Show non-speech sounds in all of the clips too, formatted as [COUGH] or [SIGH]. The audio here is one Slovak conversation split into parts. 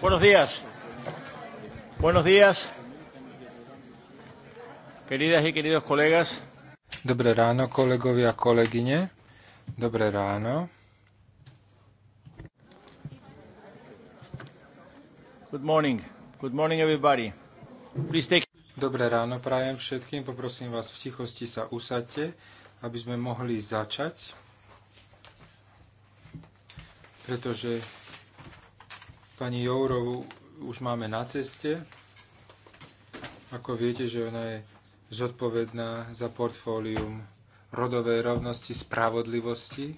Buenos días. Buenos días. Queridas y queridos colegas. Dobré ráno, kolegovia a kolegyne. Dobré ráno. Good morning. Good morning everybody. Please take... Dobré ráno prajem všetkým. Poprosím vás v tichosti sa usadte, aby sme mohli začať. Pretože Pani Jourovu už máme na ceste. Ako viete, že ona je zodpovedná za portfólium rodovej rovnosti, spravodlivosti.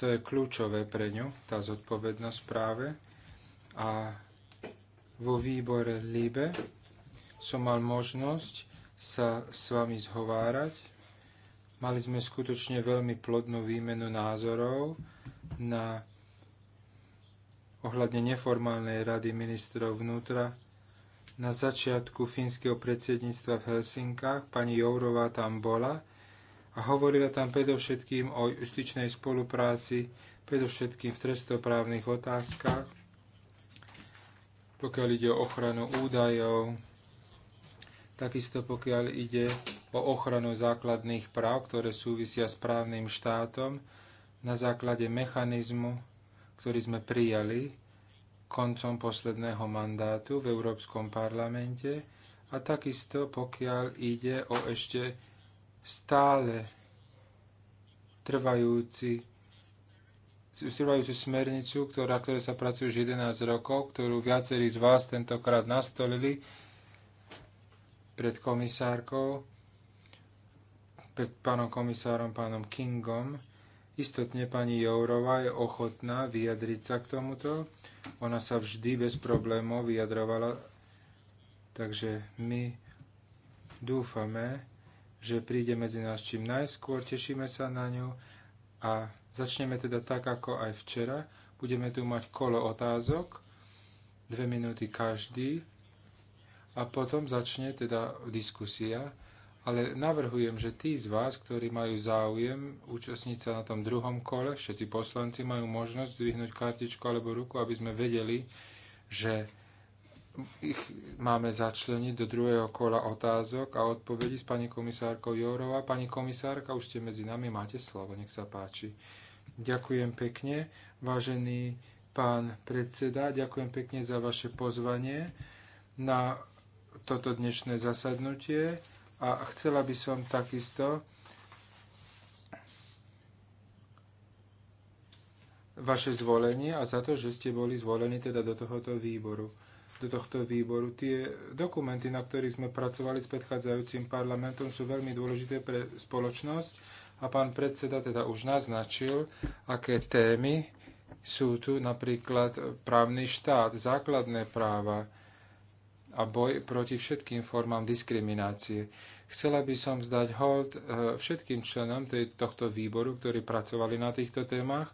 To je kľúčové pre ňu, tá zodpovednosť práve. A vo výbore LIBE som mal možnosť sa s vami zhovárať. Mali sme skutočne veľmi plodnú výmenu názorov na ohľadne neformálnej rady ministrov vnútra na začiatku fínskeho predsedníctva v Helsinkách. Pani Jourová tam bola a hovorila tam predovšetkým o justičnej spolupráci, predovšetkým v trestoprávnych otázkach, pokiaľ ide o ochranu údajov, takisto pokiaľ ide o ochranu základných práv, ktoré súvisia s právnym štátom na základe mechanizmu, ktorý sme prijali koncom posledného mandátu v Európskom parlamente a takisto pokiaľ ide o ešte stále trvajúci trvajúcu smernicu, ktorá, ktoré sa pracuje už 11 rokov, ktorú viacerí z vás tentokrát nastolili pred komisárkou, pred pánom komisárom, pánom Kingom, Istotne pani Jourova je ochotná vyjadriť sa k tomuto. Ona sa vždy bez problémov vyjadrovala. Takže my dúfame, že príde medzi nás čím najskôr. Tešíme sa na ňu a začneme teda tak, ako aj včera. Budeme tu mať kolo otázok, dve minúty každý a potom začne teda diskusia ale navrhujem, že tí z vás, ktorí majú záujem účastniť sa na tom druhom kole, všetci poslanci majú možnosť zdvihnúť kartičku alebo ruku, aby sme vedeli, že ich máme začleniť do druhého kola otázok a odpovedí s pani komisárkou Jourová. Pani komisárka, už ste medzi nami, máte slovo, nech sa páči. Ďakujem pekne, vážený pán predseda, ďakujem pekne za vaše pozvanie na toto dnešné zasadnutie a chcela by som takisto vaše zvolenie a za to, že ste boli zvolení teda do tohoto výboru. Do tohto výboru. Tie dokumenty, na ktorých sme pracovali s predchádzajúcim parlamentom, sú veľmi dôležité pre spoločnosť a pán predseda teda už naznačil, aké témy sú tu napríklad právny štát, základné práva a boj proti všetkým formám diskriminácie. Chcela by som vzdať hold eh, všetkým členom tohto výboru, ktorí pracovali na týchto témach,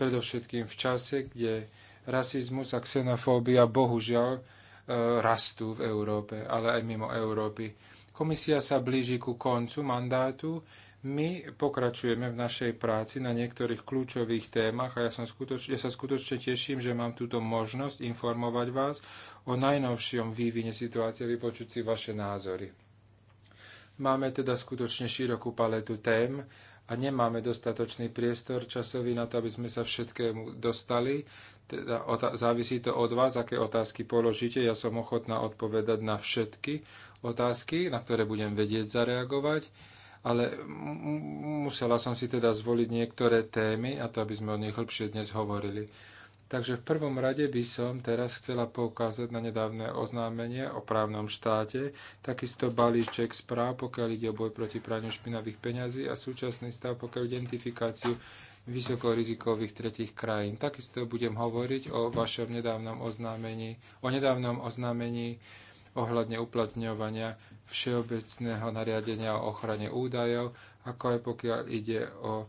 predovšetkým v čase, kde rasizmus a xenofóbia bohužiaľ eh, rastú v Európe, ale aj mimo Európy. Komisia sa blíži ku koncu mandátu. My pokračujeme v našej práci na niektorých kľúčových témach a ja, som skutoč- ja sa skutočne teším, že mám túto možnosť informovať vás o najnovšom vývine situácie, vypočuť si vaše názory. Máme teda skutočne širokú paletu tém a nemáme dostatočný priestor časový na to, aby sme sa všetkému dostali. Teda závisí to od vás, aké otázky položíte. Ja som ochotná odpovedať na všetky otázky, na ktoré budem vedieť zareagovať, ale musela som si teda zvoliť niektoré témy a to, aby sme o nich hĺbšie dnes hovorili. Takže v prvom rade by som teraz chcela poukázať na nedávne oznámenie o právnom štáte, takisto balíček správ, pokiaľ ide o boj proti praniu špinavých peňazí a súčasný stav, pokiaľ identifikáciu vysokorizikových tretich krajín. Takisto budem hovoriť o vašom nedávnom oznámení, o nedávnom oznámení ohľadne uplatňovania všeobecného nariadenia o ochrane údajov, ako aj pokiaľ ide o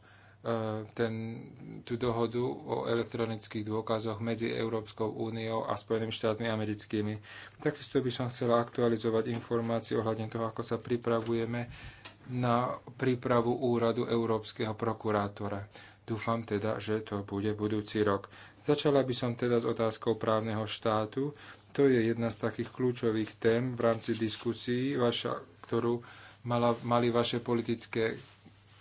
E, ten, tú dohodu o elektronických dôkazoch medzi Európskou úniou a Spojenými štátmi americkými. Takisto by som chcela aktualizovať informácie ohľadne toho, ako sa pripravujeme na prípravu úradu Európskeho prokurátora. Dúfam teda, že to bude budúci rok. Začala by som teda s otázkou právneho štátu. To je jedna z takých kľúčových tém v rámci diskusí, vaša, ktorú mala, mali vaše politické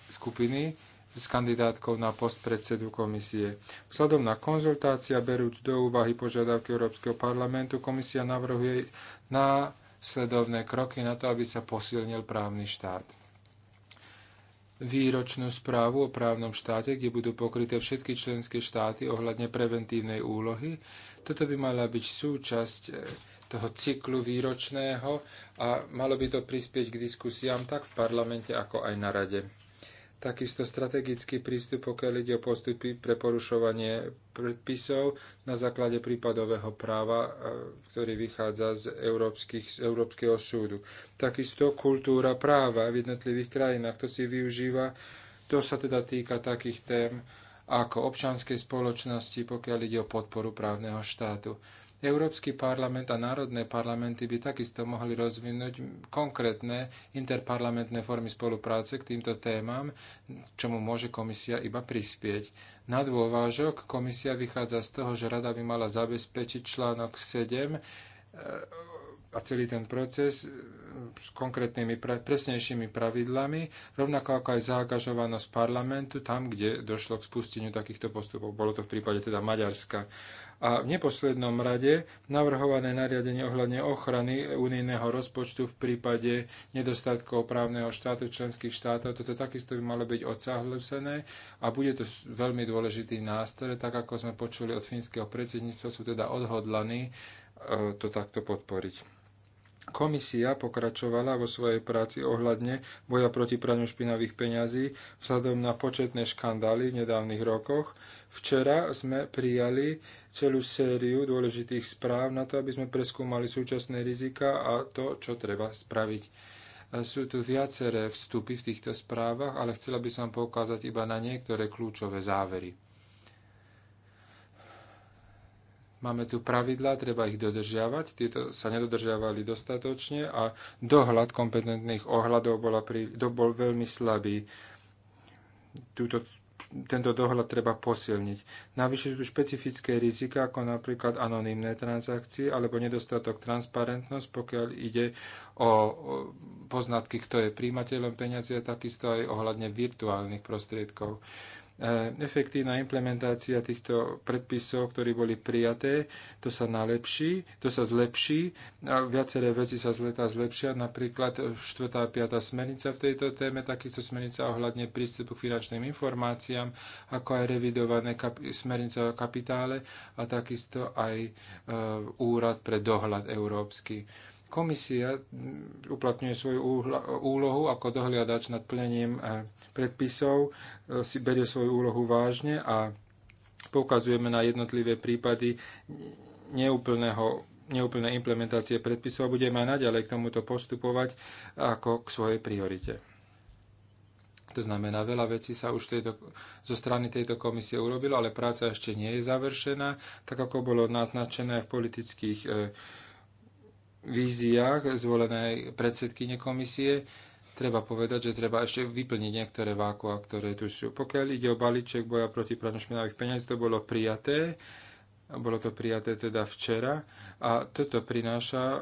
skupiny s kandidátkou na post predsedu komisie. Vzhľadom na konzultácia berúc do úvahy požiadavky Európskeho parlamentu, komisia navrhuje na sledovné kroky na to, aby sa posilnil právny štát. Výročnú správu o právnom štáte, kde budú pokryté všetky členské štáty ohľadne preventívnej úlohy. Toto by mala byť súčasť e, toho cyklu výročného a malo by to prispieť k diskusiám tak v parlamente, ako aj na rade takisto strategický prístup, pokiaľ ide o postupy pre porušovanie predpisov na základe prípadového práva, e, ktorý vychádza z, z Európskeho súdu. Takisto kultúra práva v jednotlivých krajinách, to si využíva, to sa teda týka takých tém ako občanskej spoločnosti, pokiaľ ide o podporu právneho štátu. Európsky parlament a národné parlamenty by takisto mohli rozvinúť konkrétne interparlamentné formy spolupráce k týmto témam, čomu môže komisia iba prispieť. Na dôvážok komisia vychádza z toho, že rada by mala zabezpečiť článok 7 e, a celý ten proces e, s konkrétnymi presnejšími pravidlami, rovnako ako aj zaangažovanosť parlamentu tam, kde došlo k spusteniu takýchto postupov. Bolo to v prípade teda Maďarska. A v neposlednom rade navrhované nariadenie ohľadne ochrany unijného rozpočtu v prípade nedostatkov právneho štátu členských štátov, toto takisto by malo byť odsáhlesené a bude to veľmi dôležitý nástroj, tak ako sme počuli od fínskeho predsedníctva, sú teda odhodlaní e, to takto podporiť. Komisia pokračovala vo svojej práci ohľadne boja proti praniu špinavých peňazí vzhľadom na početné škandály v nedávnych rokoch. Včera sme prijali celú sériu dôležitých správ na to, aby sme preskúmali súčasné rizika a to, čo treba spraviť. E, sú tu viaceré vstupy v týchto správach, ale chcela by som poukázať iba na niektoré kľúčové závery. Máme tu pravidlá, treba ich dodržiavať. Tieto sa nedodržiavali dostatočne a dohľad kompetentných ohľadov bola pri, do, bol veľmi slabý. Tuto, tento dohľad treba posilniť. Navyše sú tu špecifické rizika, ako napríklad anonimné transakcie alebo nedostatok transparentnosť, pokiaľ ide o poznatky, kto je príjimateľom peniazy a takisto aj ohľadne virtuálnych prostriedkov efektívna implementácia týchto predpisov, ktorí boli prijaté, to sa nalepší, to sa zlepší, a viaceré veci sa zleta zlepšia, napríklad 4. a 5. smernica v tejto téme, takisto smernica ohľadne prístupu k finančným informáciám, ako aj revidované kap- smernica o kapitále a takisto aj e, úrad pre dohľad európsky. Komisia mm, uplatňuje svoju úlohu ako dohliadač nad plnením eh, predpisov, eh, si berie svoju úlohu vážne a poukazujeme na jednotlivé prípady neúplného neúplnej implementácie predpisov a budeme aj naďalej k tomuto postupovať ako k svojej priorite. To znamená, veľa vecí sa už tejto, zo strany tejto komisie urobilo, ale práca ešte nie je završená, tak ako bolo naznačené v politických eh, víziách zvolenej predsedkyne komisie, treba povedať, že treba ešte vyplniť niektoré vákua, ktoré tu sú. Pokiaľ ide o balíček boja proti praniu špinavých peniazí, to bolo prijaté, bolo to prijaté teda včera a toto prináša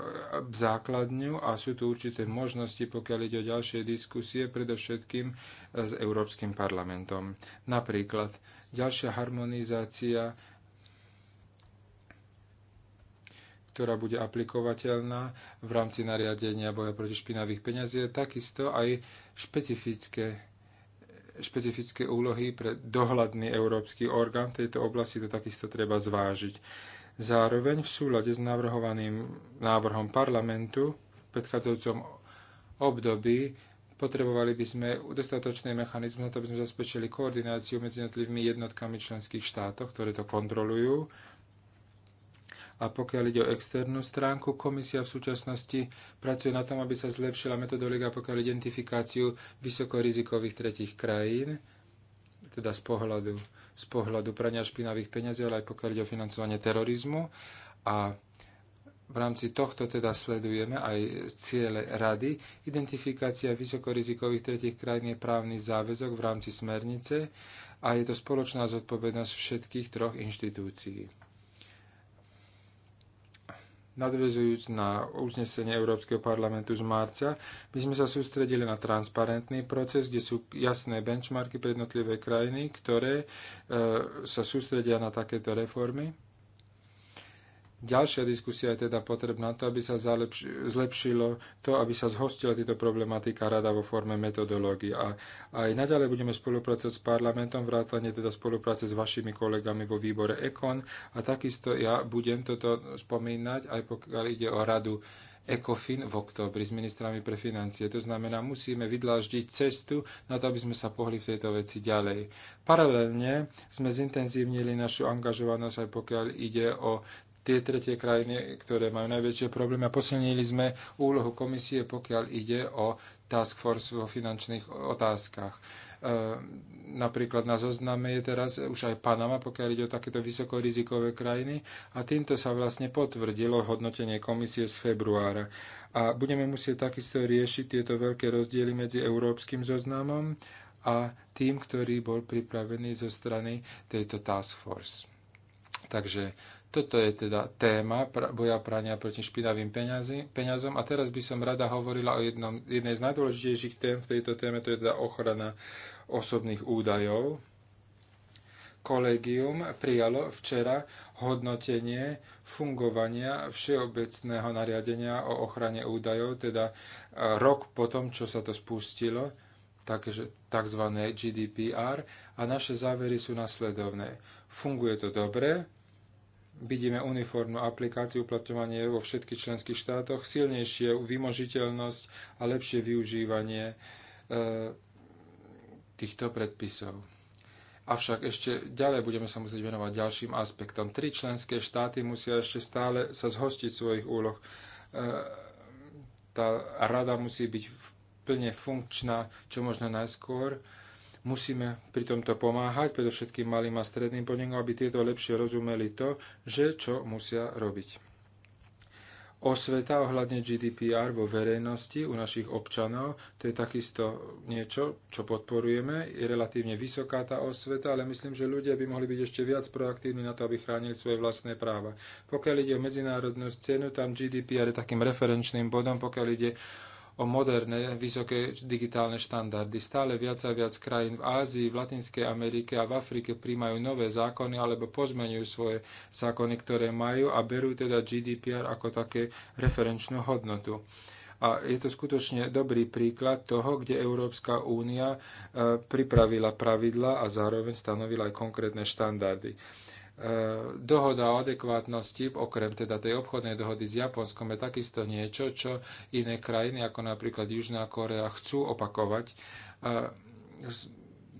základňu a sú tu určité možnosti, pokiaľ ide o ďalšie diskusie, predovšetkým s Európskym parlamentom. Napríklad ďalšia harmonizácia ktorá bude aplikovateľná v rámci nariadenia boja proti špinavých peňazí, je takisto aj špecifické, špecifické úlohy pre dohľadný európsky orgán v tejto oblasti, to takisto treba zvážiť. Zároveň v súlade s navrhovaným návrhom parlamentu v predchádzajúcom období potrebovali by sme dostatočné mechanizmy na to, aby sme zabezpečili koordináciu medzi jednotlivými jednotkami členských štátov, ktoré to kontrolujú a pokiaľ ide o externú stránku, komisia v súčasnosti pracuje na tom, aby sa zlepšila metodológia pokiaľ identifikáciu vysokorizikových tretich krajín, teda z pohľadu, z pohľadu prania špinavých peniazí, ale aj pokiaľ ide o financovanie terorizmu. A v rámci tohto teda sledujeme aj ciele rady. Identifikácia vysokorizikových tretich krajín je právny záväzok v rámci smernice a je to spoločná zodpovednosť všetkých troch inštitúcií nadvezujúc na uznesenie Európskeho parlamentu z marca, by sme sa sústredili na transparentný proces, kde sú jasné benchmarky pre jednotlivé krajiny, ktoré e, sa sústredia na takéto reformy. Ďalšia diskusia je teda potrebná to, aby sa zlepšilo to, aby sa zhostila tieto problematika rada vo forme metodológie. A aj naďalej budeme spolupracovať s parlamentom, vrátane teda spolupráce s vašimi kolegami vo výbore EKON a takisto ja budem toto spomínať, aj pokiaľ ide o radu ECOFIN v oktobri s ministrami pre financie. To znamená, musíme vydláždiť cestu na to, aby sme sa pohli v tejto veci ďalej. Paralelne sme zintenzívnili našu angažovanosť aj pokiaľ ide o tie tretie krajiny, ktoré majú najväčšie problémy. A posilnili sme úlohu komisie, pokiaľ ide o task force vo finančných otázkach. E, napríklad na zozname je teraz už aj Panama, pokiaľ ide o takéto vysokorizikové krajiny. A týmto sa vlastne potvrdilo hodnotenie komisie z februára. A budeme musieť takisto riešiť tieto veľké rozdiely medzi európskym zoznamom a tým, ktorý bol pripravený zo strany tejto task force. Takže toto je teda téma boja prania proti špinavým peniazy, peniazom. A teraz by som rada hovorila o jednom, jednej z najdôležitejších tém v tejto téme, to je teda ochrana osobných údajov. Kolegium prijalo včera hodnotenie fungovania všeobecného nariadenia o ochrane údajov, teda e, rok potom, čo sa to spustilo, takže tzv. GDPR, a naše závery sú nasledovné. Funguje to dobre, vidíme uniformnú aplikáciu uplatňovanie vo všetkých členských štátoch, silnejšie vymožiteľnosť a lepšie využívanie e, týchto predpisov. Avšak ešte ďalej budeme sa musieť venovať ďalším aspektom. Tri členské štáty musia ešte stále sa zhostiť svojich úloh. E, tá rada musí byť plne funkčná, čo možno najskôr. E, Musíme pri tomto pomáhať, predovšetkým malým a stredným podnikom, aby tieto lepšie rozumeli to, že čo musia robiť. Osveta ohľadne GDPR vo verejnosti u našich občanov, to je takisto niečo, čo podporujeme. Je relatívne vysoká tá osveta, ale myslím, že ľudia by mohli byť ešte viac proaktívni na to, aby chránili svoje vlastné práva. Pokiaľ ide o medzinárodnú scénu, tam GDPR je takým referenčným bodom, pokiaľ ide o moderné, vysoké digitálne štandardy. Stále viac a viac krajín v Ázii, v Latinskej Amerike a v Afrike príjmajú nové zákony alebo pozmenujú svoje zákony, ktoré majú a berú teda GDPR ako také referenčnú hodnotu. A je to skutočne dobrý príklad toho, kde Európska únia e, pripravila pravidla a zároveň stanovila aj konkrétne štandardy. E, dohoda o adekvátnosti, okrem teda tej obchodnej dohody s Japonskom, je takisto niečo, čo iné krajiny, ako napríklad Južná Korea, chcú opakovať. E,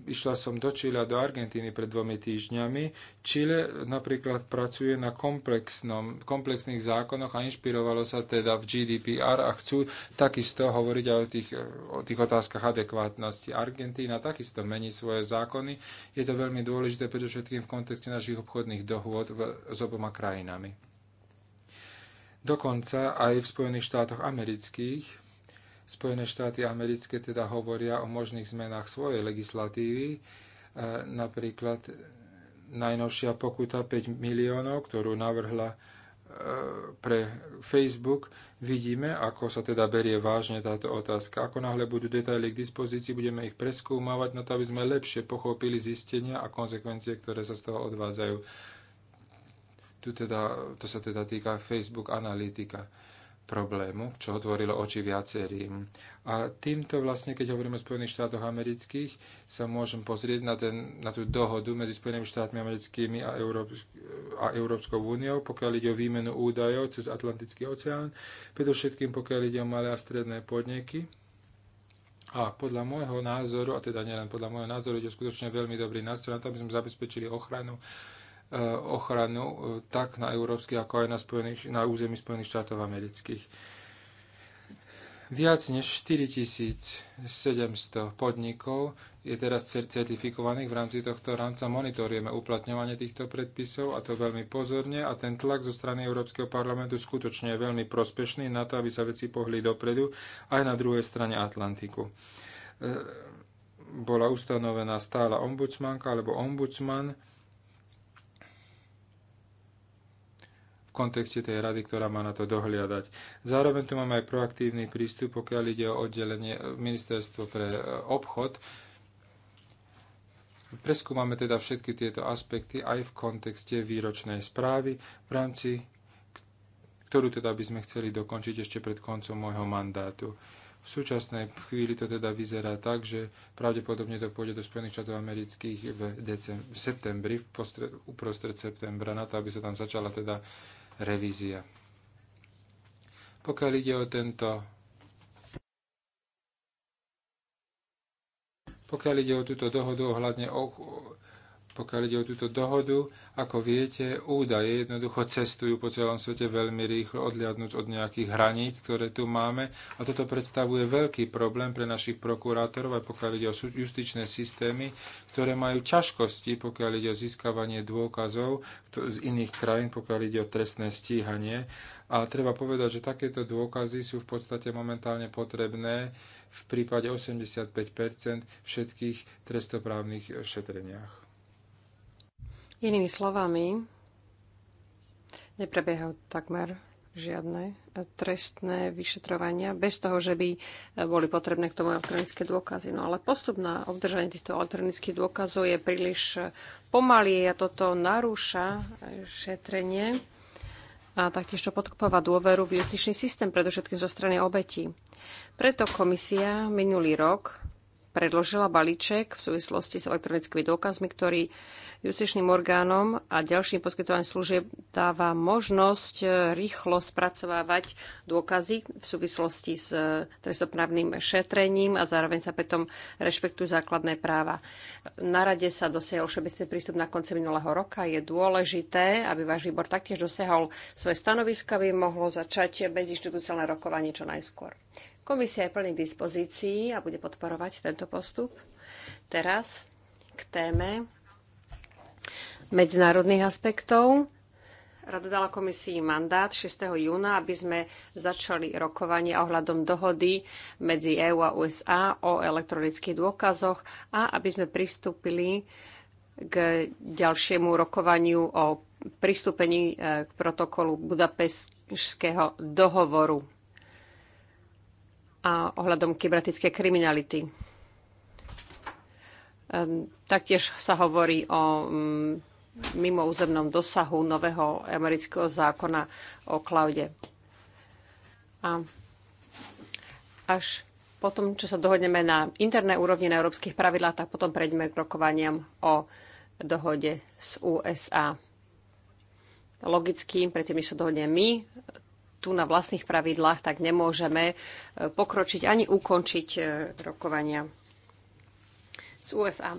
Išla som do Čile a do Argentíny pred dvomi týždňami. Čile napríklad pracuje na komplexnom, komplexných zákonoch a inšpirovalo sa teda v GDPR a chcú takisto hovoriť aj o tých, o tých otázkach adekvátnosti. Argentína takisto mení svoje zákony. Je to veľmi dôležité predovšetkým v kontexte našich obchodných dohôd s oboma krajinami. Dokonca aj v Spojených štátoch amerických Spojené štáty americké teda hovoria o možných zmenách svojej legislatívy, e, napríklad najnovšia pokuta 5 miliónov, ktorú navrhla e, pre Facebook, vidíme, ako sa teda berie vážne táto otázka. Ako náhle budú detaily k dispozícii, budeme ich preskúmavať na to, aby sme lepšie pochopili zistenia a konsekvencie, ktoré sa z toho odvádzajú. Tu teda, to sa teda týka Facebook analytika problému, čo otvorilo oči viacerým. A týmto vlastne, keď hovoríme o Spojených štátoch amerických, sa môžem pozrieť na, ten, na tú dohodu medzi Spojenými štátmi americkými a, Európs- a Európskou úniou, pokiaľ ide o výmenu údajov cez Atlantický oceán, predovšetkým pokiaľ ide o malé a stredné podniky. A podľa môjho názoru, a teda nielen podľa môjho názoru, ide skutočne veľmi dobrý nástroj na to, aby sme zabezpečili ochranu Eh, ochranu eh, tak na európskych, ako aj na, Spojených, na území Spojených štátov amerických. Viac než 4700 podnikov je teraz certifikovaných v rámci tohto rámca. Monitorujeme uplatňovanie týchto predpisov a to veľmi pozorne a ten tlak zo strany Európskeho parlamentu skutočne je veľmi prospešný na to, aby sa veci pohli dopredu aj na druhej strane Atlantiku. Eh, bola ustanovená stála ombudsmanka alebo ombudsman, kontexte tej rady, ktorá má na to dohliadať. Zároveň tu máme aj proaktívny prístup, pokiaľ ide o oddelenie e, ministerstvo pre e, obchod. Preskúmame teda všetky tieto aspekty aj v kontexte výročnej správy, v rámci ktorú teda by sme chceli dokončiť ešte pred koncom môjho mandátu. V súčasnej chvíli to teda vyzerá tak, že pravdepodobne to pôjde do Spojených štátov amerických v, decem- v septembri, v uprostred septembra, na to, aby sa tam začala teda revízia. Pokiaľ ide o tento pokiaľ ide o túto dohodu ohľadne pokiaľ ide o túto dohodu, ako viete, údaje jednoducho cestujú po celom svete veľmi rýchlo, odliadnúť od nejakých hraníc, ktoré tu máme. A toto predstavuje veľký problém pre našich prokurátorov, aj pokiaľ ide o justičné systémy, ktoré majú ťažkosti, pokiaľ ide o získavanie dôkazov z iných krajín, pokiaľ ide o trestné stíhanie. A treba povedať, že takéto dôkazy sú v podstate momentálne potrebné v prípade 85 všetkých trestoprávnych šetreniach. Inými slovami, neprebiehajú takmer žiadne trestné vyšetrovania, bez toho, že by boli potrebné k tomu elektronické dôkazy. No ale postup na obdržanie týchto elektronických dôkazov je príliš pomalý a toto narúša šetrenie a taktiež to podkopáva dôveru v justičný systém, predovšetkým zo strany obetí. Preto komisia minulý rok predložila balíček v súvislosti s elektronickými dôkazmi, ktorý justičným orgánom a ďalším poskytovaním služieb dáva možnosť rýchlo spracovávať dôkazy v súvislosti s trestoprávnym šetrením a zároveň sa potom rešpektujú základné práva. Na rade sa dosiahol všeobecný prístup na konci minulého roka. Je dôležité, aby váš výbor taktiež dosiahol svoje stanoviska, aby mohlo začať bezinstitucionálne rokovanie čo najskôr. Komisia je plný k dispozícii a bude podporovať tento postup. Teraz k téme medzinárodných aspektov. Rada dala komisii mandát 6. júna, aby sme začali rokovanie ohľadom dohody medzi EÚ a USA o elektronických dôkazoch a aby sme pristúpili k ďalšiemu rokovaniu o pristúpení eh, k protokolu Budapešského dohovoru a ohľadom kybernetickej kriminality. Ehm, taktiež sa hovorí o mm, mimoúzemnom dosahu nového amerického zákona o klaude. A až potom, čo sa dohodneme na interné úrovni na európskych pravidlách, tak potom prejdeme k rokovaniam o dohode s USA. Logicky, predtým, než sa dohodneme my, tu na vlastných pravidlách, tak nemôžeme e, pokročiť ani ukončiť e, rokovania z USA.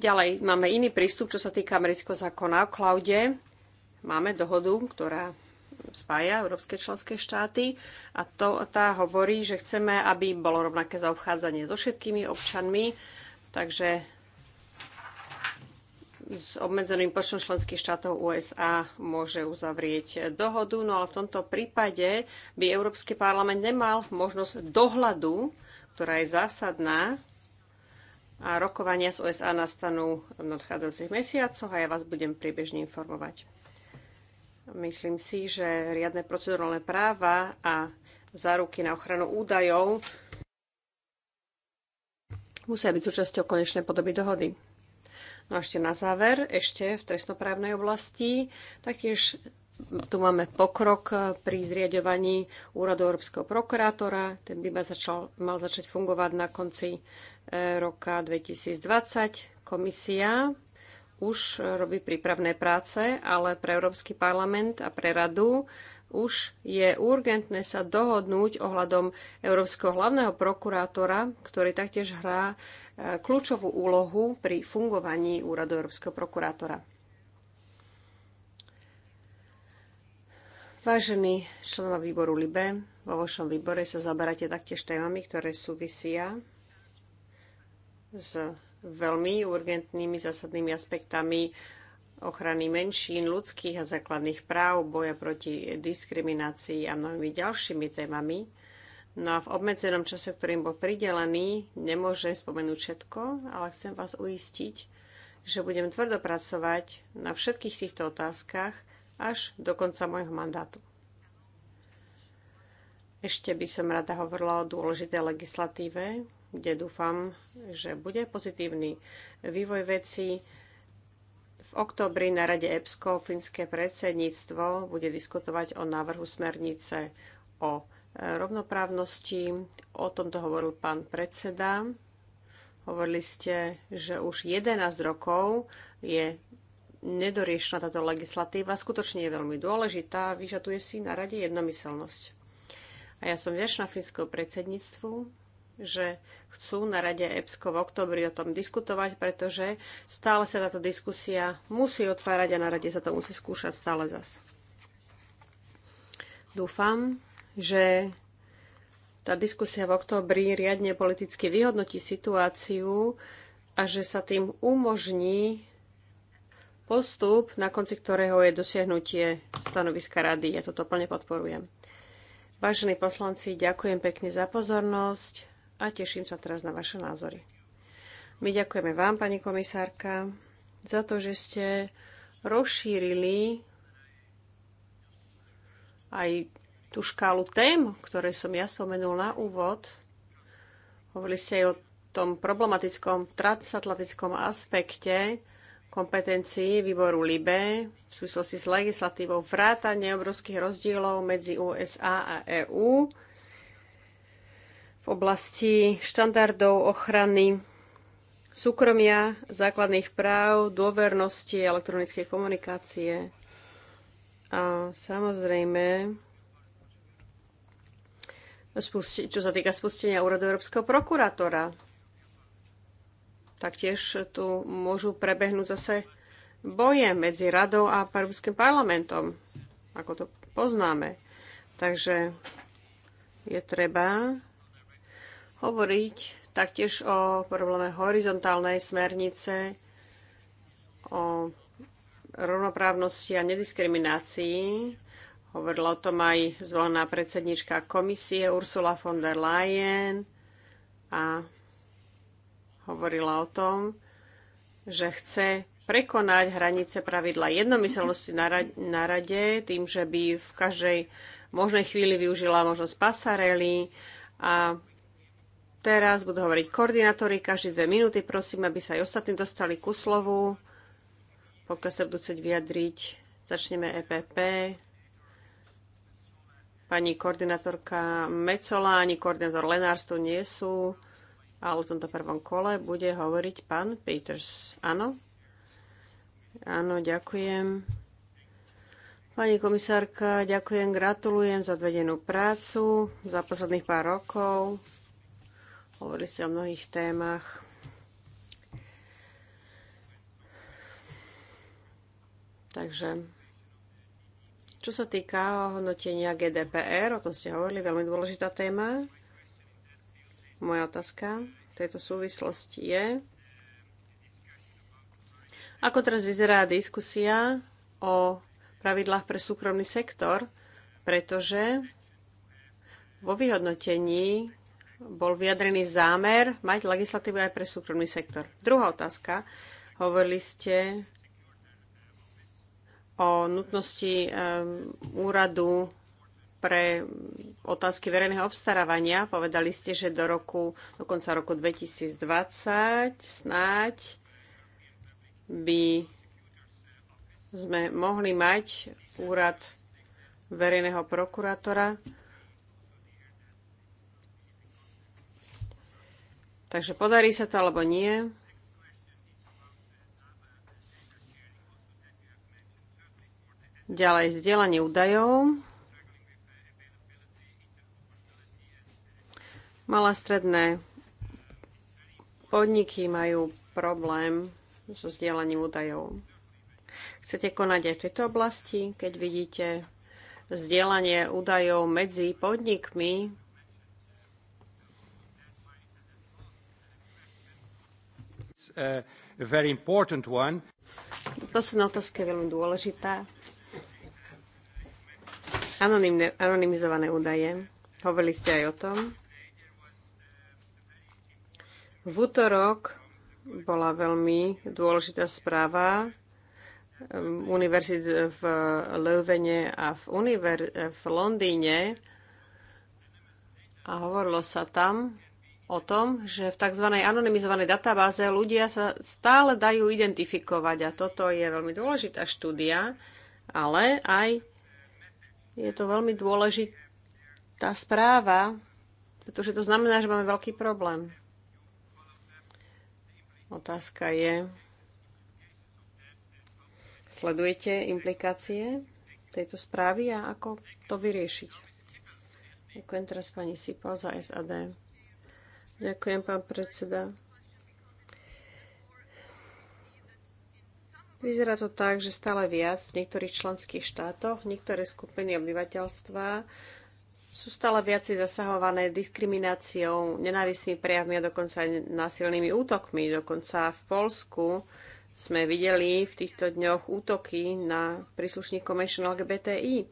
Ďalej máme iný prístup, čo sa týka amerického zákona o klaude. Máme dohodu, ktorá spája európske členské štáty a to, tá hovorí, že chceme, aby bolo rovnaké zaobchádzanie so všetkými občanmi, takže s obmedzeným počtom členských štátov USA môže uzavrieť dohodu, no ale v tomto prípade by Európsky parlament nemal možnosť dohľadu, ktorá je zásadná a rokovania z USA nastanú v nadchádzajúcich mesiacoch a ja vás budem priebežne informovať. Myslím si, že riadne procedurálne práva a záruky na ochranu údajov musia byť súčasťou konečnej podoby dohody. No a ešte na záver, ešte v trestnoprávnej oblasti, taktiež tu máme pokrok pri zriadovaní úradu Európskeho prokurátora. Ten by začal, mal začať fungovať na konci e, roka 2020. Komisia už robí prípravné práce, ale pre Európsky parlament a pre radu už je urgentné sa dohodnúť ohľadom Európskeho hlavného prokurátora, ktorý taktiež hrá e, kľúčovú úlohu pri fungovaní úradu Európskeho prokurátora. Vážení členovia výboru LIBE, vo vašom výbore sa zaberáte taktiež témami, ktoré súvisia s veľmi urgentnými zásadnými aspektami ochrany menšín, ľudských a základných práv, boja proti diskriminácii a mnohými ďalšími témami. No a v obmedzenom čase, ktorým bol pridelený, nemôžem spomenúť všetko, ale chcem vás uistiť, že budem tvrdo pracovať na všetkých týchto otázkach až do konca môjho mandátu. Ešte by som rada hovorila o dôležitej legislatíve, kde dúfam, že bude pozitívny vývoj veci. V oktobri na Rade EPSCO finské predsedníctvo bude diskutovať o návrhu smernice o e, rovnoprávnosti. O tomto hovoril pán predseda. Hovorili ste, že už 11 rokov je nedoriešená táto legislatíva. Skutočne je veľmi dôležitá, vyžaduje si na rade jednomyselnosť. A ja som vďačná fínskeho predsedníctvu že chcú na Rade EPSCO v oktobri o tom diskutovať, pretože stále sa táto diskusia musí otvárať a na Rade sa to musí skúšať stále zas. Dúfam, že tá diskusia v oktobri riadne politicky vyhodnotí situáciu a že sa tým umožní postup, na konci ktorého je dosiahnutie stanoviska rady. Ja toto plne podporujem. Vážení poslanci, ďakujem pekne za pozornosť a teším sa teraz na vaše názory. My ďakujeme vám, pani komisárka, za to, že ste rozšírili aj tú škálu tém, ktoré som ja spomenul na úvod. Hovorili ste aj o tom problematickom transatlantickom aspekte kompetencií výboru LIBE v súvislosti s legislatívou vrátane obrovských rozdielov medzi USA a EÚ. EU oblasti štandardov ochrany súkromia, základných práv, dôvernosti, elektronickej komunikácie. A samozrejme, čo sa týka spustenia úradu Európskeho prokurátora, taktiež tu môžu prebehnúť zase boje medzi radou a Európskym parlamentom, ako to poznáme. Takže je treba hovoriť taktiež o probléme horizontálnej smernice, o rovnoprávnosti a nediskriminácii. Hovorila o tom aj zvolená predsednička komisie Ursula von der Leyen a hovorila o tom, že chce prekonať hranice pravidla jednomyselnosti na rade tým, že by v každej možnej chvíli využila možnosť pasarely a Teraz budú hovoriť koordinátori, každé dve minúty. Prosím, aby sa aj ostatní dostali ku slovu. Pokiaľ sa budú chcieť vyjadriť, začneme EPP. Pani koordinátorka Mecola ani koordinátor Lenárs tu nie sú, ale v tomto prvom kole bude hovoriť pán Peters. Áno? Áno, ďakujem. Pani komisárka, ďakujem, gratulujem za odvedenú prácu za posledných pár rokov. Hovorili ste o mnohých témach. Takže, čo sa týka hodnotenia GDPR, o tom ste hovorili, veľmi dôležitá téma. Moja otázka v tejto súvislosti je, ako teraz vyzerá diskusia o pravidlách pre súkromný sektor, pretože vo vyhodnotení bol vyjadrený zámer mať legislatívu aj pre súkromný sektor. Druhá otázka. Hovorili ste o nutnosti ehm, úradu pre otázky verejného obstarávania. Povedali ste, že do, roku, do konca roku 2020 snáď by sme mohli mať úrad verejného prokurátora Takže podarí sa to alebo nie. Ďalej zdieľanie údajov. Malé stredné podniky majú problém so zdieľaním údajov. Chcete konať aj v tejto oblasti, keď vidíte zdieľanie údajov medzi podnikmi, very important one. Posledná otázka je veľmi dôležitá. Anonymne, anonymizované údaje. Hovorili ste aj o tom. V útorok bola veľmi dôležitá správa um, univerzit v Leuvene a v, univer- v Londýne a hovorilo sa tam o tom, že v tzv. anonymizovanej databáze ľudia sa stále dajú identifikovať a toto je veľmi dôležitá štúdia, ale aj je to veľmi dôležitá správa, pretože to znamená, že máme veľký problém. Otázka je, sledujete implikácie tejto správy a ako to vyriešiť? Ďakujem teraz pani Sipal za SAD. Ďakujem, pán predseda. Vyzerá to tak, že stále viac v niektorých členských štátoch niektoré skupiny obyvateľstva sú stále viac zasahované diskrimináciou, nenávisnými prejavmi a dokonca aj násilnými útokmi. Dokonca v Polsku sme videli v týchto dňoch útoky na príslušníkov menšin LGBTI.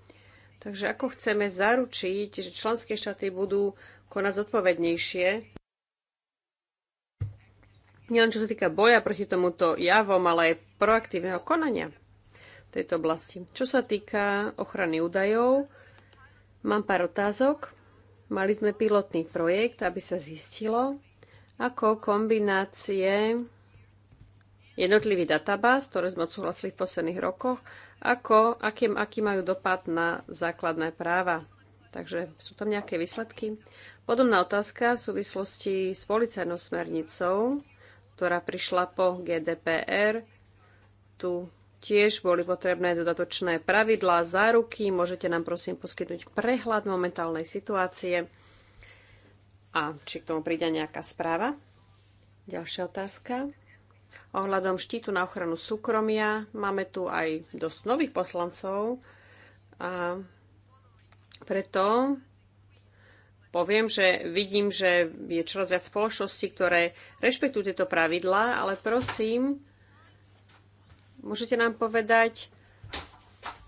Takže ako chceme zaručiť, že členské štáty budú konať zodpovednejšie nielen čo sa týka boja proti tomuto javom, ale aj proaktívneho konania v tejto oblasti. Čo sa týka ochrany údajov, mám pár otázok. Mali sme pilotný projekt, aby sa zistilo, ako kombinácie jednotlivých databáz, ktoré sme odsúhlasili v posledných rokoch, ako, aký, aký majú dopad na základné práva. Takže sú tam nejaké výsledky. Podobná otázka v súvislosti s policajnou smernicou ktorá prišla po GDPR. Tu tiež boli potrebné dodatočné pravidlá, záruky. Môžete nám prosím poskytnúť prehľad momentálnej situácie a či k tomu príde nejaká správa. Ďalšia otázka. Ohľadom štítu na ochranu súkromia máme tu aj dosť nových poslancov a preto poviem, že vidím, že je čoraz viac spoločností, ktoré rešpektujú tieto pravidlá, ale prosím, môžete nám povedať,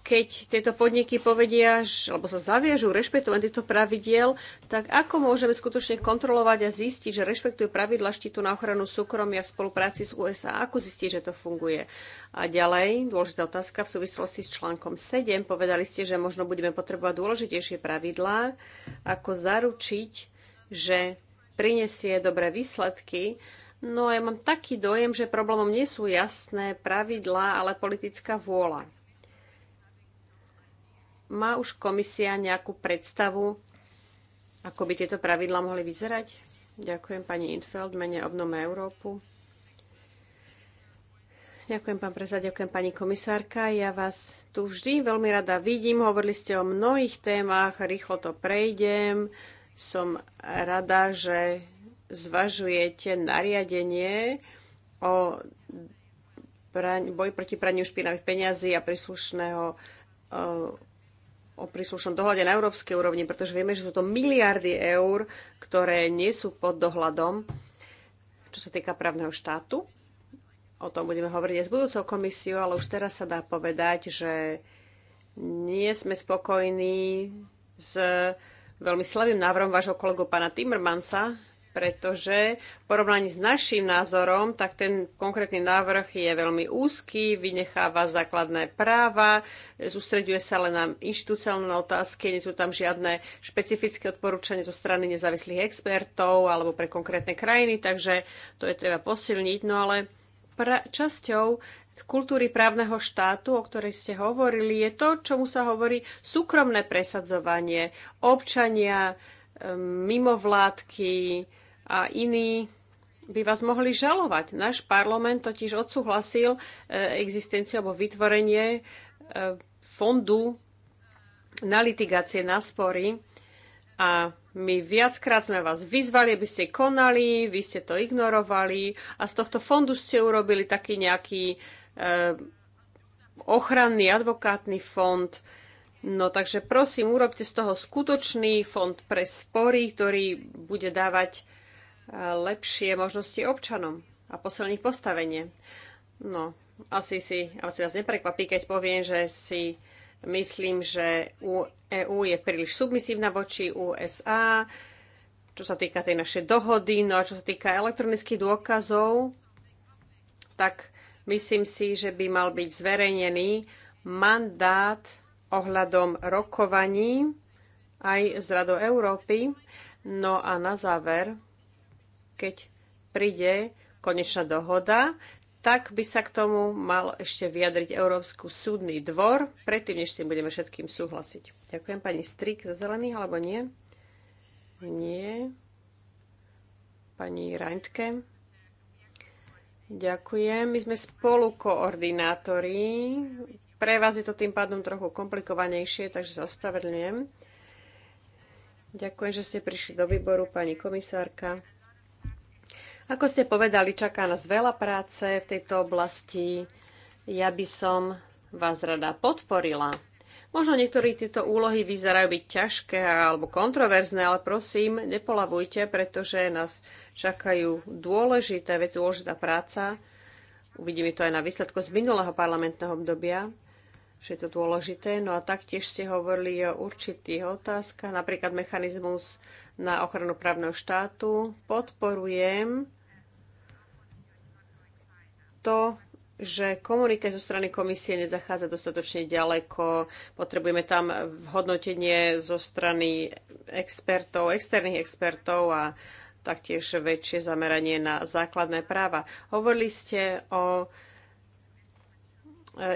keď tieto podniky povedia, alebo sa zaviažú rešpektovať týchto pravidiel, tak ako môžeme skutočne kontrolovať a zistiť, že rešpektujú pravidla štítu na ochranu súkromia v spolupráci s USA? Ako zistiť, že to funguje? A ďalej, dôležitá otázka v súvislosti s článkom 7. Povedali ste, že možno budeme potrebovať dôležitejšie pravidlá, ako zaručiť, že prinesie dobré výsledky, No a ja mám taký dojem, že problémom nie sú jasné pravidlá, ale politická vôľa. Má už komisia nejakú predstavu, ako by tieto pravidlá mohli vyzerať? Ďakujem pani Infeld, mene Obnome Európu. Ďakujem, pán prezident, ďakujem, pani komisárka. Ja vás tu vždy veľmi rada vidím. Hovorili ste o mnohých témach, rýchlo to prejdem. Som rada, že zvažujete nariadenie o boj proti praniu špinavých peňazí a príslušného o príslušnom dohľade na európskej úrovni, pretože vieme, že sú to miliardy eur, ktoré nie sú pod dohľadom, čo sa týka právneho štátu. O tom budeme hovoriť aj s budúcou komisiou, ale už teraz sa dá povedať, že nie sme spokojní s veľmi slabým návrhom vášho kolegu pána Timmermansa, pretože v porovnaní s našim názorom, tak ten konkrétny návrh je veľmi úzky, vynecháva základné práva, sústreďuje sa len na inštitúciálne otázky, nie sú tam žiadne špecifické odporúčania zo strany nezávislých expertov alebo pre konkrétne krajiny, takže to je treba posilniť. No ale časťou kultúry právneho štátu, o ktorej ste hovorili, je to, čomu sa hovorí súkromné presadzovanie. Občania, ehm, mimovládky, a iní by vás mohli žalovať. Náš parlament totiž odsúhlasil e, existenciu alebo vytvorenie e, fondu na litigácie, na spory. A my viackrát sme vás vyzvali, aby ste konali, vy ste to ignorovali a z tohto fondu ste urobili taký nejaký e, ochranný advokátny fond. No takže prosím, urobte z toho skutočný fond pre spory, ktorý bude dávať lepšie možnosti občanom a posilniť postavenie. No, asi si, asi vás neprekvapí, keď poviem, že si myslím, že EÚ je príliš submisívna voči USA, čo sa týka tej našej dohody, no a čo sa týka elektronických dôkazov, tak myslím si, že by mal byť zverejnený mandát ohľadom rokovaní aj z Radou Európy. No a na záver keď príde konečná dohoda, tak by sa k tomu mal ešte vyjadriť Európsku súdny dvor, predtým, než s tým budeme všetkým súhlasiť. Ďakujem pani Strik za zelených, alebo nie? Nie. Pani Reintke. Ďakujem. My sme spolu koordinátori. Pre vás je to tým pádom trochu komplikovanejšie, takže sa ospravedlňujem. Ďakujem, že ste prišli do výboru, pani komisárka. Ako ste povedali, čaká nás veľa práce v tejto oblasti. Ja by som vás rada podporila. Možno niektorí tieto úlohy vyzerajú byť ťažké alebo kontroverzné, ale prosím, nepolavujte, pretože nás čakajú dôležité vec, dôležitá práca. Uvidíme to aj na výsledku z minulého parlamentného obdobia, že je to dôležité. No a taktiež ste hovorili o určitých otázkach, napríklad mechanizmus na ochranu právneho štátu. Podporujem to, že komunikácia zo strany komisie nezachádza dostatočne ďaleko. Potrebujeme tam hodnotenie zo strany expertov, externých expertov a taktiež väčšie zameranie na základné práva. Hovorili ste o e,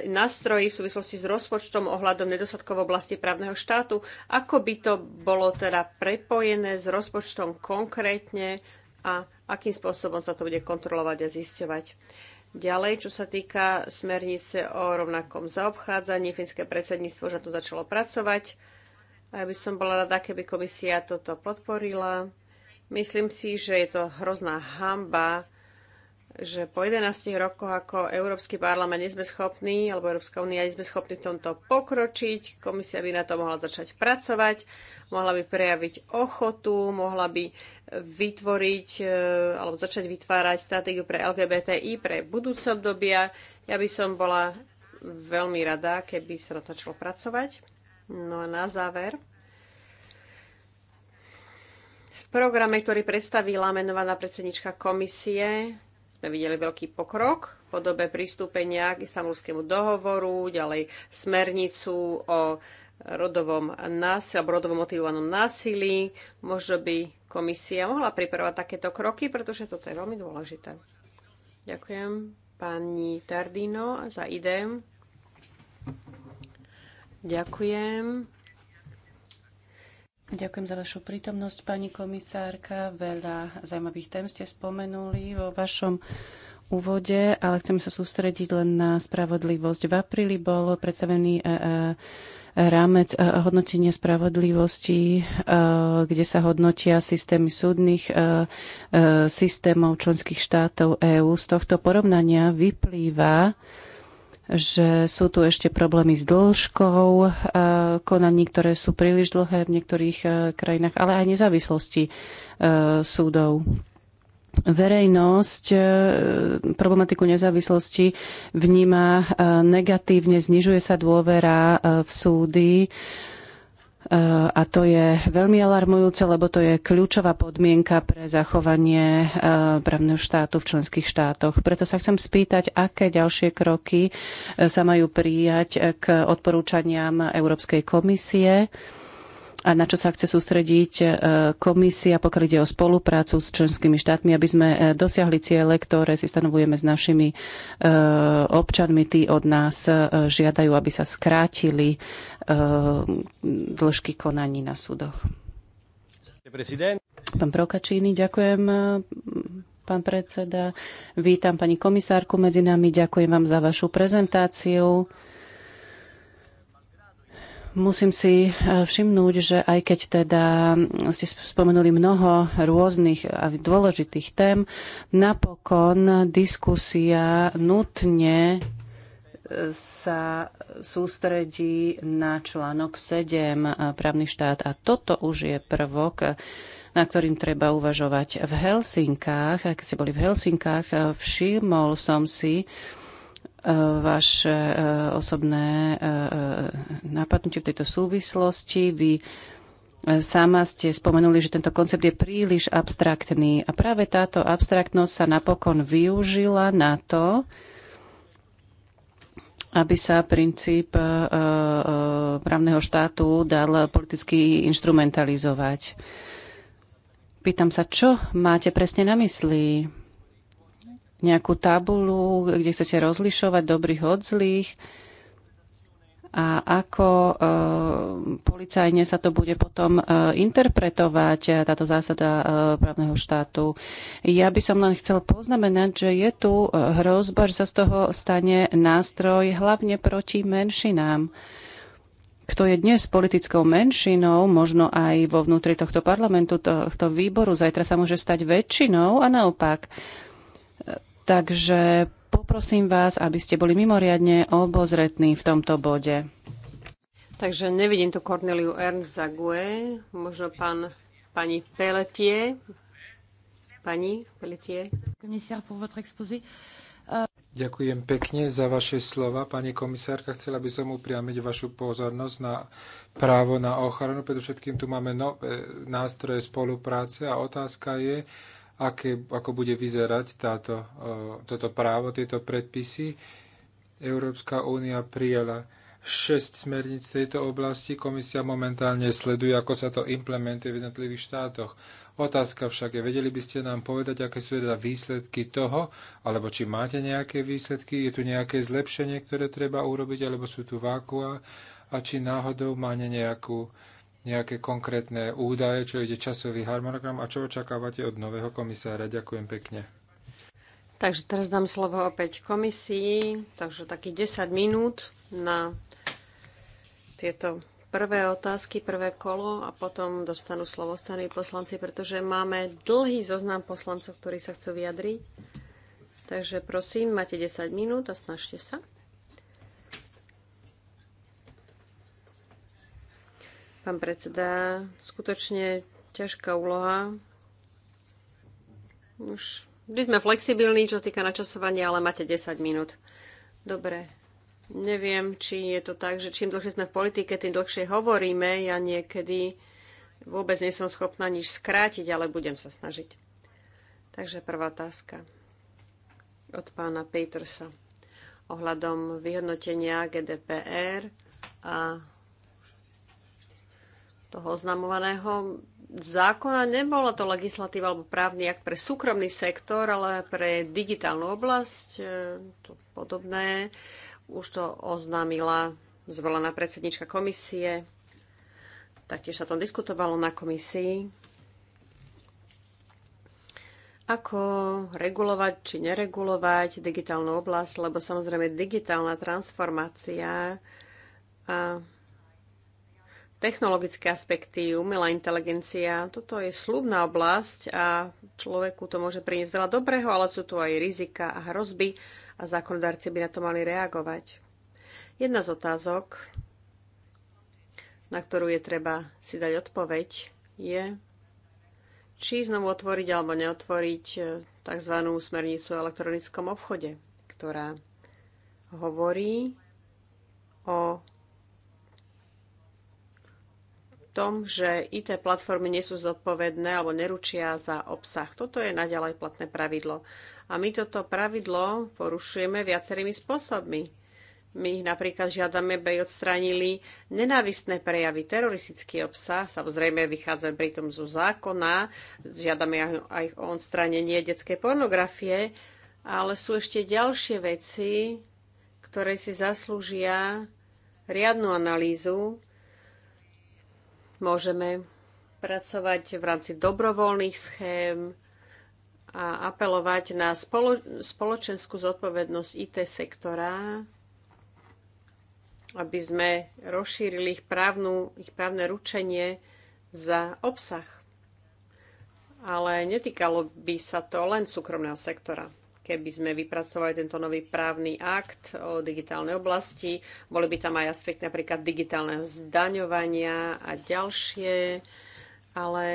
nástroji v súvislosti s rozpočtom ohľadom nedostatkov v oblasti právneho štátu. Ako by to bolo teda prepojené s rozpočtom konkrétne a akým spôsobom sa to bude kontrolovať a zisťovať? Ďalej, čo sa týka smernice o rovnakom zaobchádzaní, finské predsedníctvo už na to začalo pracovať. A ja by som bola rada, keby komisia toto podporila. Myslím si, že je to hrozná hamba, že po 11 rokoch ako Európsky parlament nie sme schopní, alebo Európska únia nie sme schopní v tomto pokročiť. Komisia by na to mohla začať pracovať, mohla by prejaviť ochotu, mohla by vytvoriť e, alebo začať vytvárať stratégiu pre LGBTI pre budúce obdobia. Ja by som bola veľmi rada, keby sa na to začalo pracovať. No a na záver, v programe, ktorý predstavila menovaná predsednička komisie, sme videli veľký pokrok v podobe pristúpenia k istambulskému dohovoru, ďalej smernicu o rodovom násilí alebo rodovo motivovanom násilí. Možno by komisia mohla pripravovať takéto kroky, pretože toto je veľmi dôležité. Ďakujem pani Tardino za idem. Ďakujem. Ďakujem za vašu prítomnosť, pani komisárka. Veľa zaujímavých tém ste spomenuli vo vašom úvode, ale chcem sa sústrediť len na spravodlivosť. V apríli bol predstavený e, e, rámec e, hodnotenia spravodlivosti, e, kde sa hodnotia systémy súdnych e, systémov členských štátov EÚ. Z tohto porovnania vyplýva, že sú tu ešte problémy s dĺžkou konaní, ktoré sú príliš dlhé v niektorých krajinách, ale aj nezávislosti súdov verejnosť e, problematiku nezávislosti vníma e, negatívne, znižuje sa dôvera e, v súdy. A to je veľmi alarmujúce, lebo to je kľúčová podmienka pre zachovanie právneho štátu v členských štátoch. Preto sa chcem spýtať, aké ďalšie kroky sa majú prijať k odporúčaniam Európskej komisie a na čo sa chce sústrediť e, komisia, pokiaľ ide o spoluprácu s členskými štátmi, aby sme e, dosiahli ciele, ktoré si stanovujeme s našimi e, občanmi. Tí od nás žiadajú, aby sa skrátili dĺžky konaní na súdoch. Pán Prokačíny, ďakujem pán predseda. Vítam pani komisárku medzi nami. Ďakujem vám za vašu prezentáciu. Musím si e, všimnúť, že aj keď teda ste spomenuli mnoho rôznych a dôležitých tém, napokon diskusia nutne e, sa sústredí na článok 7 e, právny štát a toto už je prvok, na ktorým treba uvažovať. V Helsinkách, keď ste boli v Helsinkách, všimol som si, vaše e, osobné e, e, napadnutie v tejto súvislosti. Vy sama ste spomenuli, že tento koncept je príliš abstraktný a práve táto abstraktnosť sa napokon využila na to, aby sa princíp právneho štátu dal politicky instrumentalizovať. Pýtam sa, čo máte presne na mysli? nejakú tabulu, kde chcete rozlišovať dobrých od zlých a ako e, policajne sa to bude potom e, interpretovať, eh, táto zásada e, právneho štátu. Ja by som len chcel poznamenať, že je tu hrozba, že sa z toho stane nástroj hlavne proti menšinám kto je dnes politickou menšinou, možno aj vo vnútri tohto parlamentu, tohto výboru, zajtra sa môže stať väčšinou a naopak. E, Takže poprosím vás, aby ste boli mimoriadne obozretní v tomto bode. Takže nevidím tu Corneliu Ernst Zague, možno pán, pani Peletie. Pani Peletie. pour votre exposé. Ďakujem pekne za vaše slova. Pani komisárka, chcela by som upriamiť vašu pozornosť na právo na ochranu. Predovšetkým tu máme nové e, nástroje spolupráce a otázka je, aké, ako bude vyzerať táto, e, toto právo, tieto predpisy. Európska únia prijala 6 smerníc v tejto oblasti. Komisia momentálne sleduje, ako sa to implementuje v jednotlivých štátoch. Otázka však je, vedeli by ste nám povedať, aké sú teda výsledky toho, alebo či máte nejaké výsledky, je tu nejaké zlepšenie, ktoré treba urobiť, alebo sú tu vákua a či náhodou máte nejakú nejaké konkrétne údaje, čo ide časový harmonogram a čo očakávate od nového komisára. Ďakujem pekne. Takže teraz dám slovo opäť komisii, takže takých 10 minút na tieto prvé otázky, prvé kolo a potom dostanú slovo starí poslanci, pretože máme dlhý zoznam poslancov, ktorí sa chcú vyjadriť. Takže prosím, máte 10 minút a snažte sa. Pán predseda, skutočne ťažká úloha. Už vždy sme flexibilní, čo týka načasovania, ale máte 10 minút. Dobre. Neviem, či je to tak, že čím dlhšie sme v politike, tým dlhšie hovoríme. Ja niekedy vôbec nie som schopná nič skrátiť, ale budem sa snažiť. Takže prvá otázka od pána Petersa ohľadom vyhodnotenia GDPR a toho oznamovaného zákona. Nebola to legislatíva alebo právny akt pre súkromný sektor, ale pre digitálnu oblasť. E, to podobné. Už to oznámila zvolená predsednička komisie. Taktiež sa to diskutovalo na komisii. Ako regulovať či neregulovať digitálnu oblasť, lebo samozrejme digitálna transformácia a technologické aspekty, umelá inteligencia. Toto je slubná oblasť a človeku to môže priniesť veľa dobrého, ale sú tu aj rizika a hrozby a zákonodárci by na to mali reagovať. Jedna z otázok, na ktorú je treba si dať odpoveď, je, či znovu otvoriť alebo neotvoriť eh, tzv. smernicu o elektronickom obchode, ktorá hovorí o tom, že IT platformy nie sú zodpovedné alebo neručia za obsah. Toto je naďalej platné pravidlo. A my toto pravidlo porušujeme viacerými spôsobmi. My ich napríklad žiadame, aby odstránili nenávistné prejavy, teroristický obsah, samozrejme vychádza pritom zo zákona, žiadame aj o odstránenie detskej pornografie, ale sú ešte ďalšie veci, ktoré si zaslúžia riadnu analýzu, Môžeme pracovať v rámci dobrovoľných schém a apelovať na spolo- spoločenskú zodpovednosť IT sektora, aby sme rozšírili ich, právnu, ich právne ručenie za obsah. Ale netýkalo by sa to len súkromného sektora keby sme vypracovali tento nový právny akt o digitálnej oblasti. Boli by tam aj aspekt napríklad digitálneho zdaňovania a ďalšie, ale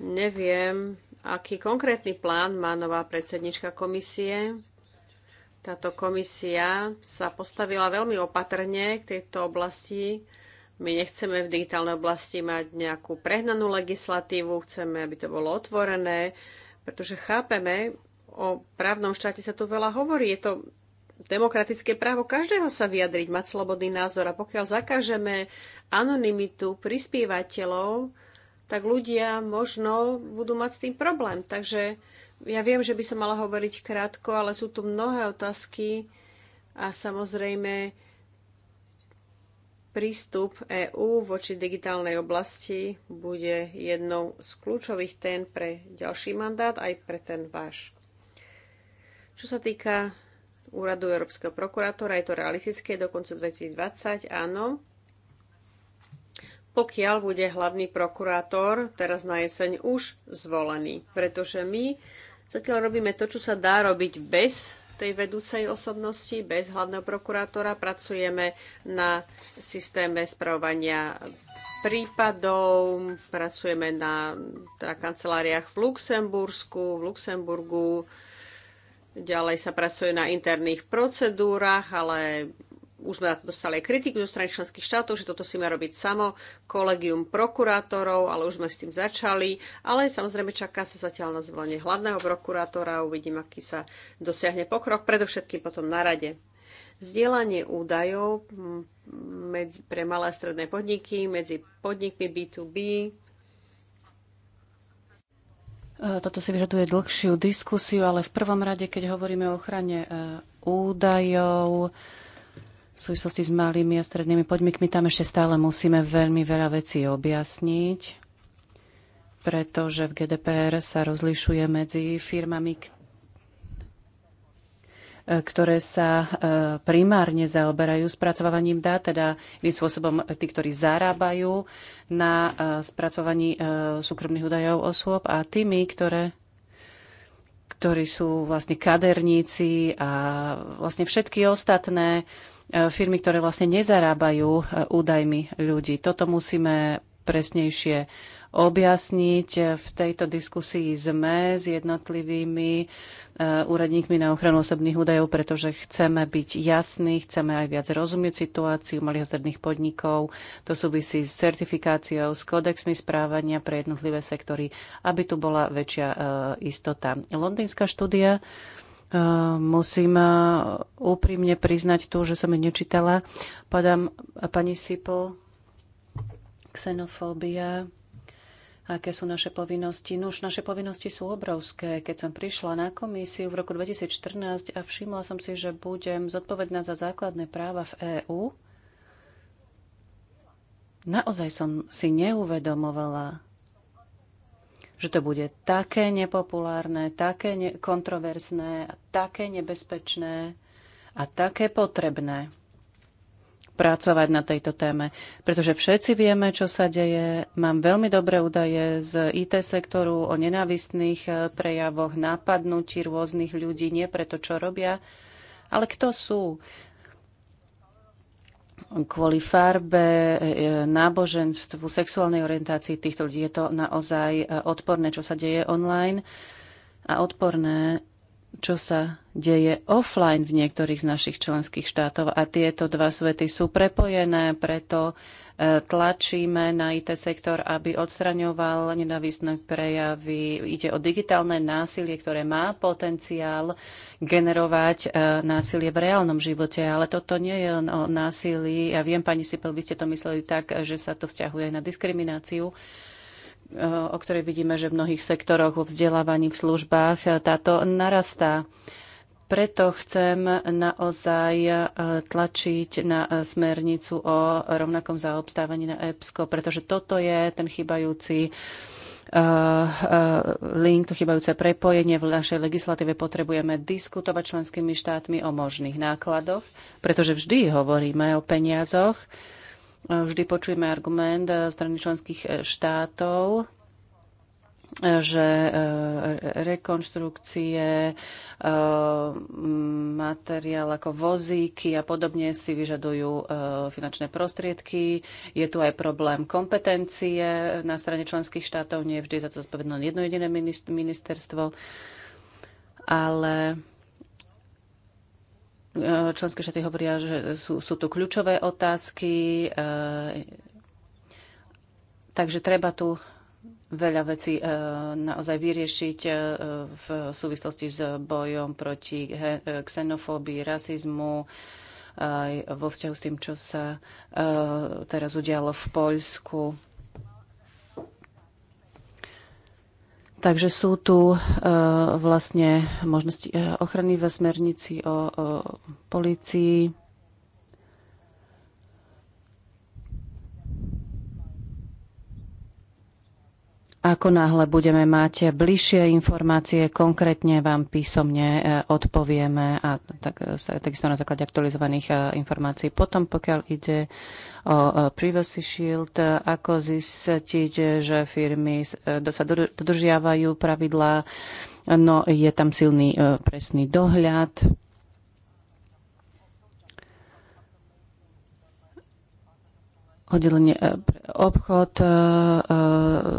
neviem, aký konkrétny plán má nová predsednička komisie. Táto komisia sa postavila veľmi opatrne k tejto oblasti. My nechceme v digitálnej oblasti mať nejakú prehnanú legislatívu, chceme, aby to bolo otvorené, pretože chápeme, O právnom štáte sa tu veľa hovorí. Je to demokratické právo každého sa vyjadriť, mať slobodný názor. A pokiaľ zakážeme anonymitu prispievateľov, tak ľudia možno budú mať s tým problém. Takže ja viem, že by som mala hovoriť krátko, ale sú tu mnohé otázky a samozrejme prístup EÚ voči digitálnej oblasti bude jednou z kľúčových tém pre ďalší mandát aj pre ten váš. Čo sa týka úradu Európskeho prokurátora, je to realistické do konca 2020, áno. Pokiaľ bude hlavný prokurátor teraz na jeseň už zvolený, pretože my zatiaľ robíme to, čo sa dá robiť bez tej vedúcej osobnosti, bez hlavného prokurátora. Pracujeme na systéme spravovania prípadov, pracujeme na teda kanceláriách v Luxembursku, v Luxemburgu, Ďalej sa pracuje na interných procedúrach, ale už sme na to dostali aj kritiku zo strany členských štátov, že toto si má robiť samo kolegium prokurátorov, ale už sme s tým začali. Ale samozrejme čaká sa zatiaľ na zvolenie hlavného prokurátora, uvidím, aký sa dosiahne pokrok, predovšetkým potom na rade. Zdieľanie údajov medzi, pre malé a stredné podniky medzi podnikmi B2B E, toto si vyžaduje dlhšiu diskusiu, ale v prvom rade, keď hovoríme o ochrane e, údajov v súvislosti s malými a strednými podnikmi, tam ešte stále musíme veľmi veľa vecí objasniť, pretože v GDPR sa rozlišuje medzi firmami, ktoré sa e, primárne zaoberajú spracovaním dát, teda tým spôsobom tí, ktorí zarábajú na e, spracovaní e, súkromných údajov osôb a tými, ktoré ktorí sú vlastne kaderníci a vlastne všetky ostatné firmy, ktoré vlastne nezarábajú údajmi ľudí. Toto musíme presnejšie objasniť. Eh, v tejto diskusii sme s jednotlivými eh, úradníkmi na ochranu osobných údajov, pretože chceme byť jasní, chceme aj viac rozumieť situáciu malých a stredných podnikov. To súvisí s certifikáciou, s kódexmi správania pre jednotlivé sektory, aby tu bola väčšia eh, istota. Londýnska štúdia musím úprimne priznať tu, že som ju nečítala. Podám pani Sipo, xenofóbia, aké sú naše povinnosti. No už naše povinnosti sú obrovské. Keď som prišla na komisiu v roku 2014 a všimla som si, že budem zodpovedná za základné práva v EÚ, naozaj som si neuvedomovala, že to bude také nepopulárne, také kontroverzné, také nebezpečné a také potrebné pracovať na tejto téme. Pretože všetci vieme, čo sa deje. Mám veľmi dobré údaje z IT sektoru o nenávistných eh, prejavoch, nápadnutí rôznych ľudí, nie preto, čo robia, ale kto sú kvôli farbe, eh, eh, náboženstvu, sexuálnej orientácii týchto ľudí. Je to naozaj odporné, čo sa deje online a odporné čo sa deje offline v niektorých z našich členských štátov. A tieto dva svety sú prepojené, preto e, tlačíme na IT sektor, aby odstraňoval nenavistné prejavy. Ide o digitálne násilie, ktoré má potenciál generovať e, násilie v reálnom živote. Ale toto nie je len o násilí. Ja viem, pani Sipel, vy ste to mysleli tak, e, že sa to vzťahuje aj na diskrimináciu o ktorej vidíme, že v mnohých sektoroch, vo vzdelávaní, v službách e, táto narastá. Preto chcem naozaj e, tlačiť na e, smernicu o rovnakom zaobstávaní na EPSCO, pretože toto je ten chybajúci link, to chybajúce prepojenie v našej legislatíve potrebujeme diskutovať členskými štátmi o možných nákladoch, pretože vždy hovoríme o peniazoch, Vždy počujeme argument eh, strany členských eh, štátov, eh, že rekonštrukcie, mm, materiál ako vozíky a podobne si vyžadujú finančné prostriedky. Je tu aj problém kompetencie na strane členských štátov. Nie vždy za to zodpovedné jedno jediné ministerstvo. Ale E, členské štáty hovoria, že sú, sú tu kľúčové otázky, e, takže treba tu veľa vecí e, naozaj vyriešiť v súvislosti s bojom proti xenofóbii, rasizmu, aj vo vzťahu s tým, čo sa teraz udialo v Poľsku. Takže sú tu e, vlastne možnosti e, ochrany ve smernici o, o policii, Ako náhle budeme mať bližšie informácie, konkrétne vám písomne e, odpovieme a tak, e, takisto na základe aktualizovaných e, informácií. Potom, pokiaľ ide o Privacy Shield, ako zistiť, že firmy sa dodržiavajú pravidlá, no je tam silný presný dohľad oddelenie e, pre obchod e, e,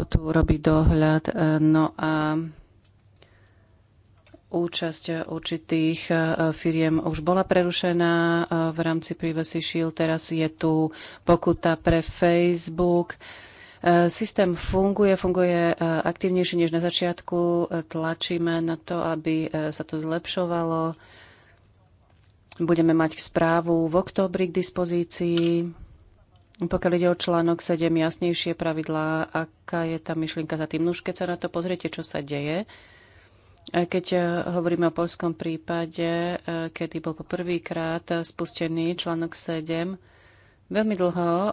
tu robí dohľad. No a účasť určitých firiem už bola prerušená v rámci Privacy Shield. Teraz je tu pokuta pre Facebook. Systém funguje, funguje aktívnejšie než na začiatku. Tlačíme na to, aby sa to zlepšovalo. Budeme mať správu v oktobri k dispozícii pokiaľ ide o článok 7, jasnejšie pravidlá, aká je tá myšlienka za tým. No už keď sa na to pozriete, čo sa deje, keď e, hovoríme o polskom prípade, e, kedy bol poprvýkrát spustený článok 7, veľmi dlho e,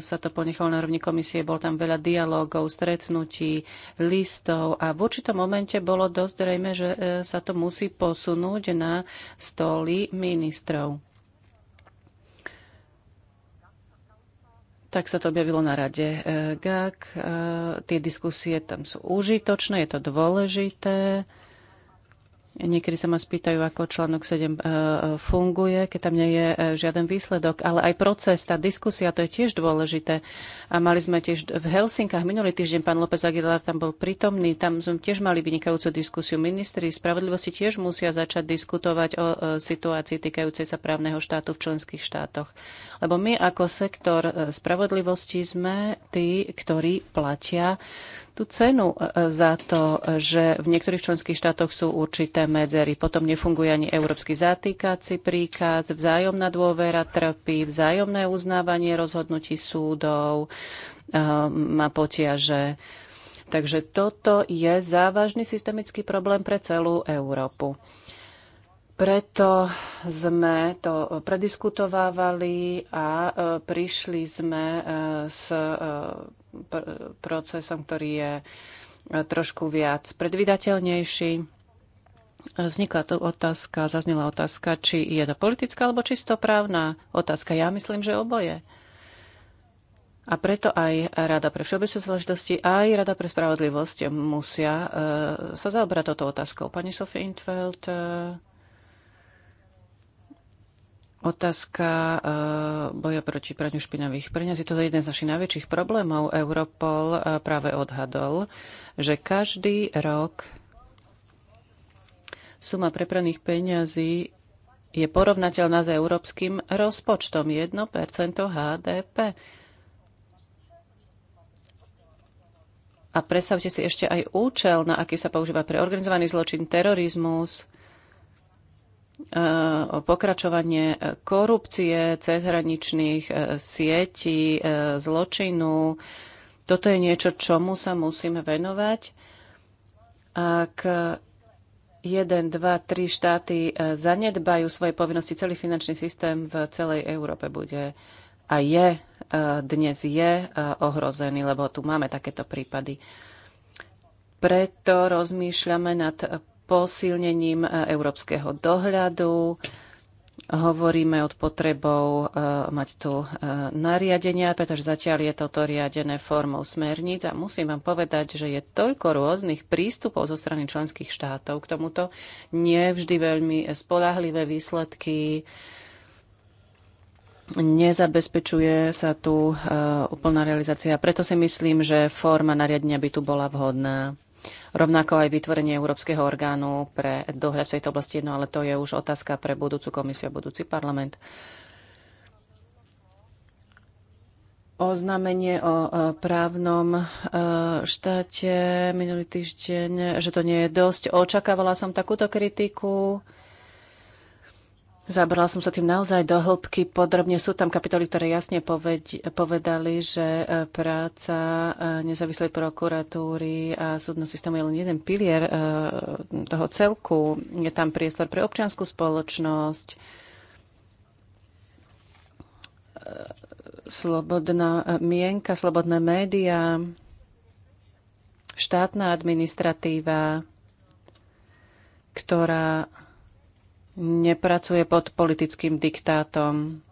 sa to ponechalo na rovni komisie, bol tam veľa dialogov, stretnutí, listov a v určitom momente bolo dosť zrejme, že sa to musí posunúť na stoly ministrov. tak sa to objavilo na rade e, GAK. E, tie diskusie tam sú užitočné, je to dôležité. Niekedy sa ma spýtajú, ako článok 7 e, e, funguje, keď tam nie je e, žiaden výsledok, ale aj proces, tá diskusia, to je tiež dôležité. A mali sme tiež v Helsinkách minulý týždeň, pán López Aguilar tam bol prítomný, tam sme tiež mali vynikajúcu diskusiu. Ministri spravodlivosti tiež musia začať diskutovať o situácii týkajúcej sa právneho štátu v členských štátoch. Lebo my ako sektor spravodlivosti sme tí, ktorí platia tú cenu e, e, za to, že v niektorých členských štátoch sú určité medzery. Potom nefunguje ani európsky zatýkací príkaz, vzájomná dôvera trpí, vzájomné uznávanie rozhodnutí súdov e, má potiaže. Takže toto je závažný systemický problém pre celú Európu. Preto sme to prediskutovávali a prišli sme s procesom, ktorý je e, trošku viac predvydateľnejší. Vznikla tu otázka, zaznela otázka, či je to politická alebo čistoprávna otázka. Ja myslím, že oboje. A preto aj Rada pre všeobecné záležitosti, aj Rada pre spravodlivosť musia e, sa zaobrať touto otázkou. Pani Sofie Intveld, e, Otázka eh, boja proti praniu špinavých peňazí. To je jeden z našich najväčších problémov. Europol eh, práve odhadol, že každý rok suma prepraných peňazí je porovnateľná s európskym rozpočtom 1% HDP. A predstavte si ešte aj účel, na aký sa používa pre organizovaný zločin, terorizmus, Eh, o pokračovanie korupcie, cezhraničných eh, sietí, eh, zločinu. Toto je niečo, čomu sa musíme venovať. Ak jeden, dva, tri štáty zanedbajú svoje povinnosti, celý finančný systém v celej Európe bude a je, dnes je ohrozený, lebo tu máme takéto prípady. Preto rozmýšľame nad posilnením e, európskeho dohľadu. Hovoríme od potrebou e, mať tu e, nariadenia, pretože zatiaľ je toto riadené formou smerníc a musím vám povedať, že je toľko rôznych prístupov zo strany členských štátov k tomuto. Nie vždy veľmi spolahlivé výsledky nezabezpečuje sa tu úplná realizácia. Preto si myslím, že forma nariadenia by tu bola vhodná rovnako aj vytvorenie Európskeho orgánu pre dohľad v tejto oblasti, no ale to je už otázka pre budúcu komisiu a budúci parlament. oznámenie o e, právnom e, štáte minulý týždeň, že to nie je dosť. Očakávala som takúto kritiku. Zabrala som sa tým naozaj do hĺbky. Podrobne sú tam kapitoly, ktoré jasne povedali, že e, práca e, nezávislej prokuratúry a súdnu systému je len jeden pilier e, toho celku. Je tam priestor pre občianskú spoločnosť, slobodná mienka, slobodné médiá, štátna administratíva, ktorá nepracuje pod politickým diktátom.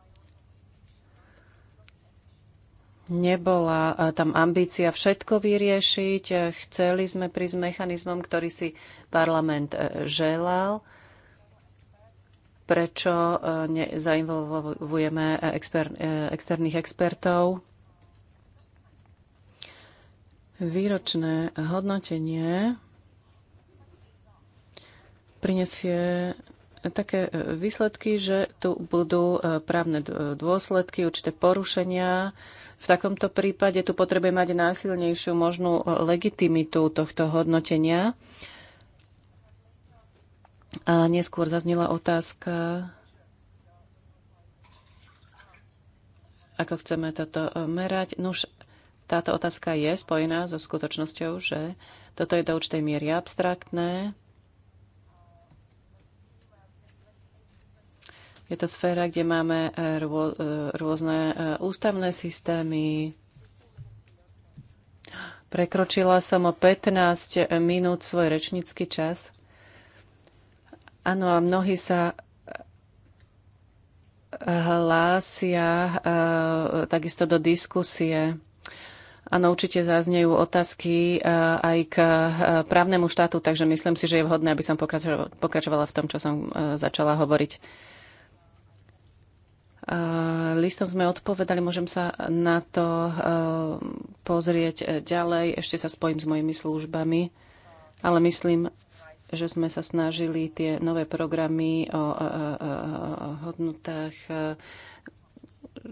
Nebola eh, tam ambícia všetko vyriešiť. Chceli sme prísť mechanizmom, ktorý si parlament eh, želal. Prečo eh, nezainvolvujeme exper- externých expertov? Výročné hodnotenie prinesie také e, výsledky, že tu budú e, právne e, dôsledky, určité porušenia. V takomto prípade tu potrebuje mať násilnejšiu možnú legitimitu tohto hodnotenia. A neskôr zaznela otázka, ako chceme toto merať. Nuž, táto otázka je spojená so skutočnosťou, že toto je do určitej miery abstraktné Je to sféra, kde máme e, rô, e, rôzne e, ústavné systémy. Prekročila som o 15 minút svoj rečnícky čas. Áno, a mnohí sa hlásia takisto do diskusie. Áno, určite zaznejú otázky aj k právnemu štátu, takže myslím si, že je vhodné, aby som pokračovala v tom, čo som začala hovoriť. Eh, listom sme odpovedali, môžem sa na to eh, pozrieť eh, ďalej. Ešte sa spojím s mojimi službami, ale myslím, že sme sa snažili tie nové programy o hodnotách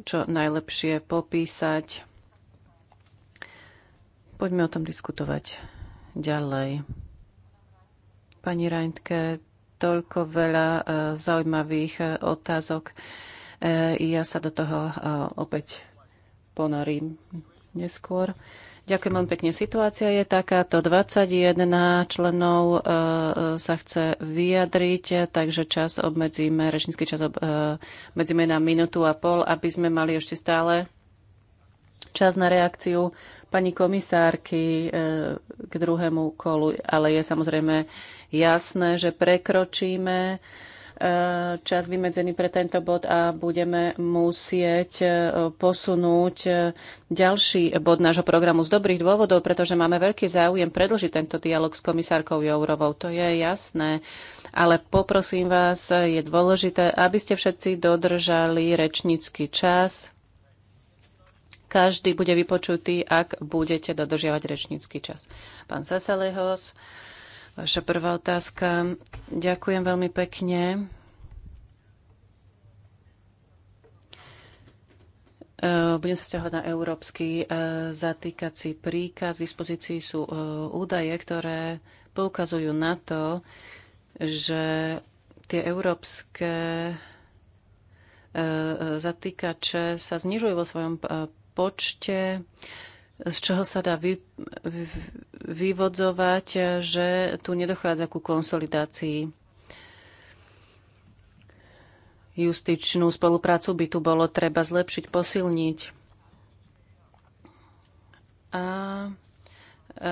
čo najlepšie popísať. Poďme o tom diskutovať ďalej. Pani Reintke, toľko veľa zaujímavých otázok. E, ja sa do toho e, opäť ponorím neskôr. Ďakujem veľmi pekne. Situácia je takáto. 21 členov e, sa chce vyjadriť, takže čas obmedzíme, rečnícky čas obmedzíme na minútu a pol, aby sme mali ešte stále čas na reakciu pani komisárky k druhému kolu. Ale je samozrejme jasné, že prekročíme Eh, čas vymedzený pre tento bod a budeme musieť eh, posunúť eh, ďalší bod nášho programu z dobrých dôvodov, pretože máme veľký záujem predlžiť tento dialog s komisárkou Jourovou. To je jasné. Ale poprosím vás, je dôležité, aby ste všetci dodržali rečnícky čas. Každý bude vypočutý, ak budete dodržiavať rečnícky čas. Pán Sasalehos. Vaša prvá otázka. Ďakujem veľmi pekne. E, budem sa vzťahovať na európsky e, zatýkací príkaz. V dispozícii sú e, údaje, ktoré poukazujú na to, že tie európske zatýkače sa znižujú vo svojom počte z čoho sa dá vy, vy, vyvodzovať, že tu nedochádza ku konsolidácii. Justičnú spoluprácu by tu bolo treba zlepšiť, posilniť. A e,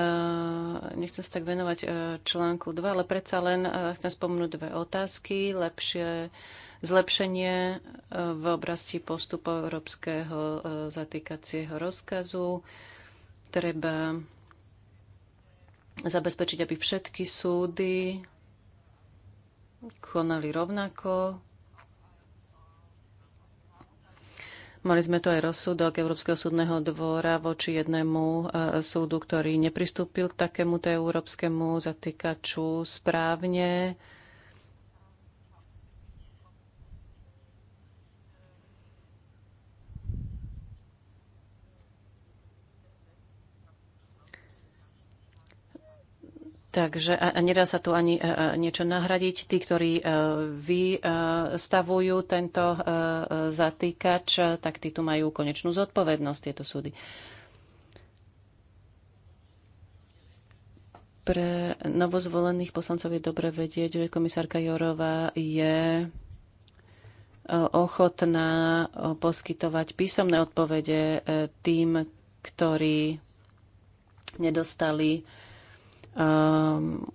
nechcem sa tak venovať e, článku 2, ale predsa len e, chcem spomenúť dve otázky. Lepšie zlepšenie v oblasti postupov európskeho zatýkacieho rozkazu Treba zabezpečiť, aby všetky súdy konali rovnako. Mali sme tu aj rozsudok Európskeho súdneho dvora voči jednému e, súdu, ktorý nepristúpil k takémuto európskemu zatýkaču správne Takže a, a nedá sa tu ani a, e, e, niečo nahradiť. Tí, ktorí e, vystavujú tento a, zatýkač, tak tí tu majú konečnú zodpovednosť, tieto súdy. Pre novozvolených poslancov je dobre vedieť, že komisárka Jorová je ochotná poskytovať písomné odpovede tým, ktorí nedostali Ehm,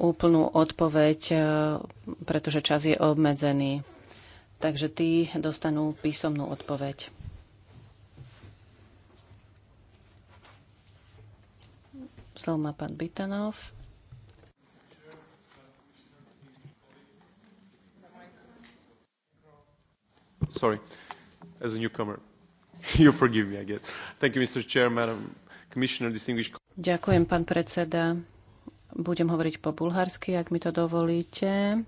úplnú odpoveď, e, pretože čas je obmedzený. Takže tí dostanú písomnú odpoveď. Slovo má pán Bitanov. Sorry, as a newcomer, [LAUGHS] you forgive me, I guess. Thank you, Mr. Chair, Madam Commissioner, distinguished Ďakujem, pán predseda. Budem hovoriť po bulharsky, ak mi to dovolíte.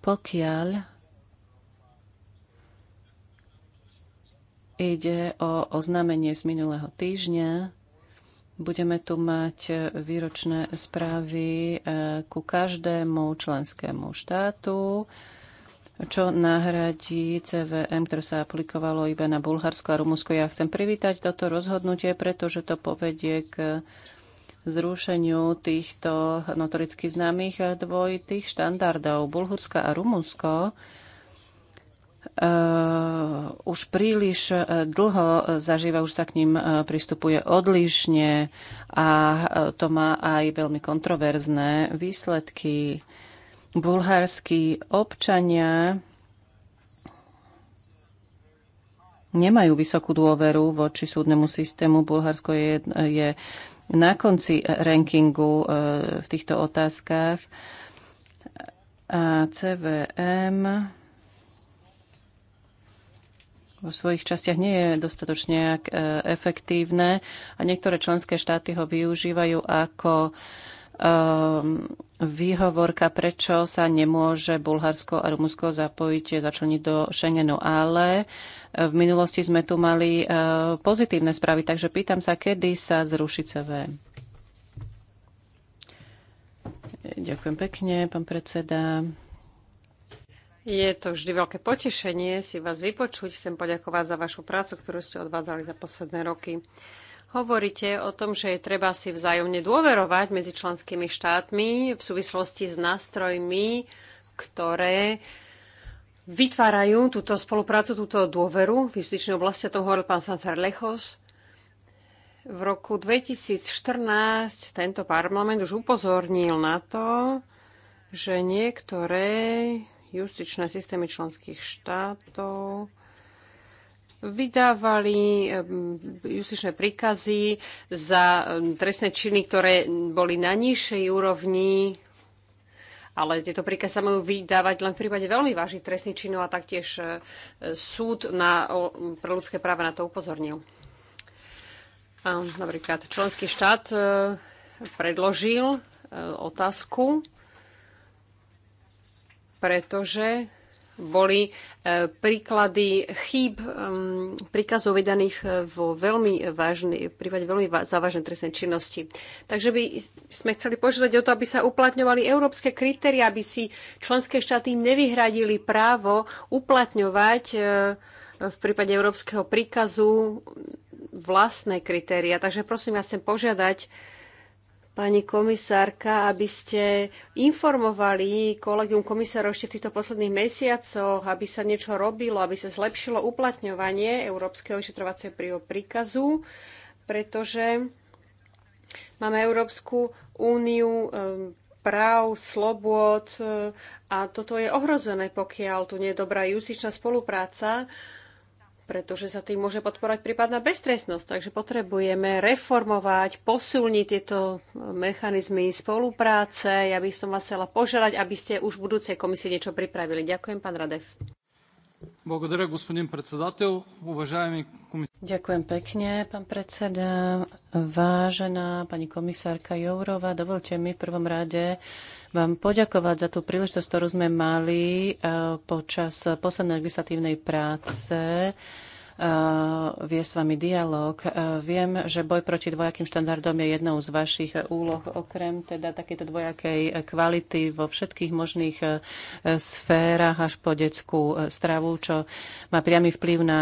Pokiaľ ide o oznámenie z minulého týždňa, budeme tu mať výročné správy eh, ku každému členskému štátu čo nahradí CVM, ktoré sa aplikovalo iba na Bulharsko a Rumunsko. Ja chcem privítať toto rozhodnutie, pretože to povedie k zrušeniu týchto notoricky známych dvojitých štandardov. Bulharsko a Rumunsko Uh, už príliš eh, dlho zažíva, už sa k ním eh, pristupuje odlišne a to má aj veľmi kontroverzné výsledky bulharskí občania nemajú vysokú dôveru voči súdnemu systému. Bulharsko je, je na konci rankingu e, v týchto otázkach. A CVM vo svojich častiach nie je dostatočne e, efektívne a niektoré členské štáty ho využívajú ako um, výhovorka, prečo sa nemôže Bulharsko a Rumunsko zapojiť, začleniť do Schengenu. Ale e, v minulosti sme tu mali e, pozitívne správy, takže pýtam sa, kedy sa zruší CVM. Ďakujem pekne, pán predseda. Je to vždy veľké potešenie si vás vypočuť. Chcem poďakovať za vašu prácu, ktorú ste odvádzali za posledné roky. Hovoríte o tom, že je treba si vzájomne dôverovať medzi členskými štátmi v súvislosti s nástrojmi, ktoré vytvárajú túto spoluprácu, túto dôveru v justičnej oblasti. O tom hovoril pán Sanfer Lechos. V roku 2014 tento parlament už upozornil na to, že niektoré justičné systémy členských štátov vydávali justičné príkazy za trestné činy, ktoré boli na nižšej úrovni, ale tieto príkazy sa majú vydávať len v prípade veľmi vážnych trestných činov a taktiež e, súd na, pre ľudské práva na to upozornil. A napríklad členský štát e, predložil e, otázku, pretože boli e, príklady chýb e, príkazov vydaných e, vo veľmi vážnej, prípade veľmi závažnej trestnej činnosti. Takže by sme chceli požiadať o to, aby sa uplatňovali európske kritéria, aby si členské štáty nevyhradili právo uplatňovať v prípade európskeho príkazu vlastné kritéria. Takže prosím, ja chcem požiadať pani komisárka, aby ste informovali kolegium komisárov ešte v týchto posledných mesiacoch, aby sa niečo robilo, aby sa zlepšilo uplatňovanie Európskeho vyšetrovacieho príkazu, pretože máme Európsku úniu eh, práv, slobôd eh, a toto je ohrozené, pokiaľ tu nie je dobrá justičná spolupráca pretože sa tým môže podporať prípadná beztrestnosť. Takže potrebujeme reformovať, posilniť tieto mechanizmy spolupráce. Ja by som vás chcela poželať, aby ste už v budúcej komisii niečo pripravili. Ďakujem, pán Radev. Ďakujem pekne, pán predseda. Vážená pani komisárka Jourova, dovolte mi v prvom rade vám poďakovať za tú príležitosť, ktorú sme mali eh, počas poslednej legislatívnej práce Eh, vie s vami dialog. Eh, viem, že boj proti dvojakým štandardom je jednou z vašich eh, úloh, okrem teda takéto dvojakej kvality vo všetkých možných sférach až po detskú stravu, čo má priamy vplyv na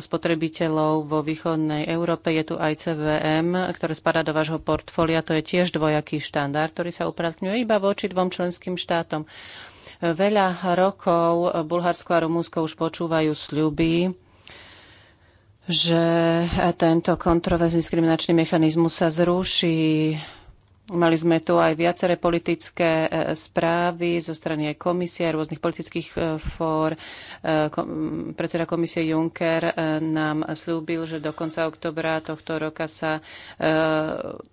spotrebiteľov vo východnej Európe. Je tu aj CVM, ktoré spadá do vášho portfólia. To je tiež dvojaký štandard, ktorý sa upratňuje iba voči dvom členským štátom. Veľa rokov Bulharsko a Rumúnsko už počúvajú sľuby, že tento kontroverzný diskriminačný mechanizmus sa zruší. Mali sme tu aj viaceré politické e, správy zo strany aj komisie, rôznych politických e, fór. E, predseda komisie Juncker nám slúbil, že do konca oktobra tohto roka sa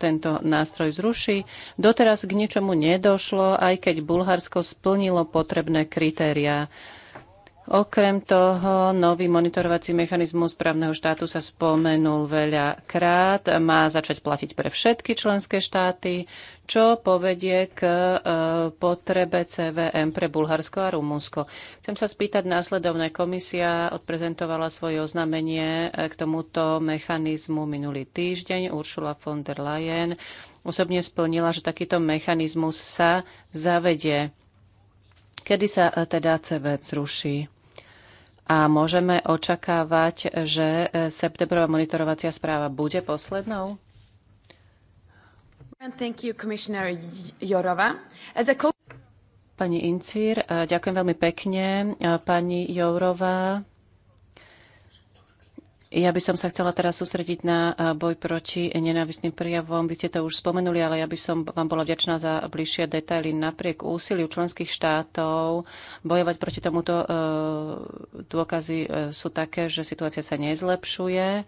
tento nástroj zruší. Doteraz k ničomu nedošlo, aj keď Bulharsko splnilo potrebné kritériá Okrem toho, nový monitorovací mechanizmus právneho štátu sa spomenul veľa krát, má začať platiť pre všetky členské štáty, čo povedie k e, potrebe CVM pre Bulharsko a Rumunsko. Chcem sa spýtať následovné. Komisia odprezentovala svoje oznámenie e, k tomuto mechanizmu minulý týždeň. Uršula von der Leyen osobne splnila, že takýto mechanizmus sa zavedie Kedy sa e, teda CV zruší? A môžeme očakávať, že e, septembrová monitorovacia správa bude poslednou? Thank you, Commissioner Jorova. As a Pani Incír, e, ďakujem veľmi pekne. Pani Jourová, ja by som sa chcela teraz sústrediť na eh, boj proti nenávistným prijavom. Vy ste to už spomenuli, ale ja by som vám bola vďačná za bližšie detaily. Napriek úsiliu členských štátov bojovať proti tomuto eh, dôkazy eh, sú také, že situácia sa nezlepšuje.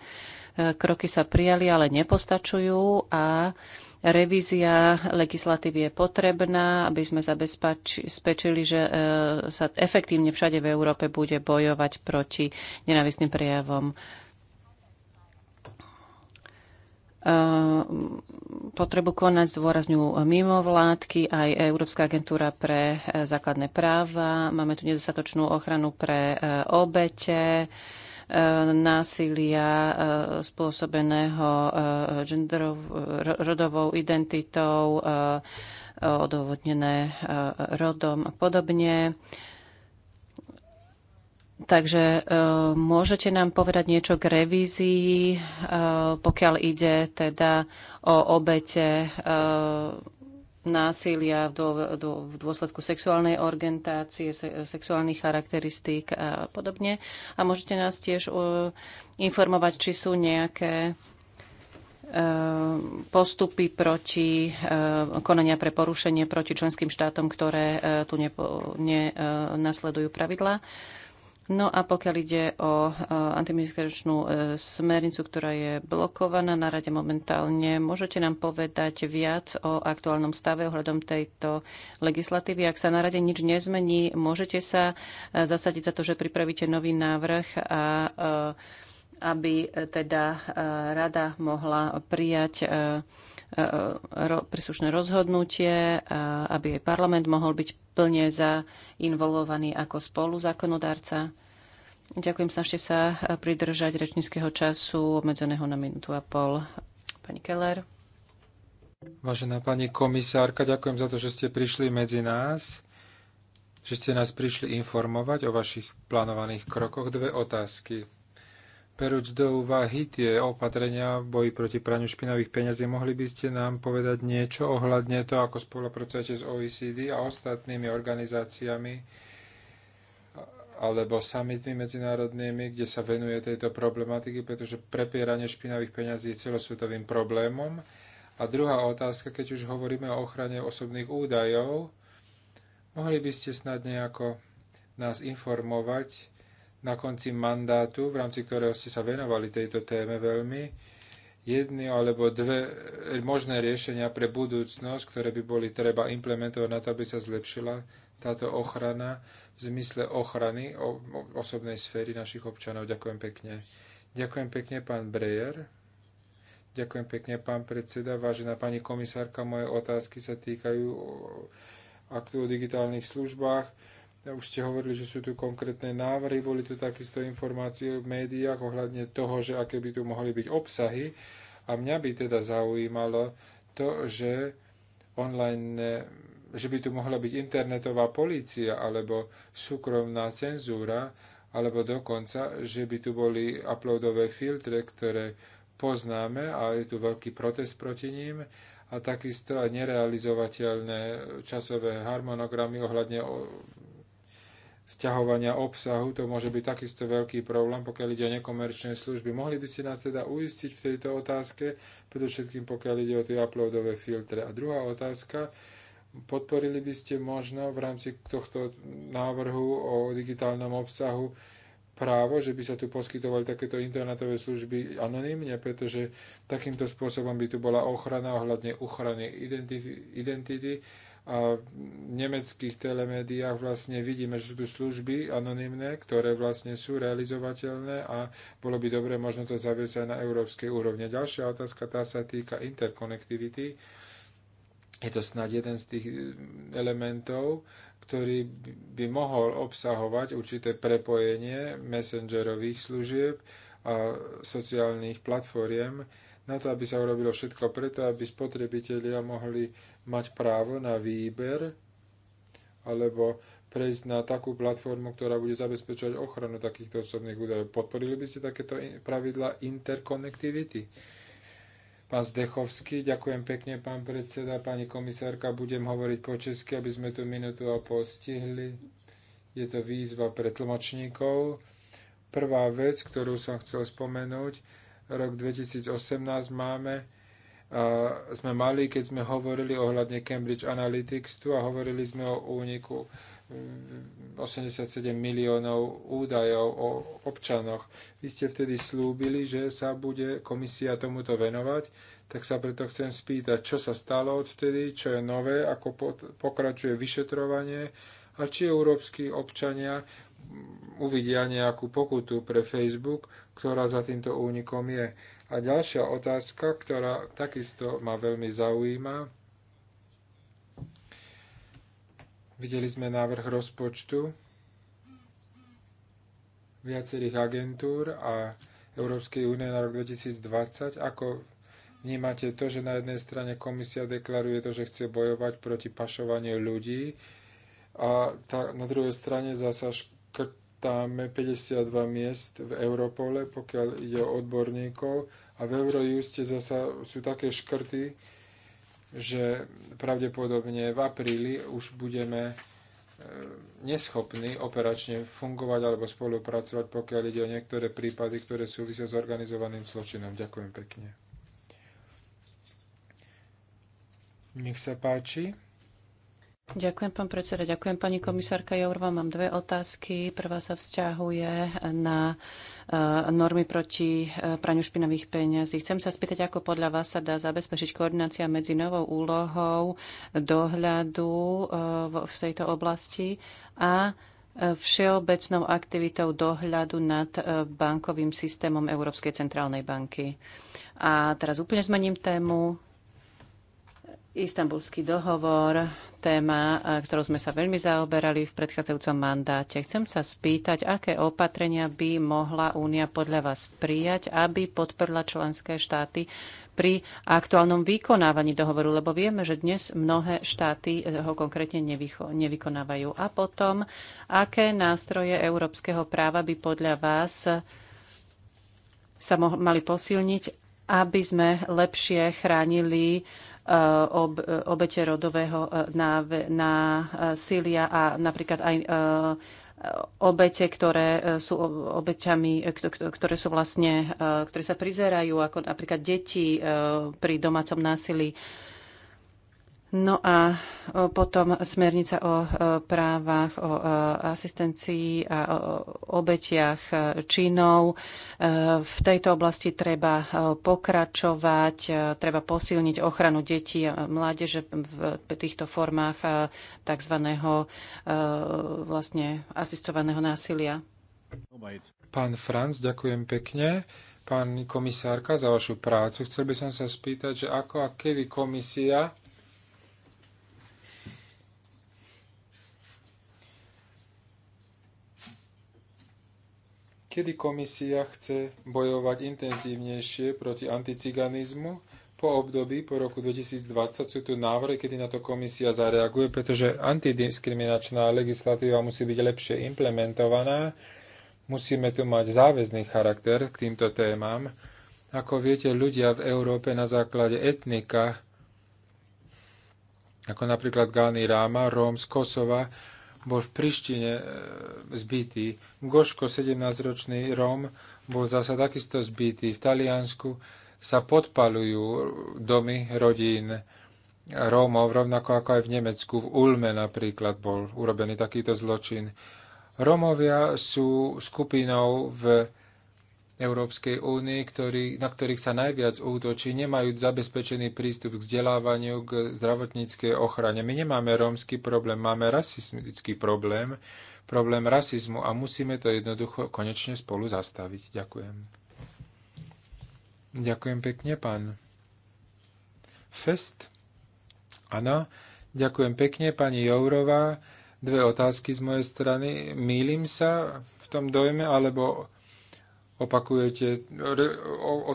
Kroky sa prijali, ale nepostačujú a revízia legislatívy je potrebná, aby sme zabezpečili, že sa efektívne všade v Európe bude bojovať proti nenávistným prejavom. Ehm, potrebu konať zdôrazňujú mimovládky, aj Európska agentúra pre e, základné práva. Máme tu nedostatočnú ochranu pre e, obete e, násilia spôsobeného genderov, rodovou identitou, odôvodnené rodom a podobne. Takže e, môžete nám povedať niečo k revízii, e, pokiaľ ide teda o obete e, násilia v dôsledku sexuálnej orientácie, sexuálnych charakteristík a podobne. A môžete nás tiež informovať, či sú nejaké postupy proti konania pre porušenie proti členským štátom, ktoré tu nenasledujú pravidlá. No a pokiaľ ide o e, antimigračnú e, smernicu, ktorá je blokovaná na rade momentálne, môžete nám povedať viac o aktuálnom stave ohľadom tejto legislatívy? Ak sa na rade nič nezmení, môžete sa e, zasadiť za to, že pripravíte nový návrh a aby teda rada mohla prijať Eh, príslušné rozhodnutie, eh, aby aj parlament mohol byť plne zainvolovaný ako zákonodárca. Ďakujem, snažte sa pridržať rečníckého času obmedzeného na minútu a pol. Pani Keller. Vážená pani komisárka, ďakujem za to, že ste prišli medzi nás, že ste nás prišli informovať o vašich plánovaných krokoch. Dve otázky. Berúc do úvahy tie opatrenia v boji proti praniu špinavých peňazí, mohli by ste nám povedať niečo ohľadne to, ako spolupracujete s OECD a ostatnými organizáciami alebo samitmi medzinárodnými, kde sa venuje tejto problematiky, pretože prepieranie špinavých peňazí je celosvetovým problémom. A druhá otázka, keď už hovoríme o ochrane osobných údajov, mohli by ste snad nejako nás informovať, na konci mandátu, v rámci ktorého ste sa venovali tejto téme veľmi, jedno alebo dve možné riešenia pre budúcnosť, ktoré by boli treba implementovať na to, aby sa zlepšila táto ochrana v zmysle ochrany osobnej sféry našich občanov. Ďakujem pekne. Ďakujem pekne, pán Brejer. Ďakujem pekne, pán predseda. Vážená pani komisárka, moje otázky sa týkajú aktu o digitálnych službách už ste hovorili, že sú tu konkrétne návrhy, boli tu takisto informácie v médiách ohľadne toho, že aké by tu mohli byť obsahy. A mňa by teda zaujímalo to, že online, že by tu mohla byť internetová polícia alebo súkromná cenzúra, alebo dokonca, že by tu boli uploadové filtre, ktoré poznáme a je tu veľký protest proti ním a takisto aj nerealizovateľné časové harmonogramy ohľadne sťahovania obsahu, to môže byť takisto veľký problém, pokiaľ ide o nekomerčné služby. Mohli by ste nás teda uistiť v tejto otázke, predovšetkým pokiaľ ide o tie uploadové filtre. A druhá otázka, podporili by ste možno v rámci tohto návrhu o digitálnom obsahu právo, že by sa tu poskytovali takéto internetové služby anonymne, pretože takýmto spôsobom by tu bola ochrana ohľadne ochrany identity, a v nemeckých telemédiách vlastne vidíme, že sú tu služby anonymné, ktoré vlastne sú realizovateľné a bolo by dobre možno to zaviesť aj na európskej úrovne. Ďalšia otázka, tá sa týka interkonektivity. Je to snad jeden z tých elementov, ktorý by mohol obsahovať určité prepojenie messengerových služieb a sociálnych platformiem na to, aby sa urobilo všetko preto, aby spotrebitelia mohli mať právo na výber alebo prejsť na takú platformu, ktorá bude zabezpečovať ochranu takýchto osobných údajov. Podporili by ste takéto pravidla interconnectivity? Pán Zdechovský, ďakujem pekne, pán predseda, pani komisárka, budem hovoriť po česky, aby sme tu minútu a postihli. Je to výzva pre tlmočníkov. Prvá vec, ktorú som chcel spomenúť, rok 2018 máme sme mali, keď sme hovorili ohľadne Cambridge Analytics tu a hovorili sme o úniku 87 mm, miliónov údajov o občanoch. Vy ste vtedy slúbili, že sa bude komisia tomuto venovať, tak sa preto chcem spýtať, čo sa stalo odvtedy, čo je nové, ako pokračuje vyšetrovanie a či európsky občania mm, uvidia nejakú pokutu pre Facebook, ktorá za týmto únikom je. A ďalšia otázka, ktorá takisto ma veľmi zaujíma. Videli sme návrh rozpočtu viacerých agentúr a Európskej únie na rok 2020. Ako vnímate to, že na jednej strane komisia deklaruje to, že chce bojovať proti pašovaniu ľudí a tá, na druhej strane zasa škrt chystáme 52 miest v Europole, pokiaľ ide o odborníkov a v Eurojuste zasa sú také škrty, že pravdepodobne v apríli už budeme e, neschopní operačne fungovať alebo spolupracovať, pokiaľ ide o niektoré prípady, ktoré súvisia s organizovaným zločinom. Ďakujem pekne. Nech sa páči. Ďakujem, pán predseda. Ďakujem, pani komisárka Jourova. Mám dve otázky. Prvá sa vzťahuje na e, normy proti e, praniu špinavých peňazí. Chcem sa spýtať, ako podľa vás sa dá zabezpečiť koordinácia medzi novou úlohou dohľadu e, v tejto oblasti a všeobecnou aktivitou dohľadu nad bankovým systémom Európskej centrálnej banky. A teraz úplne zmením tému Istanbulský dohovor, téma, ktorou sme sa veľmi zaoberali v predchádzajúcom mandáte. Chcem sa spýtať, aké opatrenia by mohla Únia podľa vás prijať, aby podporila členské štáty pri aktuálnom vykonávaní dohovoru, lebo vieme, že dnes mnohé štáty e, ho konkrétne nevykonávajú. A potom, aké nástroje európskeho práva by podľa vás sa mali posilniť, aby sme lepšie chránili Eh, ob, eh, obete rodového eh, násilia a napríklad aj obete, ktoré sú obeťami, ktoré sú vlastne, ktoré sa prizerajú ako napríklad deti pri domácom násilí. No a potom smernica o právach, o asistencii a o obetiach e, činov. E, v tejto oblasti treba e, pokračovať, treba posilniť ochranu detí a mládeže v týchto formách tzv. Vlastne asistovaného násilia. Pán Franc, ďakujem pekne. Pán komisárka, za vašu prácu. Chcel by som sa spýtať, že ako a kedy komisia Kedy komisia chce bojovať intenzívnejšie proti anticiganizmu? Po období, po roku 2020 sú tu návrhy, kedy na to komisia zareaguje, pretože antidiskriminačná legislatíva musí byť lepšie implementovaná. Musíme tu mať záväzný charakter k týmto témam. Ako viete, ľudia v Európe na základe etnika, ako napríklad Gány Ráma, Róm z Kosova, bol v Prištine e, zbytý. Goško, 17-ročný Róm, bol zasa takisto zbytý. V Taliansku sa podpalujú domy rodín Rómov, rovnako ako aj v Nemecku. V Ulme napríklad bol urobený takýto zločin. Rómovia sú skupinou v Európskej únie, ktorý, na ktorých sa najviac útočí, nemajú zabezpečený prístup k vzdelávaniu, k zdravotníckej ochrane. My nemáme rómsky problém, máme rasistický problém, problém rasizmu a musíme to jednoducho konečne spolu zastaviť. Ďakujem. Ďakujem pekne, pán Fest. Áno, ďakujem pekne, pani Jourová. Dve otázky z mojej strany. Mýlim sa v tom dojme, alebo opakujete, re,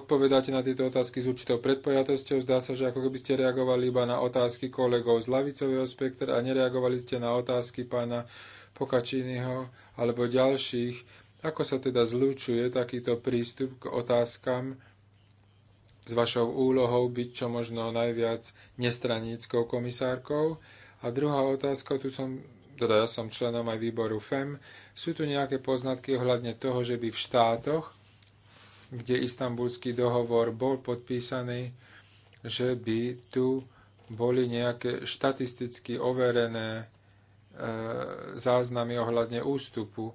odpovedáte na tieto otázky s určitou predpojatosťou. Zdá sa, že ako keby ste reagovali iba na otázky kolegov z lavicového spektra a nereagovali ste na otázky pána Pokačínyho alebo ďalších. Ako sa teda zlučuje takýto prístup k otázkam s vašou úlohou byť čo možno najviac nestraníckou komisárkou? A druhá otázka, tu som, teda ja som členom aj výboru FEM, sú tu nejaké poznatky ohľadne toho, že by v štátoch, kde istambulský dohovor bol podpísaný, že by tu boli nejaké štatisticky overené e, záznamy ohľadne ústupu e,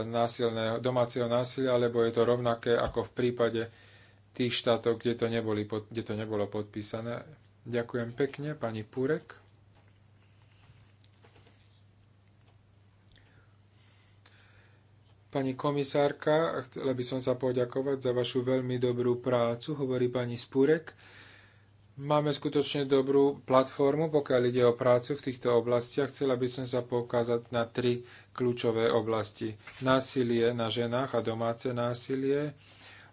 násilného, domáceho násilia, alebo je to rovnaké ako v prípade tých štátov, kde to, neboli, kde to nebolo podpísané. Ďakujem pekne, pani Purek. Pani komisárka, chcela by som sa poďakovať za vašu veľmi dobrú prácu, hovorí pani Spurek. Máme skutočne dobrú platformu, pokiaľ ide o prácu v týchto oblastiach. Chcela by som sa poukázať na tri kľúčové oblasti. Násilie na ženách a domáce násilie.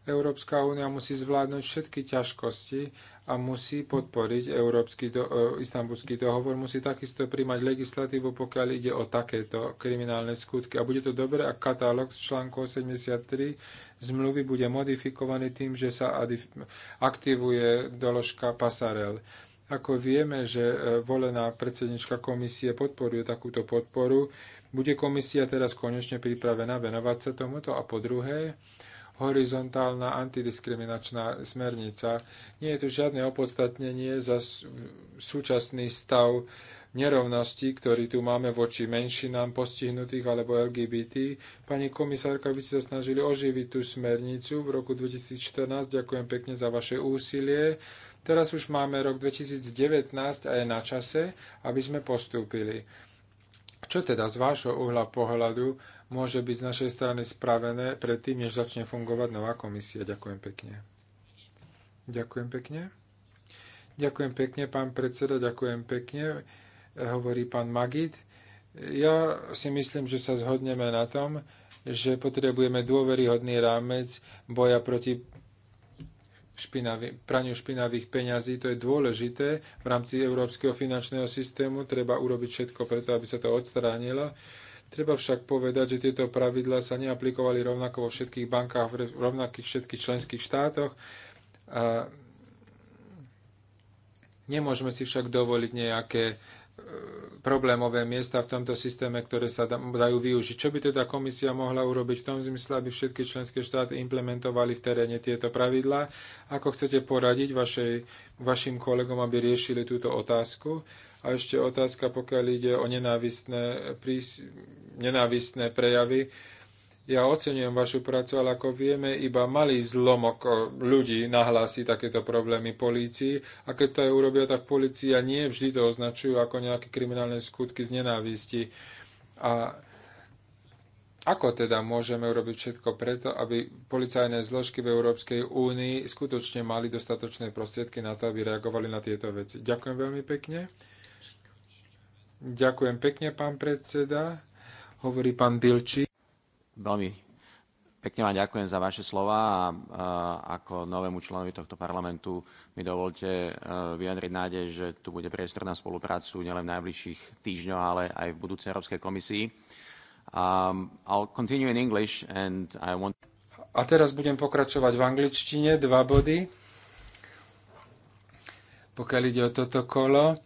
Európska únia musí zvládnuť všetky ťažkosti, a musí podporiť Európsky do, e, istambulský dohovor, musí takisto príjmať legislatívu, pokiaľ ide o takéto kriminálne skutky. A bude to dobré, ak katalóg z článku 83 zmluvy bude modifikovaný tým, že sa aktivuje doložka pasarel. Ako vieme, že e, volená predsednička komisie podporuje takúto podporu, bude komisia teraz konečne pripravená venovať sa tomuto? A po druhé, horizontálna antidiskriminačná smernica. Nie je tu žiadne opodstatnenie za súčasný stav nerovnosti, ktorý tu máme voči menšinám postihnutých alebo LGBT. Pani komisárka, vy ste sa snažili oživiť tú smernicu v roku 2014. Ďakujem pekne za vaše úsilie. Teraz už máme rok 2019 a je na čase, aby sme postúpili. Čo teda z vášho uhla pohľadu môže byť z našej strany spravené predtým, než začne fungovať nová komisia? Ďakujem pekne. Ďakujem pekne. Ďakujem pekne, pán predseda, ďakujem pekne, eh, hovorí pán Magid. Ja si myslím, že sa zhodneme na tom, že potrebujeme dôveryhodný rámec boja proti špinavý, praniu špinavých peňazí. To je dôležité. V rámci európskeho finančného systému treba urobiť všetko preto, aby sa to odstránilo. Treba však povedať, že tieto pravidlá sa neaplikovali rovnako vo všetkých bankách, v rovnakých všetkých členských štátoch. A nemôžeme si však dovoliť nejaké problémové miesta v tomto systéme, ktoré sa dajú využiť. Čo by teda komisia mohla urobiť v tom zmysle, aby všetky členské štáty implementovali v teréne tieto pravidlá? Ako chcete poradiť vašej, vašim kolegom, aby riešili túto otázku? A ešte otázka, pokiaľ ide o nenávistné, prís, nenávistné prejavy ja ocenujem vašu prácu, ale ako vieme, iba malý zlomok ľudí nahlási takéto problémy polícii a keď to aj urobia, tak polícia nie vždy to označujú ako nejaké kriminálne skutky z nenávisti. A ako teda môžeme urobiť všetko preto, aby policajné zložky v Európskej únii skutočne mali dostatočné prostriedky na to, aby reagovali na tieto veci? Ďakujem veľmi pekne. Ďakujem pekne, pán predseda. Hovorí pán Dilčík veľmi pekne vám ďakujem za vaše slova a, ako novému členovi tohto parlamentu mi dovolte e, vyjadriť nádej, že tu bude priestor na spoluprácu nielen v najbližších týždňoch, ale aj v budúcej Európskej komisii. Um, I'll continue in English and I want... A teraz budem pokračovať v angličtine, dva body. Pokiaľ ide o toto kolo,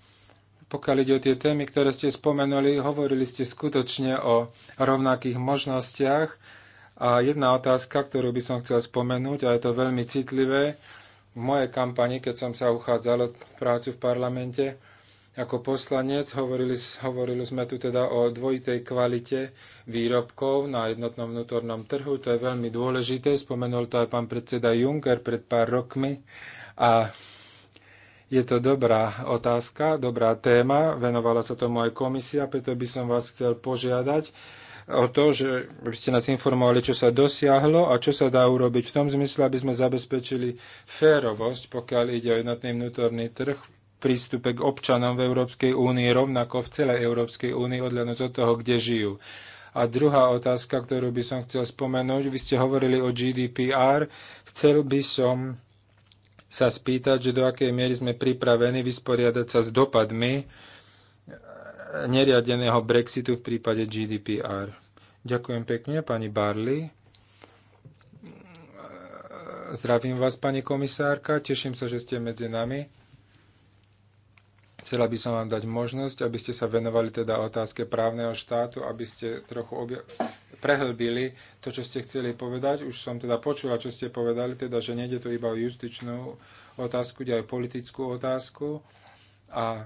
pokiaľ ide o tie témy, ktoré ste spomenuli, hovorili ste skutočne o rovnakých možnostiach. A jedna otázka, ktorú by som chcel spomenúť, a je to veľmi citlivé, v mojej kampani, keď som sa uchádzal od prácu v parlamente, ako poslanec hovorili, hovorili sme tu teda o dvojitej kvalite výrobkov na jednotnom vnútornom trhu. To je veľmi dôležité. Spomenul to aj pán predseda Juncker pred pár rokmi. A je to dobrá otázka, dobrá téma, venovala sa tomu aj komisia, preto by som vás chcel požiadať o to, že by ste nás informovali, čo sa dosiahlo a čo sa dá urobiť v tom zmysle, aby sme zabezpečili férovosť, pokiaľ ide o jednotný vnútorný trh prístupe k občanom v Európskej únii, rovnako v celej Európskej únii, odľadnúť od toho, kde žijú. A druhá otázka, ktorú by som chcel spomenúť, vy ste hovorili o GDPR, chcel by som sa spýtať, že do akej miery sme pripravení vysporiadať sa s dopadmi neriadeného Brexitu v prípade GDPR. Ďakujem pekne, pani Barley. Zdravím vás, pani komisárka. Teším sa, že ste medzi nami. Chcela by som vám dať možnosť, aby ste sa venovali teda otázke právneho štátu, aby ste trochu objavili prehlbili to, čo ste chceli povedať. Už som teda počula, čo ste povedali, teda, že nejde to iba o justičnú otázku, ide aj politickú otázku. A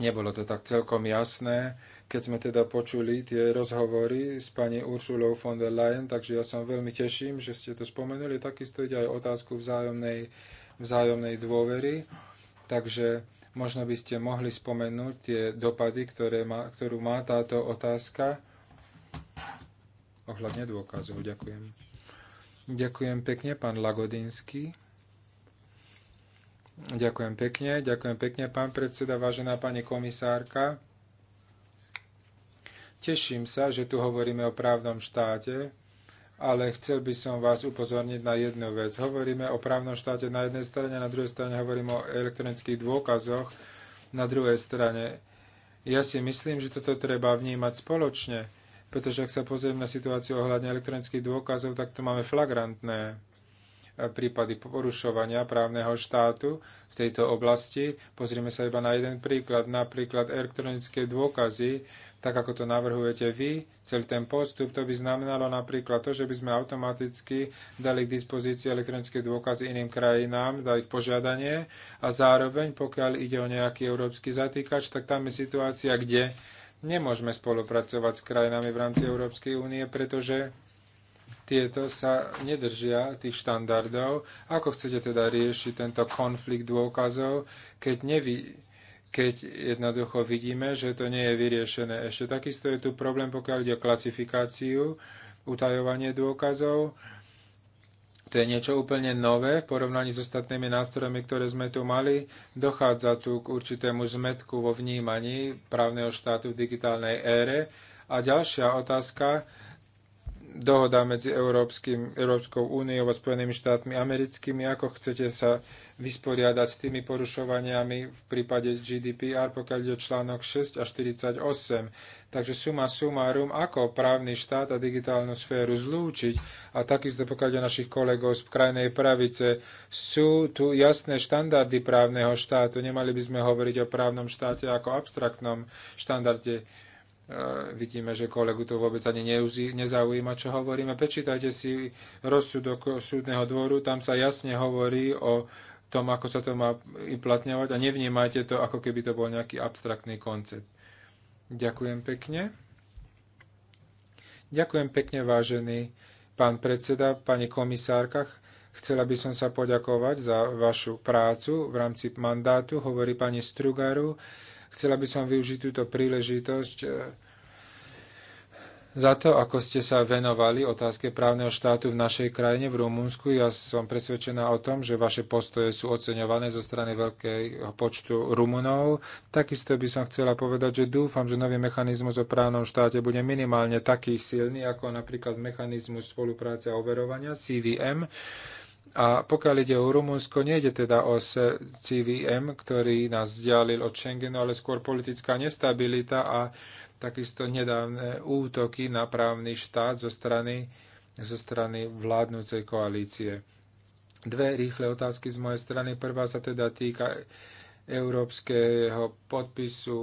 nebolo to tak celkom jasné, keď sme teda počuli tie rozhovory s pani Ursulou von der Leyen, takže ja som veľmi teším, že ste to spomenuli. Takisto ide aj otázku vzájomnej, vzájomnej dôvery. Takže možno by ste mohli spomenúť tie dopady, ktoré má, ktorú má táto otázka ohľadne dôkazov. Ďakujem. Ďakujem pekne, pán Lagodinský. Ďakujem pekne, ďakujem pekne, pán predseda, vážená pani komisárka. Teším sa, že tu hovoríme o právnom štáte, ale chcel by som vás upozorniť na jednu vec. Hovoríme o právnom štáte na jednej strane, na druhej strane hovoríme o elektronických dôkazoch, na druhej strane. Ja si myslím, že toto treba vnímať spoločne pretože ak sa pozrieme na situáciu ohľadne elektronických dôkazov, tak tu máme flagrantné e, prípady porušovania právneho štátu v tejto oblasti. Pozrieme sa iba na jeden príklad, napríklad elektronické dôkazy, tak ako to navrhujete vy, celý ten postup, to by znamenalo napríklad to, že by sme automaticky dali k dispozícii elektronické dôkazy iným krajinám, dali ich požiadanie a zároveň, pokiaľ ide o nejaký európsky zatýkač, tak tam je situácia, kde nemôžeme spolupracovať s krajinami v rámci Európskej únie, pretože tieto sa nedržia tých štandardov. Ako chcete teda riešiť tento konflikt dôkazov, keď, nevy, keď jednoducho vidíme, že to nie je vyriešené ešte. Takisto je tu problém, pokiaľ ide o klasifikáciu, utajovanie dôkazov. To je niečo úplne nové v porovnaní s ostatnými nástrojmi, ktoré sme tu mali. Dochádza tu k určitému zmetku vo vnímaní právneho štátu v digitálnej ére. A ďalšia otázka, dohoda medzi Európskym, Európskou úniou a Spojenými štátmi americkými, ako chcete sa vysporiadať s tými porušovaniami v prípade GDPR, pokiaľ ide o článok 6 a 48. Takže suma sumárum, ako právny štát a digitálnu sféru zlúčiť a takisto pokiaľ ide o našich kolegov z krajnej pravice, sú tu jasné štandardy právneho štátu. Nemali by sme hovoriť o právnom štáte ako abstraktnom štandarde Eh, vidíme, že kolegu to vôbec ani nezaujíma, čo hovoríme. Prečítajte si rozsudok súdneho dvoru, tam sa jasne hovorí o tom, ako sa to má uplatňovať a nevnímajte to, ako keby to bol nejaký abstraktný koncept. Ďakujem pekne. Ďakujem pekne, vážený pán predseda, pani komisárka. Chcela by som sa poďakovať za vašu prácu v rámci mandátu, hovorí pani Strugaru. Chcela by som využiť túto príležitosť eh, za to, ako ste sa venovali otázke právneho štátu v našej krajine, v Rumunsku. Ja som presvedčená o tom, že vaše postoje sú oceňované zo strany veľkého počtu Rumunov. Takisto by som chcela povedať, že dúfam, že nový mechanizmus o právnom štáte bude minimálne taký silný, ako napríklad mechanizmus spolupráce a overovania CVM, a pokiaľ ide o Rumunsko, nejde teda o CVM, ktorý nás vzdialil od Schengenu, ale skôr politická nestabilita a takisto nedávne útoky na právny štát zo strany, zo strany vládnúcej koalície. Dve rýchle otázky z mojej strany. Prvá sa teda týka európskeho podpisu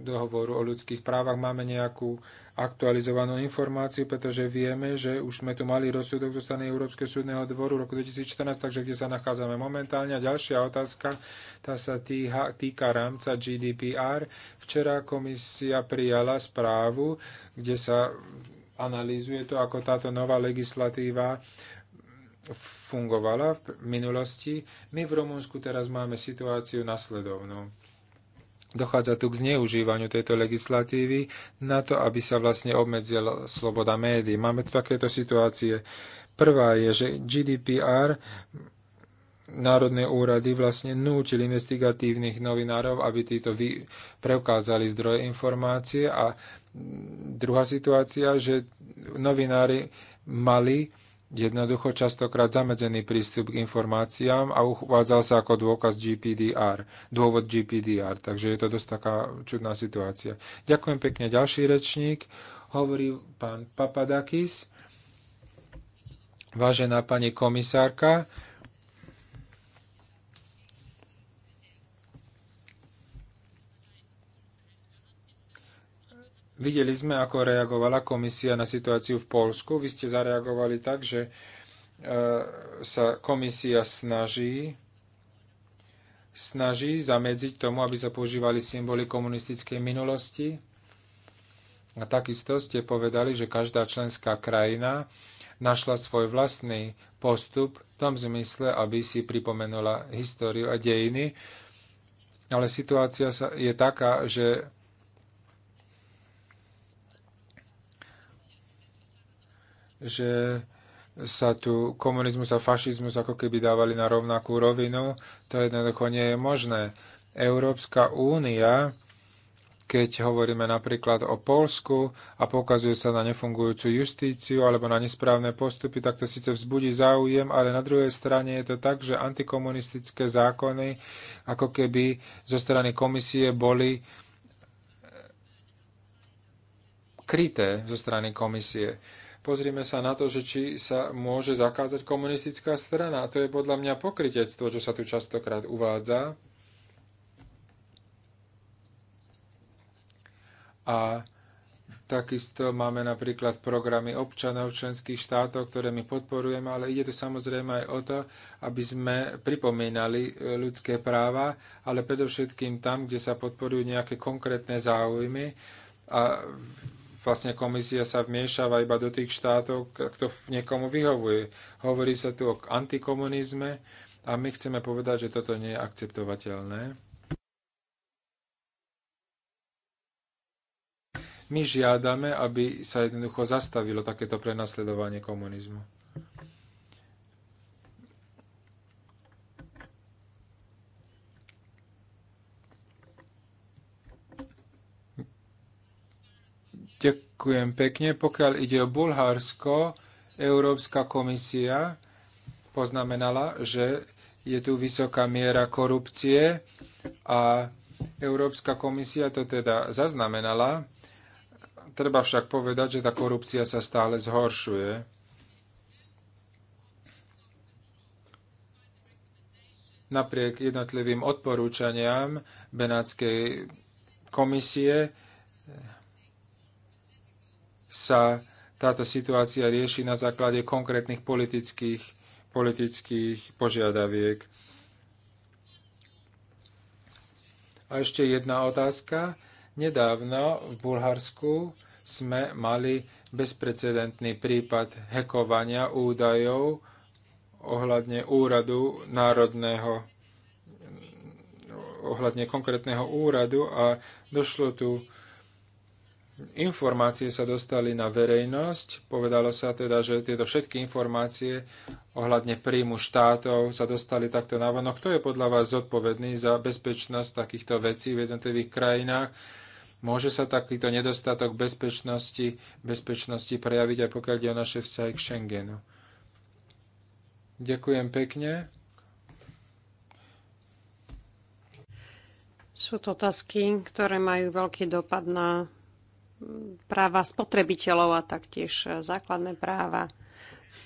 dohovoru o ľudských právach máme nejakú aktualizovanú informáciu, pretože vieme, že už sme tu mali rozsudok zo strany Európskeho súdneho dvoru roku 2014, takže kde sa nachádzame momentálne. A ďalšia otázka, tá sa týha, týka rámca GDPR. Včera komisia prijala správu, kde sa analýzuje to, ako táto nová legislatíva fungovala v minulosti. My v Rumunsku teraz máme situáciu nasledovnú. Dochádza tu k zneužívaniu tejto legislatívy na to, aby sa vlastne obmedzila sloboda médií. Máme tu takéto situácie. Prvá je, že GDPR národné úrady vlastne nútili investigatívnych novinárov, aby títo vy, preukázali zdroje informácie a druhá situácia, že novinári mali jednoducho častokrát zamedzený prístup k informáciám a uvádzal sa ako dôkaz GPDR, dôvod GPDR. Takže je to dosť taká čudná situácia. Ďakujem pekne. Ďalší rečník hovorí pán Papadakis. Vážená pani komisárka, Videli sme, ako reagovala komisia na situáciu v Polsku. Vy ste zareagovali tak, že e, sa komisia snaží snaží zamedziť tomu, aby sa používali symboly komunistickej minulosti. A takisto ste povedali, že každá členská krajina našla svoj vlastný postup v tom zmysle, aby si pripomenula históriu a dejiny. Ale situácia je taká, že že sa tu komunizmus a fašizmus ako keby dávali na rovnakú rovinu. To jednoducho nie je možné. Európska únia, keď hovoríme napríklad o Polsku a pokazuje sa na nefungujúcu justíciu alebo na nesprávne postupy, tak to síce vzbudí záujem, ale na druhej strane je to tak, že antikomunistické zákony ako keby zo strany komisie boli eh, kryté zo strany komisie. Pozrime sa na to, že či sa môže zakázať komunistická strana. A to je podľa mňa pokritectvo, čo sa tu častokrát uvádza. A Takisto máme napríklad programy občanov členských štátov, ktoré my podporujeme, ale ide tu samozrejme aj o to, aby sme pripomínali e, ľudské práva, ale predovšetkým tam, kde sa podporujú nejaké konkrétne záujmy. A vlastne komisia sa vmiešava iba do tých štátov, kto niekomu vyhovuje. Hovorí sa tu o antikomunizme a my chceme povedať, že toto nie je akceptovateľné. My žiadame, aby sa jednoducho zastavilo takéto prenasledovanie komunizmu. Ďakujem pekne. Pokiaľ ide o Bulharsko, Európska komisia poznamenala, že je tu vysoká miera korupcie a Európska komisia to teda zaznamenala. Treba však povedať, že tá korupcia sa stále zhoršuje. Napriek jednotlivým odporúčaniam Benátskej komisie sa táto situácia rieši na základe konkrétnych politických, politických požiadaviek. A ešte jedna otázka. Nedávno v Bulharsku sme mali bezprecedentný prípad hekovania údajov ohľadne úradu národného ohľadne konkrétneho úradu a došlo tu informácie sa dostali na verejnosť. Povedalo sa teda, že tieto všetky informácie ohľadne príjmu štátov sa dostali takto na vonok. Kto je podľa vás zodpovedný za bezpečnosť takýchto vecí v jednotlivých krajinách? Môže sa takýto nedostatok bezpečnosti, bezpečnosti prejaviť aj pokiaľ ide o naše vzťahy k Schengenu? Ďakujem pekne. Sú to otázky, ktoré majú veľký dopad na práva spotrebiteľov a taktiež základné práva.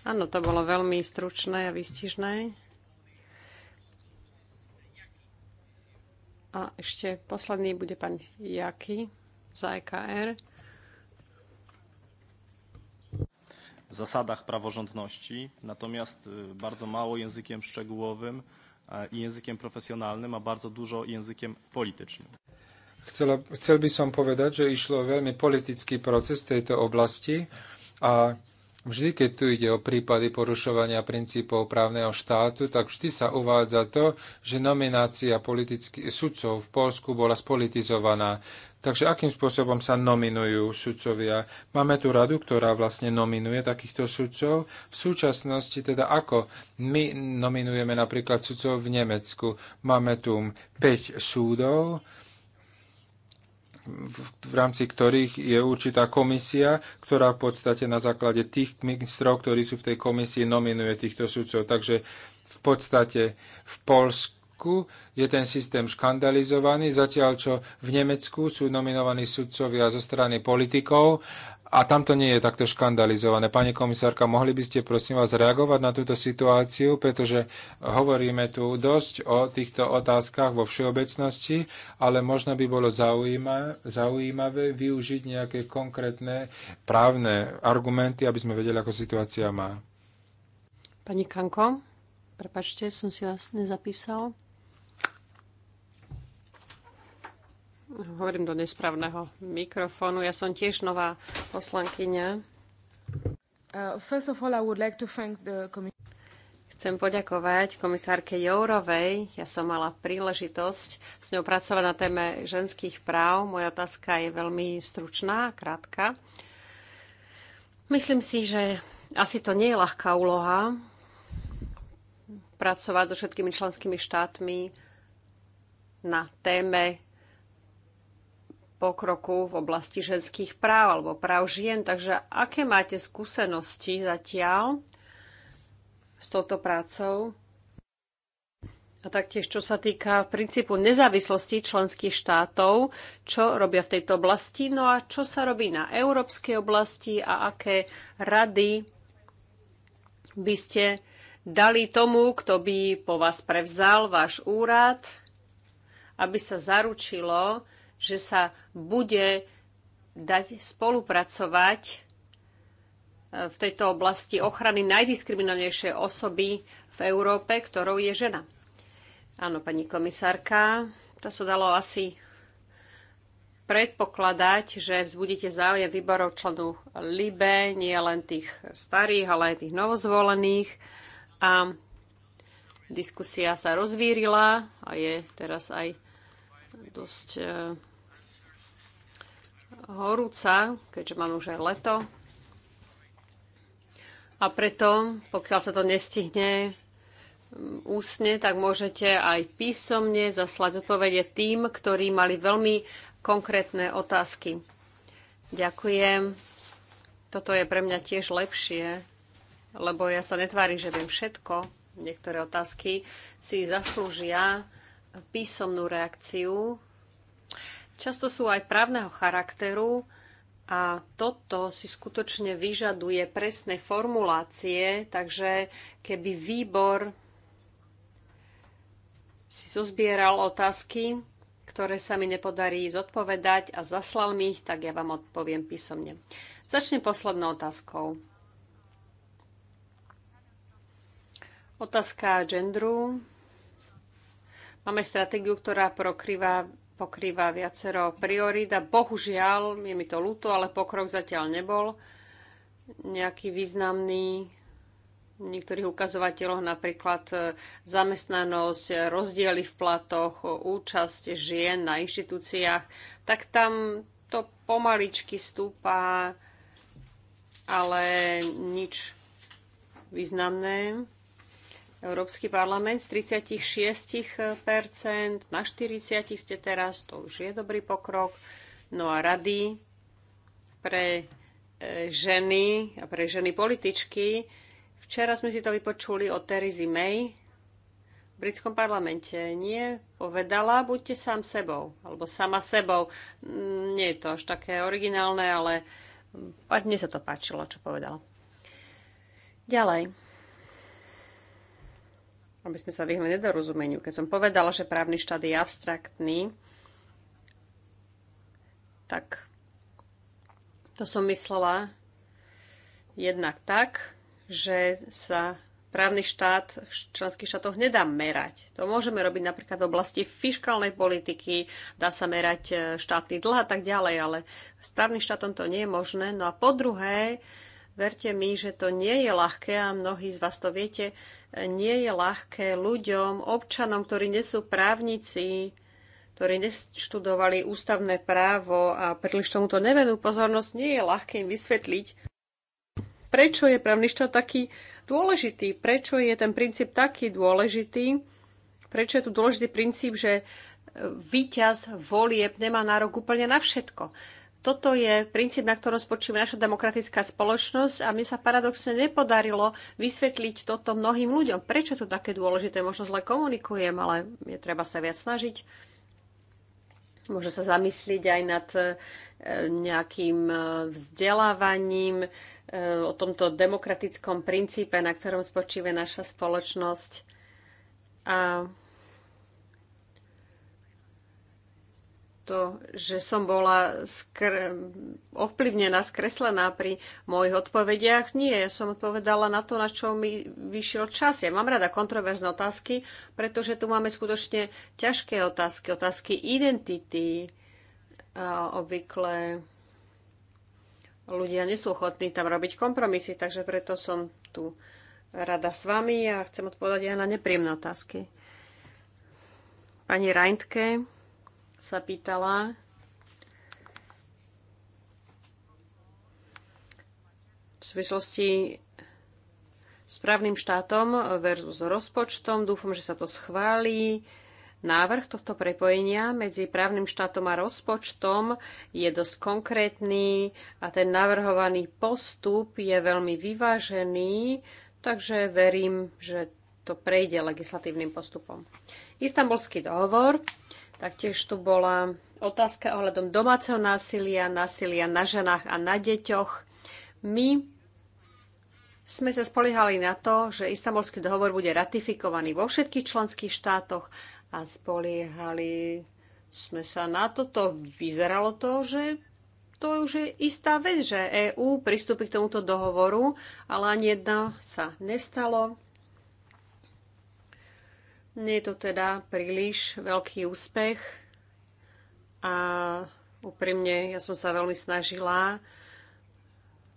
Áno, to bolo veľmi stručné a vystižné. A ešte posledný bude pán Jaky z EKR. V zasadach praworządności, natomiast bardzo mało językiem szczegółowym i językiem profesjonalnym, a bardzo dużo językiem politycznym chcel, chcel by som povedať, že išlo veľmi politický proces v tejto oblasti a Vždy, keď tu ide o prípady porušovania princípov právneho štátu, tak vždy sa uvádza to, že nominácia politických sudcov v Polsku bola spolitizovaná. Takže akým spôsobom sa nominujú sudcovia? Máme tu radu, ktorá vlastne nominuje takýchto sudcov. V súčasnosti teda ako my nominujeme napríklad sudcov v Nemecku. Máme tu 5 súdov, v rámci ktorých je určitá komisia, ktorá v podstate na základe tých ministrov, ktorí sú v tej komisii, nominuje týchto sudcov. Takže v podstate v Polsku je ten systém škandalizovaný, zatiaľ čo v Nemecku sú nominovaní sudcovia zo strany politikov a tam to nie je takto škandalizované. Pani komisárka, mohli by ste prosím vás reagovať na túto situáciu, pretože hovoríme tu dosť o týchto otázkach vo všeobecnosti, ale možno by bolo zaujímavé, zaujímavé využiť nejaké konkrétne právne argumenty, aby sme vedeli, ako situácia má. Pani Kanko, prepačte, som si vás nezapísal. Hovorím do nesprávneho mikrofónu. Ja som tiež nová poslankyňa. Uh, first of all, I would like to thank the Chcem poďakovať komisárke Jourovej. Ja som mala príležitosť s ňou pracovať na téme ženských práv. Moja otázka je veľmi stručná, krátka. Myslím si, že asi to nie je ľahká úloha pracovať so všetkými členskými štátmi na téme pokroku v oblasti ženských práv alebo práv žien. Takže aké máte skúsenosti zatiaľ s touto prácou? A taktiež, čo sa týka princípu nezávislosti členských štátov, čo robia v tejto oblasti, no a čo sa robí na európskej oblasti a aké rady by ste dali tomu, kto by po vás prevzal váš úrad, aby sa zaručilo, že sa bude dať spolupracovať e, v tejto oblasti ochrany najdiskriminovanejšej osoby v Európe, ktorou je žena. Áno, pani komisárka, to sa dalo asi predpokladať, že vzbudíte záujem výborov členov LIBE, nie len tých starých, ale aj tých novozvolených. A diskusia sa rozvírila a je teraz aj dosť e, horúca, keďže mám už aj leto. A preto, pokiaľ sa to nestihne úsne, tak môžete aj písomne zaslať odpovede tým, ktorí mali veľmi konkrétne otázky. Ďakujem. Toto je pre mňa tiež lepšie, lebo ja sa netvárim, že viem všetko. Niektoré otázky si zaslúžia písomnú reakciu. Často sú aj právneho charakteru a toto si skutočne vyžaduje presné formulácie, takže keby výbor si zozbieral otázky, ktoré sa mi nepodarí zodpovedať a zaslal mi ich, tak ja vám odpoviem písomne. Začnem poslednou otázkou. Otázka gendru. Máme stratégiu, ktorá prokrýva, pokrýva viacero priorít a bohužiaľ, je mi to ľúto, ale pokrok zatiaľ nebol nejaký významný v niektorých ukazovateľoch, napríklad e, zamestnanosť, rozdiely v platoch, účasť žien na inštitúciách, tak tam to pomaličky stúpa, ale nič významné. Európsky parlament z 36% na 40 ste teraz, to už je dobrý pokrok. No a rady pre e, ženy a pre ženy političky. Včera sme si to vypočuli od Terizy May v britskom parlamente. Nie, povedala, buďte sám sebou, alebo sama sebou. Mm, nie je to až také originálne, ale mne sa to páčilo, čo povedala. Ďalej aby sme sa vyhli nedorozumeniu. Keď som povedala, že právny štát je abstraktný, tak to som myslela jednak tak, že sa právny štát v členských štátoch nedá merať. To môžeme robiť napríklad v oblasti fiskálnej politiky, dá sa merať e, štátny dlh a tak ďalej, ale s právnym štátom to nie je možné. No a po druhé, verte mi, že to nie je ľahké a mnohí z vás to viete, nie je ľahké ľuďom, občanom, ktorí nie sú právnici, ktorí neštudovali ústavné právo a príliš tomuto nevenú pozornosť, nie je ľahké im vysvetliť, prečo je právny štát taký dôležitý, prečo je ten princíp taký dôležitý, prečo je tu dôležitý princíp, že víťaz volieb nemá nárok úplne na všetko. Toto je princíp, na ktorom spočíva naša demokratická spoločnosť a mi sa paradoxne nepodarilo vysvetliť toto mnohým ľuďom. Prečo to také dôležité? Možno zle komunikujem, ale je treba sa viac snažiť. Môže sa zamyslieť aj nad e, nejakým e, vzdelávaním e, o tomto demokratickom princípe, na ktorom spočíva naša spoločnosť. A to, že som bola skr- ovplyvnená, skreslená pri mojich odpovediach. Nie, ja som odpovedala na to, na čo mi vyšiel čas. Ja mám rada kontroverzné otázky, pretože tu máme skutočne ťažké otázky, otázky identity. A obvykle ľudia nesú ochotní tam robiť kompromisy, takže preto som tu rada s vami a chcem odpovedať aj na nepríjemné otázky. Pani Reintke sa pýtala, v súvislosti s právnym štátom versus rozpočtom. Dúfam, že sa to schválí. Návrh tohto prepojenia medzi právnym štátom a rozpočtom je dosť konkrétny a ten navrhovaný postup je veľmi vyvážený, takže verím, že to prejde legislatívnym postupom. Istanbulský dohovor Taktiež tu bola otázka ohľadom domáceho násilia, násilia na ženách a na deťoch. My sme sa spoliehali na to, že istambulský dohovor bude ratifikovaný vo všetkých členských štátoch a spoliehali sme sa na toto. Vyzeralo to, že to už je istá vec, že EÚ pristúpi k tomuto dohovoru, ale ani jedno sa nestalo. Nie je to teda príliš veľký úspech a úprimne ja som sa veľmi snažila,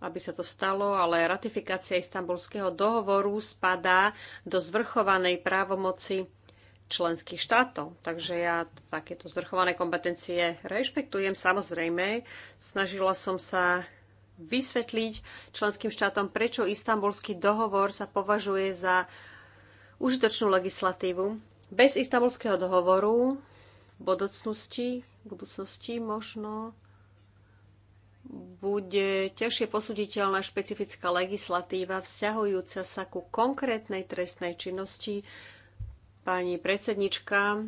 aby sa to stalo, ale ratifikácia istambulského dohovoru spadá do zvrchovanej právomoci členských štátov. Takže ja takéto zvrchované kompetencie rešpektujem samozrejme. Snažila som sa vysvetliť členským štátom, prečo istambulský dohovor sa považuje za užitočnú legislatívu. Bez istambulského dohovoru v budúcnosti, v budúcnosti možno bude ťažšie posuditeľná špecifická legislatíva vzťahujúca sa ku konkrétnej trestnej činnosti. Pani predsednička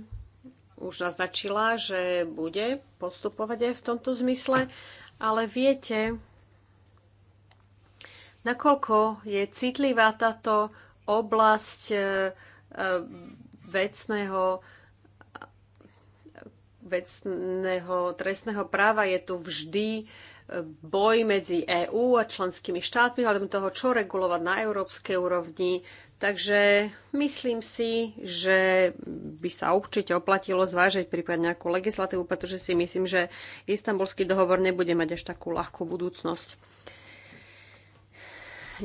už naznačila, že bude postupovať aj v tomto zmysle, ale viete, nakoľko je citlivá táto oblasť e, e, vecného vecného trestného práva je tu vždy e, boj medzi EÚ a členskými štátmi, hľadom toho, čo regulovať na európskej úrovni. Takže myslím si, že by sa určite oplatilo zvážiť prípadne nejakú legislatívu, pretože si myslím, že istambulský dohovor nebude mať až takú ľahkú budúcnosť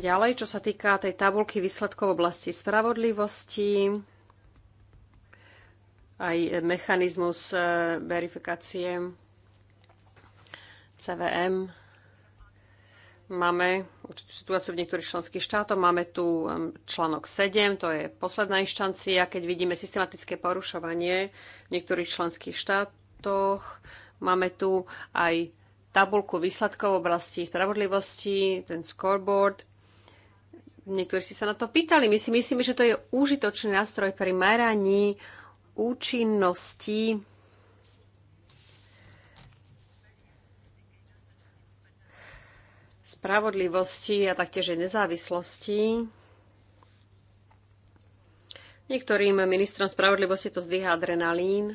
ďalej, čo sa týka tej tabulky výsledkov v oblasti spravodlivosti, aj mechanizmus e, verifikácie CVM. Máme určitú situáciu v niektorých členských štátoch. Máme tu článok 7, to je posledná inštancia, keď vidíme systematické porušovanie v niektorých členských štátoch. Máme tu aj tabulku výsledkov v oblasti spravodlivosti, ten scoreboard. Niektorí si sa na to pýtali. My si myslíme, že to je užitočný nástroj pri meraní účinnosti spravodlivosti a taktiež nezávislosti. Niektorým ministrom spravodlivosti to zdvíha adrenalín,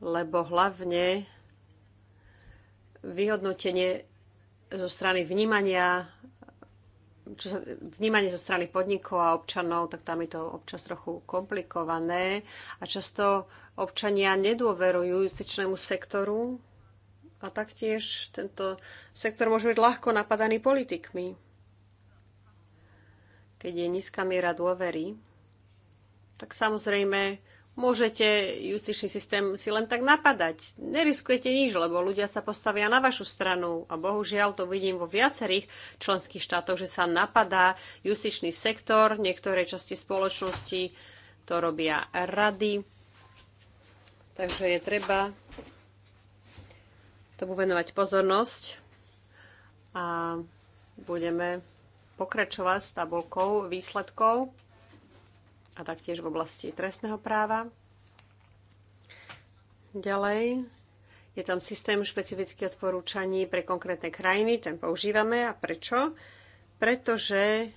lebo hlavne vyhodnotenie zo strany vnímania čo sa, vnímanie zo strany podnikov a občanov, tak tam je to občas trochu komplikované a často občania nedôverujú justičnému sektoru a taktiež tento sektor môže byť ľahko napadaný politikmi, keď je nízka miera dôvery tak samozrejme Môžete justičný systém si len tak napadať. Neriskujete nič, lebo ľudia sa postavia na vašu stranu. A bohužiaľ to vidím vo viacerých členských štátoch, že sa napadá justičný sektor, niektoré časti spoločnosti to robia rady. Takže je treba tomu venovať pozornosť a budeme pokračovať s tabulkou výsledkov a taktiež v oblasti trestného práva. Ďalej je tam systém špecifických odporúčaní pre konkrétne krajiny, ten používame. A prečo? Pretože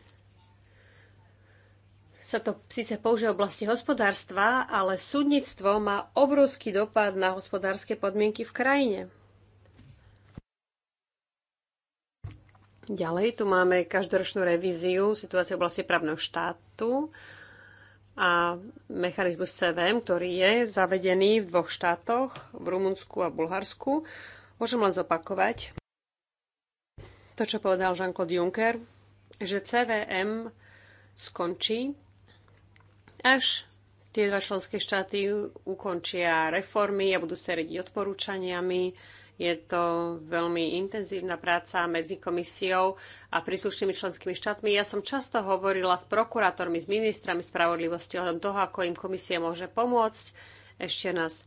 sa to síce použije v oblasti hospodárstva, ale súdnictvo má obrovský dopad na hospodárske podmienky v krajine. Ďalej tu máme každoročnú revíziu situácie v oblasti právneho štátu a mechanizmus CVM, ktorý je zavedený v dvoch štátoch, v Rumunsku a Bulharsku. Môžem len zopakovať to, čo povedal Jean-Claude Juncker, že CVM skončí, až tie dva členské štáty ukončia reformy a budú sa riadiť odporúčaniami je to veľmi intenzívna práca medzi komisiou a príslušnými členskými štátmi. Ja som často hovorila s prokurátormi, s ministrami spravodlivosti o tom toho, ako im komisia môže pomôcť. Ešte nás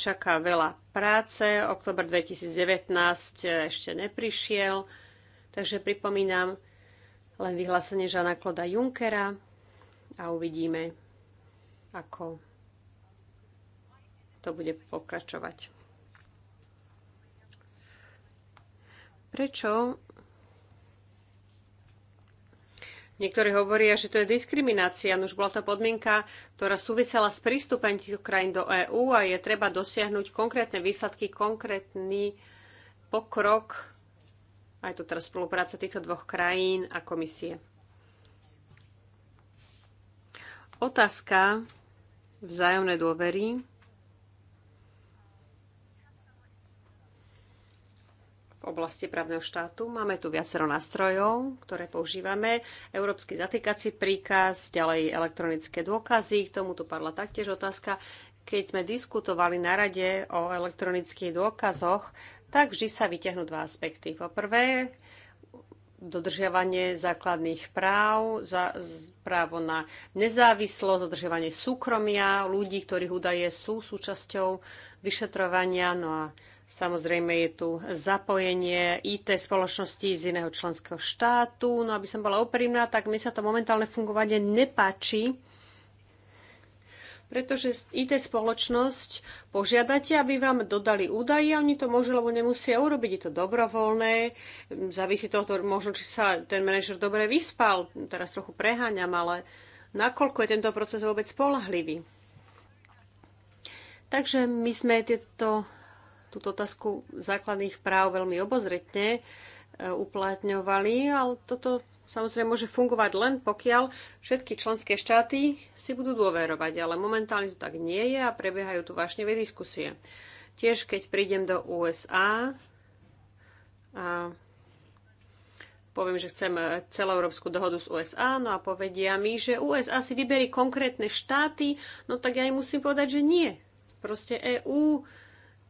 čaká veľa práce. Oktober 2019 ešte neprišiel. Takže pripomínam len vyhlásenie Žana Kloda Junkera a uvidíme, ako to bude pokračovať. Prečo Niektorí hovoria, že to je diskriminácia, no už bola to podmienka, ktorá súvisela s prístupem týchto krajín do EÚ a je treba dosiahnuť konkrétne výsledky, konkrétny pokrok, aj tu teraz spolupráca týchto dvoch krajín a komisie. Otázka vzájomnej dôvery v oblasti právneho štátu. Máme tu viacero nástrojov, ktoré používame. Európsky zatýkací príkaz, ďalej elektronické dôkazy, k tomu tu padla taktiež otázka. Keď sme diskutovali na rade o elektronických dôkazoch, tak vždy sa vyťahnú dva aspekty. Po prvé, dodržiavanie základných práv, za, právo na nezávislosť, dodržiavanie súkromia ľudí, ktorých údaje sú súčasťou vyšetrovania. No a samozrejme je tu zapojenie IT spoločnosti z iného členského štátu. No aby som bola oprímna, tak mi sa to momentálne fungovanie nepáči pretože IT spoločnosť požiadate, aby vám dodali údaje, oni to môžu, lebo nemusia urobiť, je to dobrovoľné, závisí to možno, či sa ten manažer dobre vyspal, teraz trochu preháňam, ale nakoľko je tento proces vôbec spolahlivý. Takže my sme tieto, túto otázku základných práv veľmi obozretne e, uplatňovali, ale toto samozrejme môže fungovať len pokiaľ všetky členské štáty si budú dôverovať, ale momentálne to tak nie je a prebiehajú tu vášnevé diskusie. Tiež keď prídem do USA a poviem, že chcem celoeurópsku dohodu z USA, no a povedia mi, že USA si vyberí konkrétne štáty, no tak ja im musím povedať, že nie. Proste EÚ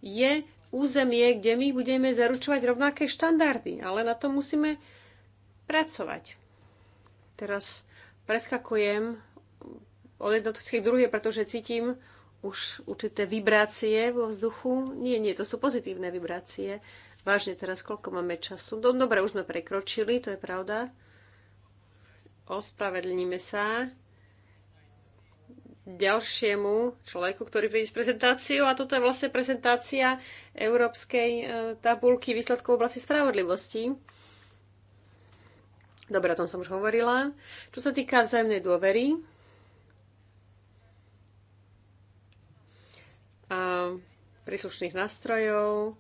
je územie, kde my budeme zaručovať rovnaké štandardy, ale na to musíme pracovať. Teraz preskakujem od jednotky k druhej, pretože cítim už určité vibrácie vo vzduchu. Nie, nie, to sú pozitívne vibrácie. Vážne teraz, koľko máme času? No, dobre, už sme prekročili, to je pravda. Ospravedlníme sa ďalšiemu človeku, ktorý príde s prezentáciou a toto je vlastne prezentácia Európskej eh, tabulky výsledkov v oblasti spravodlivosti. Dobre, o tom som už hovorila. Čo sa týka vzájomnej dôvery, a príslušných nástrojov,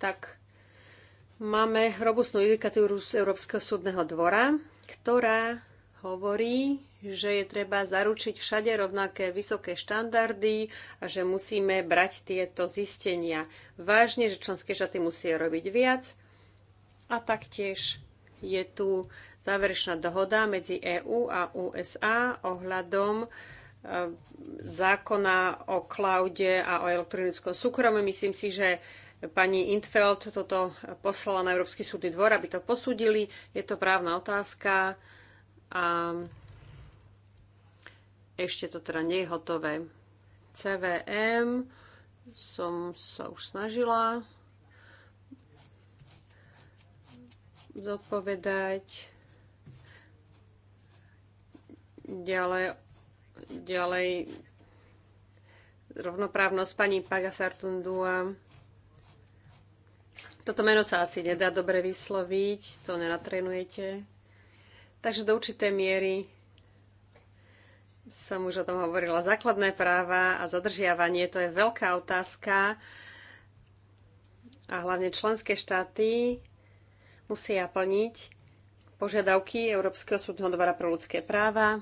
tak máme robustnú judikatúru z Európskeho súdneho dvora, ktorá hovorí, že je treba zaručiť všade rovnaké vysoké štandardy a že musíme brať tieto zistenia vážne, že členské štáty musia robiť viac a taktiež je tu záverečná dohoda medzi EÚ a USA ohľadom e, zákona o klaude a o elektronickom súkromí. Myslím si, že pani Intfeld toto poslala na Európsky súdny dvor, aby to posúdili. Je to právna otázka a ešte to teda nie je hotové. CVM som sa už snažila zodpovedať. Ďalej, ďalej rovnoprávnosť pani Pagasartundua. Toto meno sa asi nedá dobre vysloviť, to nenatrenujete. Takže do určitej miery som už o tom hovorila. Základné práva a zadržiavanie, to je veľká otázka. A hlavne členské štáty musia plniť požiadavky Európskeho súdneho dvora pro ľudské práva.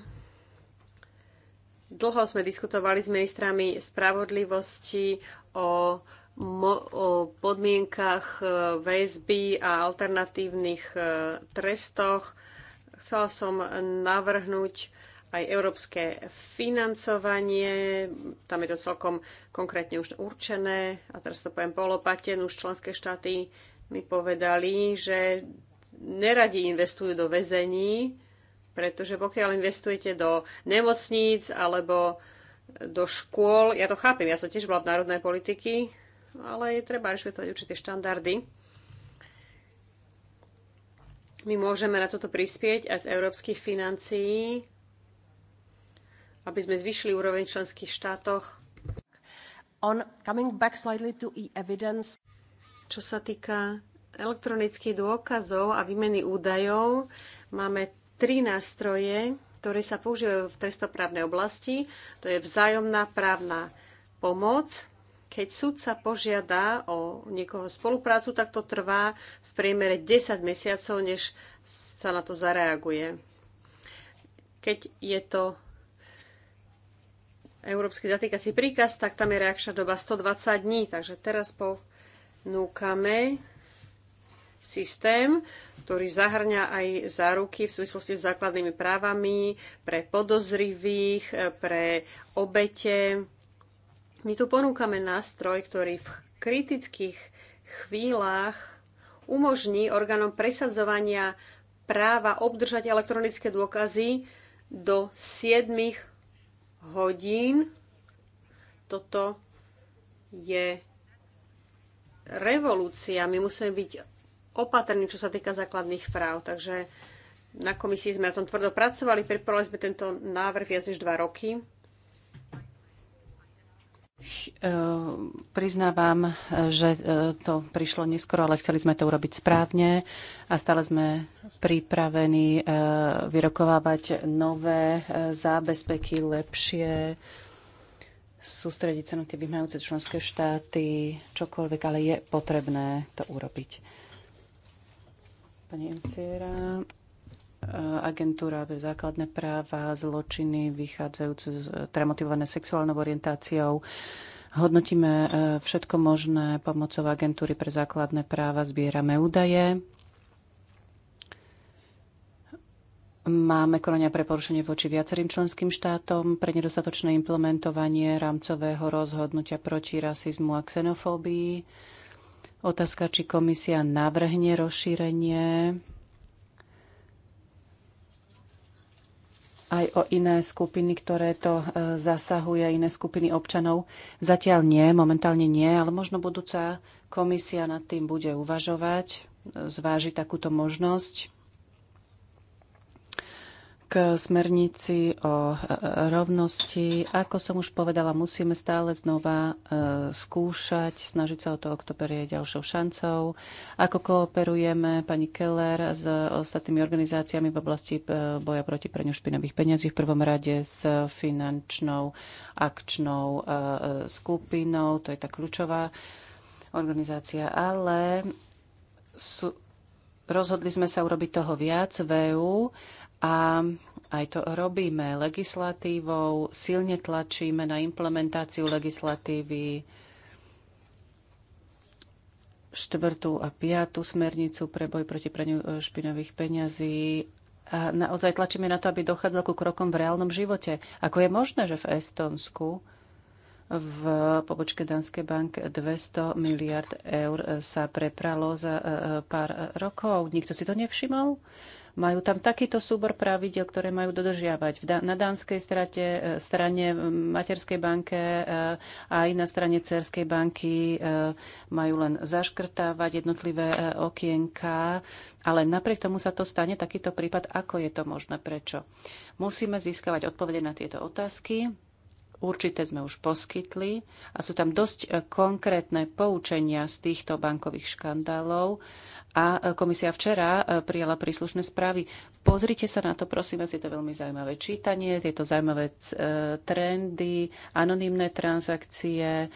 Dlho sme diskutovali s ministrami spravodlivosti o, o podmienkach e, väzby a alternatívnych e, trestoch. Chcela som navrhnúť aj európske financovanie, tam je to celkom konkrétne už určené, a teraz to poviem polopate, už členské štáty mi povedali, že neradi investujú do väzení, pretože pokiaľ investujete do nemocníc alebo do škôl, ja to chápem, ja som tiež bola v národnej politiky, ale je treba rešpektovať určité štandardy. My môžeme na toto prispieť aj z európskych financií, aby sme zvyšili úroveň v členských štátoch. On coming back slightly to e-evidence. Čo sa týka elektronických dôkazov a výmeny údajov, máme tri nástroje, ktoré sa používajú v trestoprávnej oblasti. To je vzájomná právna pomoc. Keď sa požiada o niekoho spoluprácu, tak to trvá v priemere 10 mesiacov, než sa na to zareaguje. Keď je to európsky zatýkací príkaz, tak tam je reakčná doba 120 dní. Takže teraz po núkame systém, ktorý zahrňa aj záruky v súvislosti s základnými právami pre podozrivých, pre obete. My tu ponúkame nástroj, ktorý v kritických chvíľach umožní orgánom presadzovania práva obdržať elektronické dôkazy do 7 hodín. Toto je revolúcia. My musíme byť opatrní, čo sa týka základných práv. Takže na komisii sme na tom tvrdo pracovali, pripravili sme tento návrh viac než dva roky. E, priznávam, že e, to prišlo neskoro, ale chceli sme to urobiť správne a stále sme pripravení e, vyrokovávať nové zábezpeky, lepšie sústrediť sa na tie vymajúce členské štáty, čokoľvek, ale je potrebné to urobiť. Pani Emsiera, eh, agentúra pre základné práva, zločiny vychádzajúce z eh, tremotivované teda sexuálnou orientáciou. Hodnotíme eh, všetko možné pomocou agentúry pre základné práva, zbierame údaje Máme konania pre porušenie voči viacerým členským štátom, pre nedostatočné implementovanie rámcového rozhodnutia proti rasizmu a xenofóbii. Otázka, či komisia navrhne rozšírenie aj o iné skupiny, ktoré to e, zasahuje, iné skupiny občanov. Zatiaľ nie, momentálne nie, ale možno budúca komisia nad tým bude uvažovať, e, zváži takúto možnosť k smernici o e, rovnosti. Ako som už povedala, musíme stále znova e, skúšať, snažiť sa o to, oktober je ďalšou šancou. Ako kooperujeme pani Keller s ostatnými organizáciami v oblasti e, boja proti preňu špinavých peniazí v prvom rade s finančnou akčnou skupinou, to je tá kľúčová organizácia, ale sú, rozhodli sme sa urobiť toho viac v EU a aj to robíme legislatívou, silne tlačíme na implementáciu legislatívy, štvrtú a piatú smernicu pre boj proti praniu e, špinavých peňazí. A naozaj tlačíme na to, aby dochádzal ku krokom v reálnom živote. Ako je možné, že v Estonsku v pobočke Danskej bank 200 miliard eur sa prepralo za e, e, pár rokov. Nikto si to nevšimol? Majú tam takýto súbor pravidel, ktoré majú dodržiavať. Na dánskej strate, e, strane materskej banke e, aj na strane cerskej banky e, majú len zaškrtávať jednotlivé okienka, ale napriek tomu sa to stane, takýto prípad, ako je to možné, prečo. Musíme získavať odpovede na tieto otázky, Určité sme už poskytli a sú tam dosť konkrétne poučenia z týchto bankových škandálov a e, komisia včera e, prijala príslušné správy. Pozrite sa na to, prosím vás, je to veľmi zaujímavé čítanie, tieto zaujímavé e, trendy, anonimné transakcie,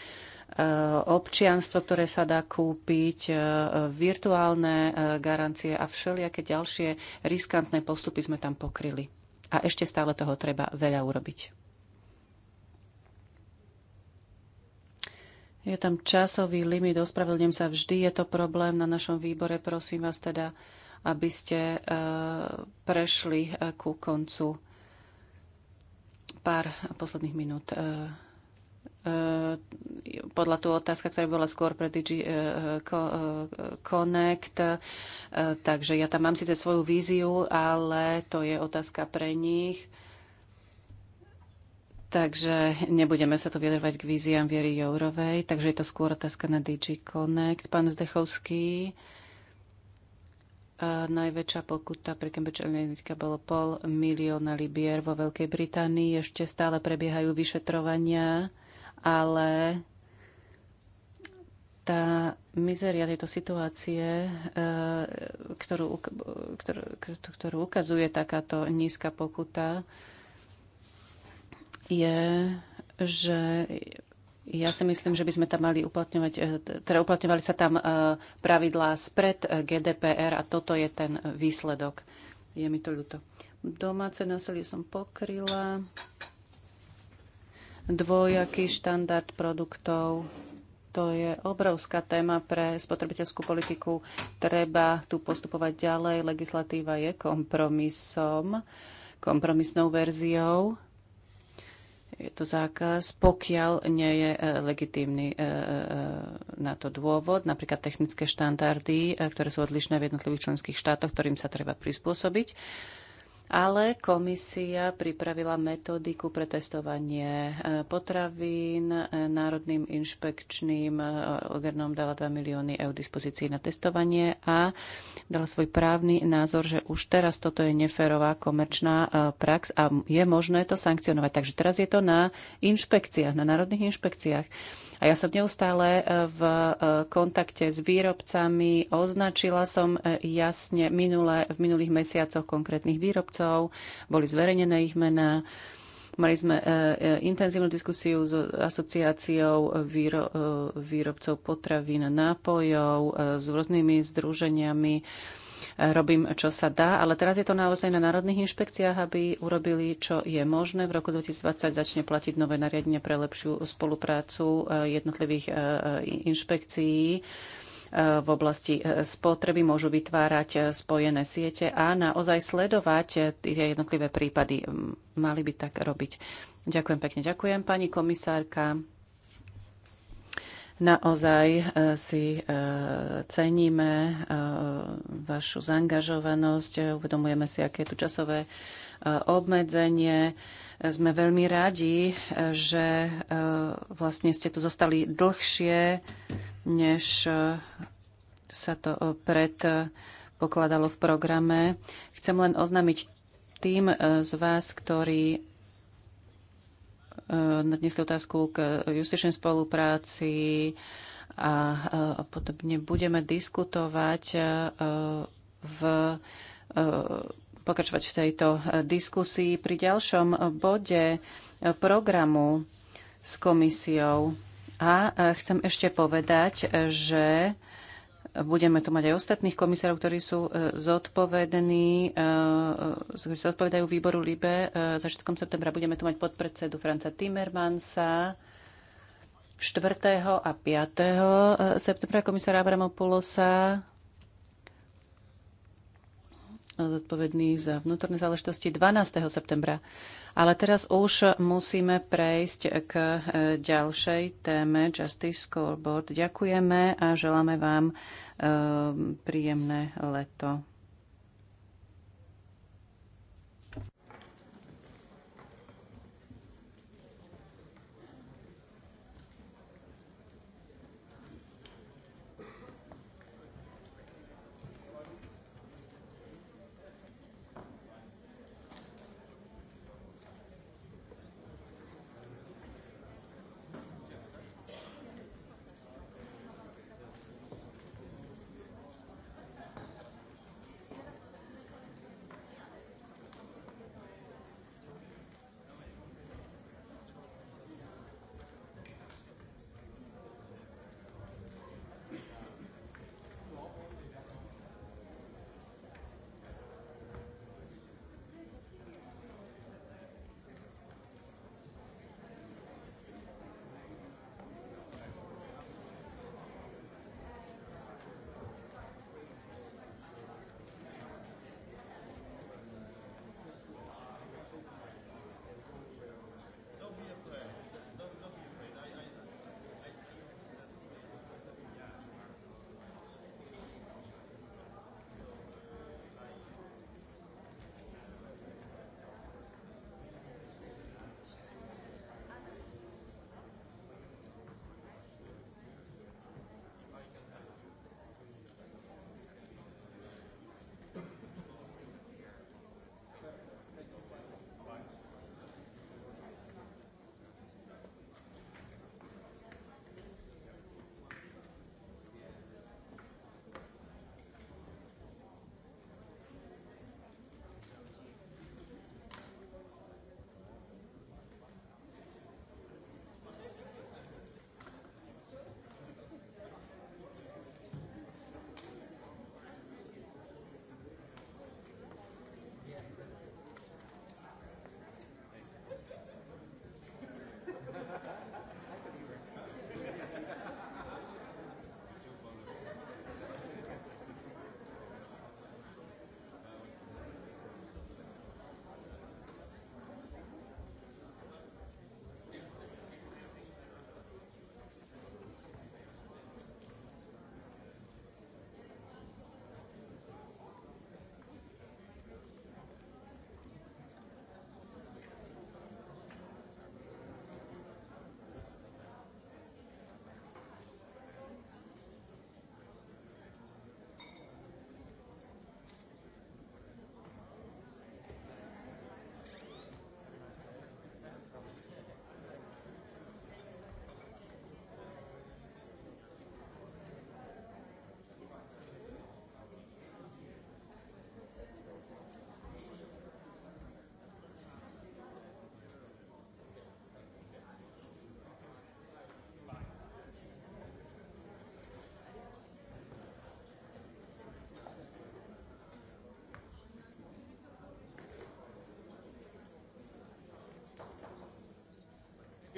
občianstvo, ktoré sa dá kúpiť, virtuálne garancie a všelijaké ďalšie riskantné postupy sme tam pokryli. A ešte stále toho treba veľa urobiť. Je tam časový limit, ospravedlňujem sa, vždy je to problém na našom výbore. Prosím vás teda, aby ste e, prešli e, ku koncu pár posledných minút. E, podľa tu otázka, ktorá bola skôr pre Digi Connect, takže ja tam mám síce svoju víziu, ale to je otázka pre nich Takže nebudeme sa tu vyjadrovať k víziám Viery Jourovej, takže je to skôr otázka na DG Connect. Pán Zdechovský, a e, najväčšia pokuta pre Cambridge Analytica bolo pol milióna libier vo Veľkej Británii. Ešte stále prebiehajú vyšetrovania, ale tá mizeria tejto situácie, e, ktorú, ktorú, ktorú ukazuje takáto nízka pokuta, je, že ja si myslím, že by sme tam mali uplatňovať, e, teda uplatňovali sa tam e, pravidlá spred e, GDPR a toto je ten výsledok. Je mi to ľúto. Domáce násilie som pokryla. Dvojaký štandard produktov. To je obrovská téma pre spotrebiteľskú politiku. Treba tu postupovať ďalej. Legislatíva je kompromisom, kompromisnou verziou je to zákaz, pokiaľ nie je e, legitímny e, e, na to dôvod, napríklad technické štandardy, ktoré sú odlišné v jednotlivých členských štátoch, ktorým sa treba prispôsobiť ale komisia pripravila metodiku pre testovanie e, potravín. E, Národným inšpekčným e, organom dala 2 milióny eur dispozícií na testovanie a dala svoj právny názor, že už teraz toto je neférová komerčná prax a je možné to sankcionovať. Takže teraz je to na inšpekciách, na národných inšpekciách. A ja som neustále e, v e, kontakte s výrobcami, označila som e, jasne minule, v minulých mesiacoch konkrétnych výrobcov, boli zverejnené ich mená, Mali sme intenzívnu diskusiu s asociáciou výro, výrobcov potravín a nápojov, s rôznymi združeniami robím, čo sa dá, ale teraz je to naozaj na národných inšpekciách, aby urobili, čo je možné. V roku 2020 začne platiť nové nariadenie pre lepšiu spoluprácu e, jednotlivých e, e, inšpekcií v oblasti spotreby môžu vytvárať spojené siete a naozaj sledovať tie jednotlivé prípady. Mali by tak robiť. Ďakujem pekne. Ďakujem pani komisárka. Naozaj e, si e, ceníme e, vašu zaangažovanosť, uvedomujeme si, aké je tu časové obmedzenie. Sme veľmi radi, že vlastne ste tu zostali dlhšie, než sa to predpokladalo v programe. Chcem len oznámiť tým z vás, ktorí nadniesli otázku k justičnej spolupráci a podobne. Budeme diskutovať e, v e, pokračovať v tejto diskusii pri ďalšom bode programu s komisiou. A e, chcem ešte povedať, že Budeme tu mať aj ostatných komisárov, ktorí sú e, zodpovední, e, e, odpovedajú výboru LIBE. Začiatkom septembra budeme tu mať podpredsedu Franca Timmermansa, 4. a 5. septembra komisára Avramopulosa, zodpovedný za vnútorné záležitosti 12. septembra. Ale teraz už musíme prejsť k e, ďalšej téme Justice Scoreboard. Ďakujeme a želáme vám e, príjemné leto.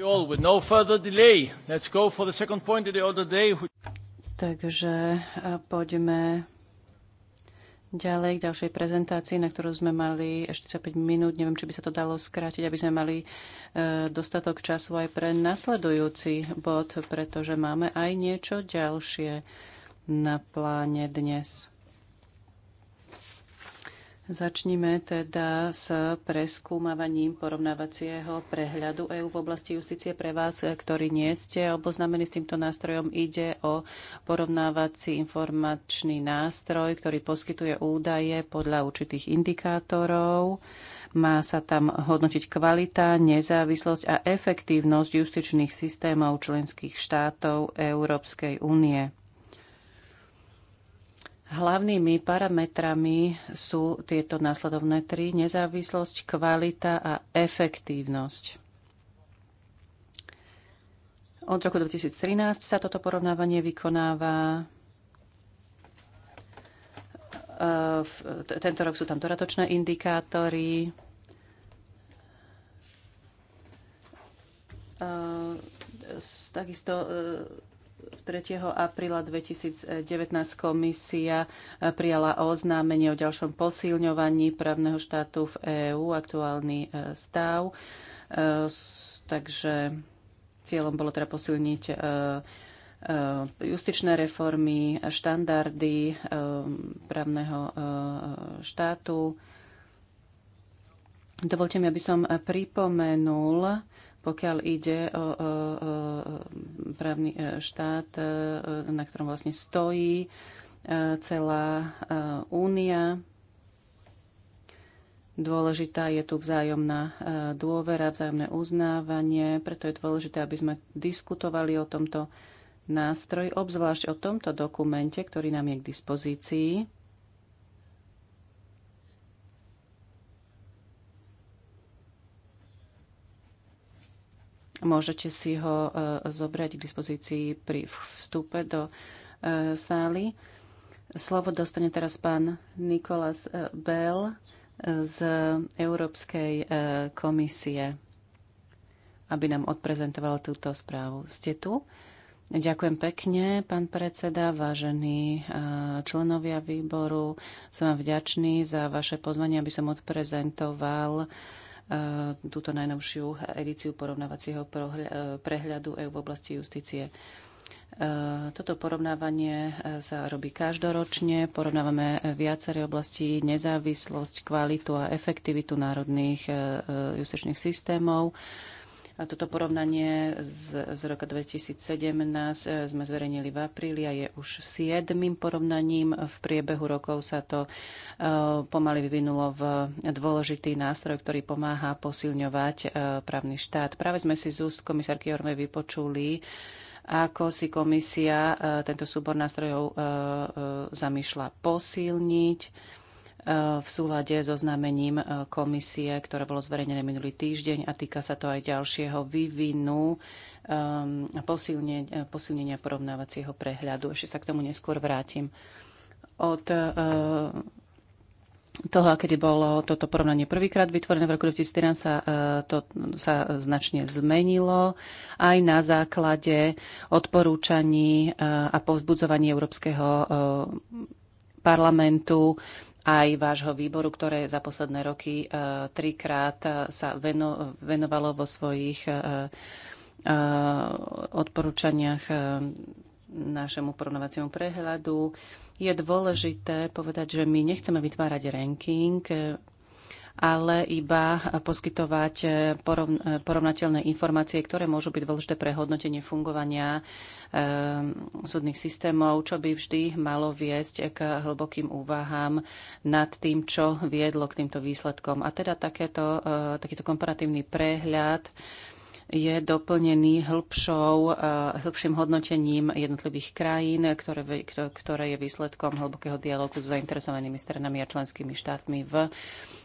No Takže poďme ďalej k ďalšej prezentácii, na ktorú sme mali ešte 5 minút. Neviem, či by sa to dalo skrátiť, aby sme mali e, dostatok času aj pre nasledujúci bod, pretože máme aj niečo ďalšie na pláne dnes. Začnime teda s preskúmavaním porovnávacieho prehľadu EÚ v oblasti justície. Pre vás, ktorí nie ste oboznámení s týmto nástrojom, ide o porovnávací informačný nástroj, ktorý poskytuje údaje podľa určitých indikátorov. Má sa tam hodnotiť kvalita, nezávislosť a efektívnosť justičných systémov členských štátov Európskej únie. Hlavnými parametrami sú tieto následovné tri. Nezávislosť, kvalita a efektívnosť. Od roku 2013 sa toto porovnávanie vykonáva e, tento rok sú tam doratočné indikátory. E, takisto e, 3. apríla 2019 komisia eh, prijala oznámenie o ďalšom posilňovaní právneho štátu v EÚ, aktuálny eh, stav. Eh, takže cieľom bolo teda posilniť justičné reformy, štandardy právneho štátu. Dovolte mi, aby som pripomenul, pokiaľ ide o, o, o právny e, štát, e, na ktorom vlastne stojí e, celá únia. Dôležitá je tu vzájomná dôvera, vzájomné uznávanie, preto je dôležité, aby sme diskutovali o tomto nástroji, obzvlášť o tomto dokumente, ktorý nám je k dispozícii Môžete si ho e, zobrať k dispozícii pri vstupe do e, sály. Slovo dostane teraz pán Nikolas e, Bell z Európskej komisie, aby nám odprezentoval túto správu. Ste tu? Ďakujem pekne, pán predseda, vážení členovia výboru. Som vám vďačný za vaše pozvanie, aby som odprezentoval E, túto najnovšiu edíciu porovnávacieho e, prehľadu EU v oblasti justície. E, toto porovnávanie sa robí každoročne. Porovnávame viaceré oblasti, nezávislosť, kvalitu a efektivitu národných justičných systémov toto porovnanie z, z roka 2017 e, sme zverejnili v apríli a je už siedmým porovnaním. V priebehu rokov sa to e, pomaly vyvinulo v dôležitý nástroj, ktorý pomáha posilňovať e, právny štát. Práve sme si z úst komisárky Orme vypočuli, ako si komisia tento súbor nástrojov zamýšľa posilniť v súlade so znamením e, komisie, ktoré bolo zverejnené minulý týždeň a týka sa to aj ďalšieho vývinu ehm, a e, posilnenia, porovnávacieho prehľadu. Ešte sa k tomu neskôr vrátim. Od e, toho, kedy bolo toto porovnanie prvýkrát vytvorené v roku 2014, sa to sa značne zmenilo aj na základe odporúčaní a povzbudzovaní Európskeho parlamentu aj vášho výboru, ktoré za posledné roky e, trikrát e, sa veno, venovalo vo svojich e, odporúčaniach našemu porovnávaciemu prehľadu. Je dôležité povedať, že my nechceme vytvárať ranking, ale iba poskytovať eh, eh, porovnateľné informácie, ktoré môžu byť dôležité pre hodnotenie fungovania eh, súdnych systémov, čo by vždy malo viesť k hlbokým úvahám nad tým, čo viedlo k týmto výsledkom. A teda takéto, takýto komparatívny prehľad je doplnený hĺbšou, eh, hĺbším hodnotením jednotlivých krajín, ktoré, ktoré je výsledkom hlbokého dialogu s zainteresovanými stranami a členskými štátmi v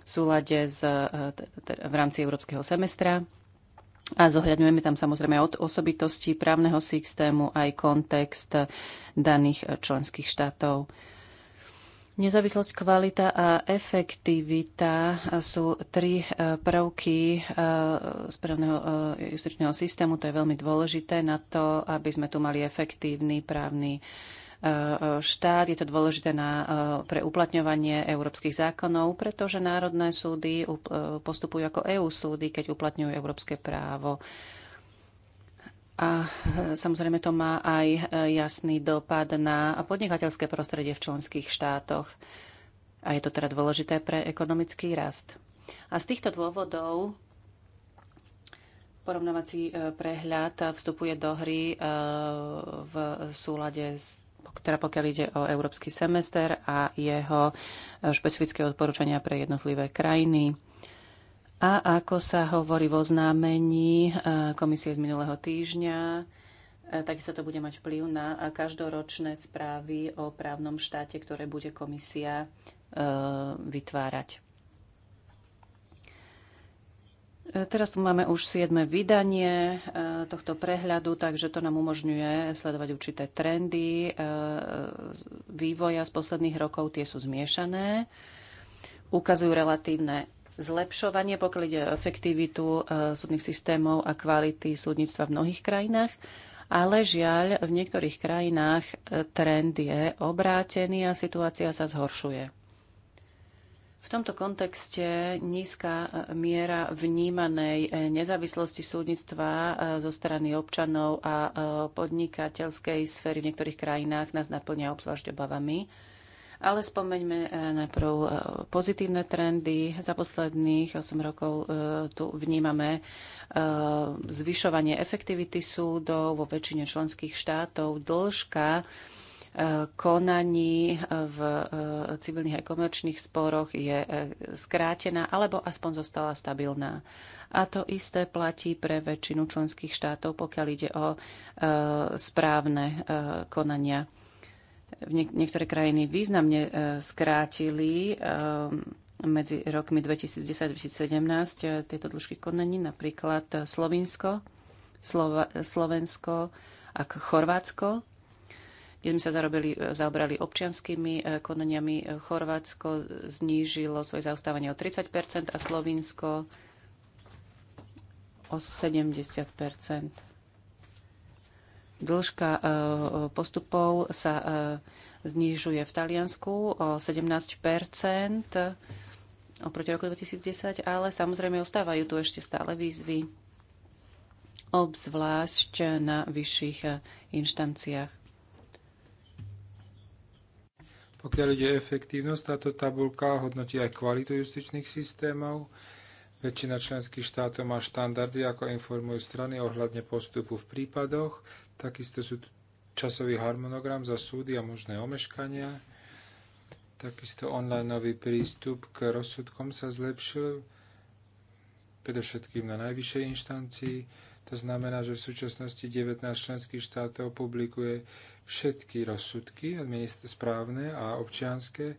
súlade z, eh, v rámci európskeho semestra. A zohľadňujeme tam samozrejme od osobitosti právneho systému aj kontext daných eh, členských štátov. Nezávislosť, kvalita a efektivita sú tri e, prvky e, správneho e, justičného systému. To je veľmi dôležité na to, aby sme tu mali efektívny právny štát. Je to dôležité na, pre uplatňovanie európskych zákonov, pretože národné súdy postupujú ako EU súdy, keď uplatňujú európske právo a e, samozrejme to má aj e, jasný dopad na podnikateľské prostredie v členských štátoch. A je to teda dôležité pre ekonomický rast. A z týchto dôvodov porovnávací e, prehľad vstupuje do hry v súlade s teda pokiaľ ide o európsky semester a jeho špecifické odporúčania pre jednotlivé krajiny. A ako sa hovorí vo oznámení eh, komisie z minulého týždňa, eh, takisto to bude mať vplyv na každoročné správy o právnom štáte, ktoré bude komisia eh, vytvárať. Teraz tu máme už 7. vydanie tohto prehľadu, takže to nám umožňuje sledovať určité trendy vývoja z posledných rokov. Tie sú zmiešané, ukazujú relatívne zlepšovanie, pokiaľ ide o efektivitu e, súdnych systémov a kvality súdnictva v mnohých krajinách. Ale žiaľ, v niektorých krajinách e, trend je obrátený a situácia sa zhoršuje. V tomto kontexte nízka e, miera vnímanej nezávislosti súdnictva zo strany občanov a podnikateľskej sféry v niektorých krajinách nás naplňa obzvlášť obavami. Ale spomeňme eh, najprv eh, pozitívne trendy. Za posledných 8 rokov eh, tu vnímame zvyšovanie efektivity súdov vo väčšine členských štátov, dĺžka konaní v civilných aj komerčných sporoch je skrátená alebo aspoň zostala stabilná. A to isté platí pre väčšinu členských štátov, pokiaľ ide o správne konania niek- niektoré krajiny významne e, skrátili e, medzi rokmi 2010-2017 e, tieto dĺžky konaní, napríklad Slovinsko, Slova- Slovensko a Chorvátsko, kde sme sa zarobili, zaobrali občianskými konaniami. Chorvátsko znížilo svoje zaostávanie o 30 a Slovinsko o 70 Dĺžka e, postupov sa e, znižuje v Taliansku o 17 oproti roku 2010, ale samozrejme ostávajú tu ešte stále výzvy, obzvlášť na vyšších e, inštanciách. Pokiaľ ide efektívnosť, táto tabulka hodnotí aj kvalitu justičných systémov. Väčšina členských štátov má štandardy, ako informujú strany ohľadne postupu v prípadoch, Takisto sú tu časový harmonogram za súdy a možné omeškania. Takisto online nový prístup k rozsudkom sa zlepšil, predovšetkým na najvyššej inštancii. To znamená, že v súčasnosti 19 členských štátov publikuje všetky rozsudky, správne a občianské,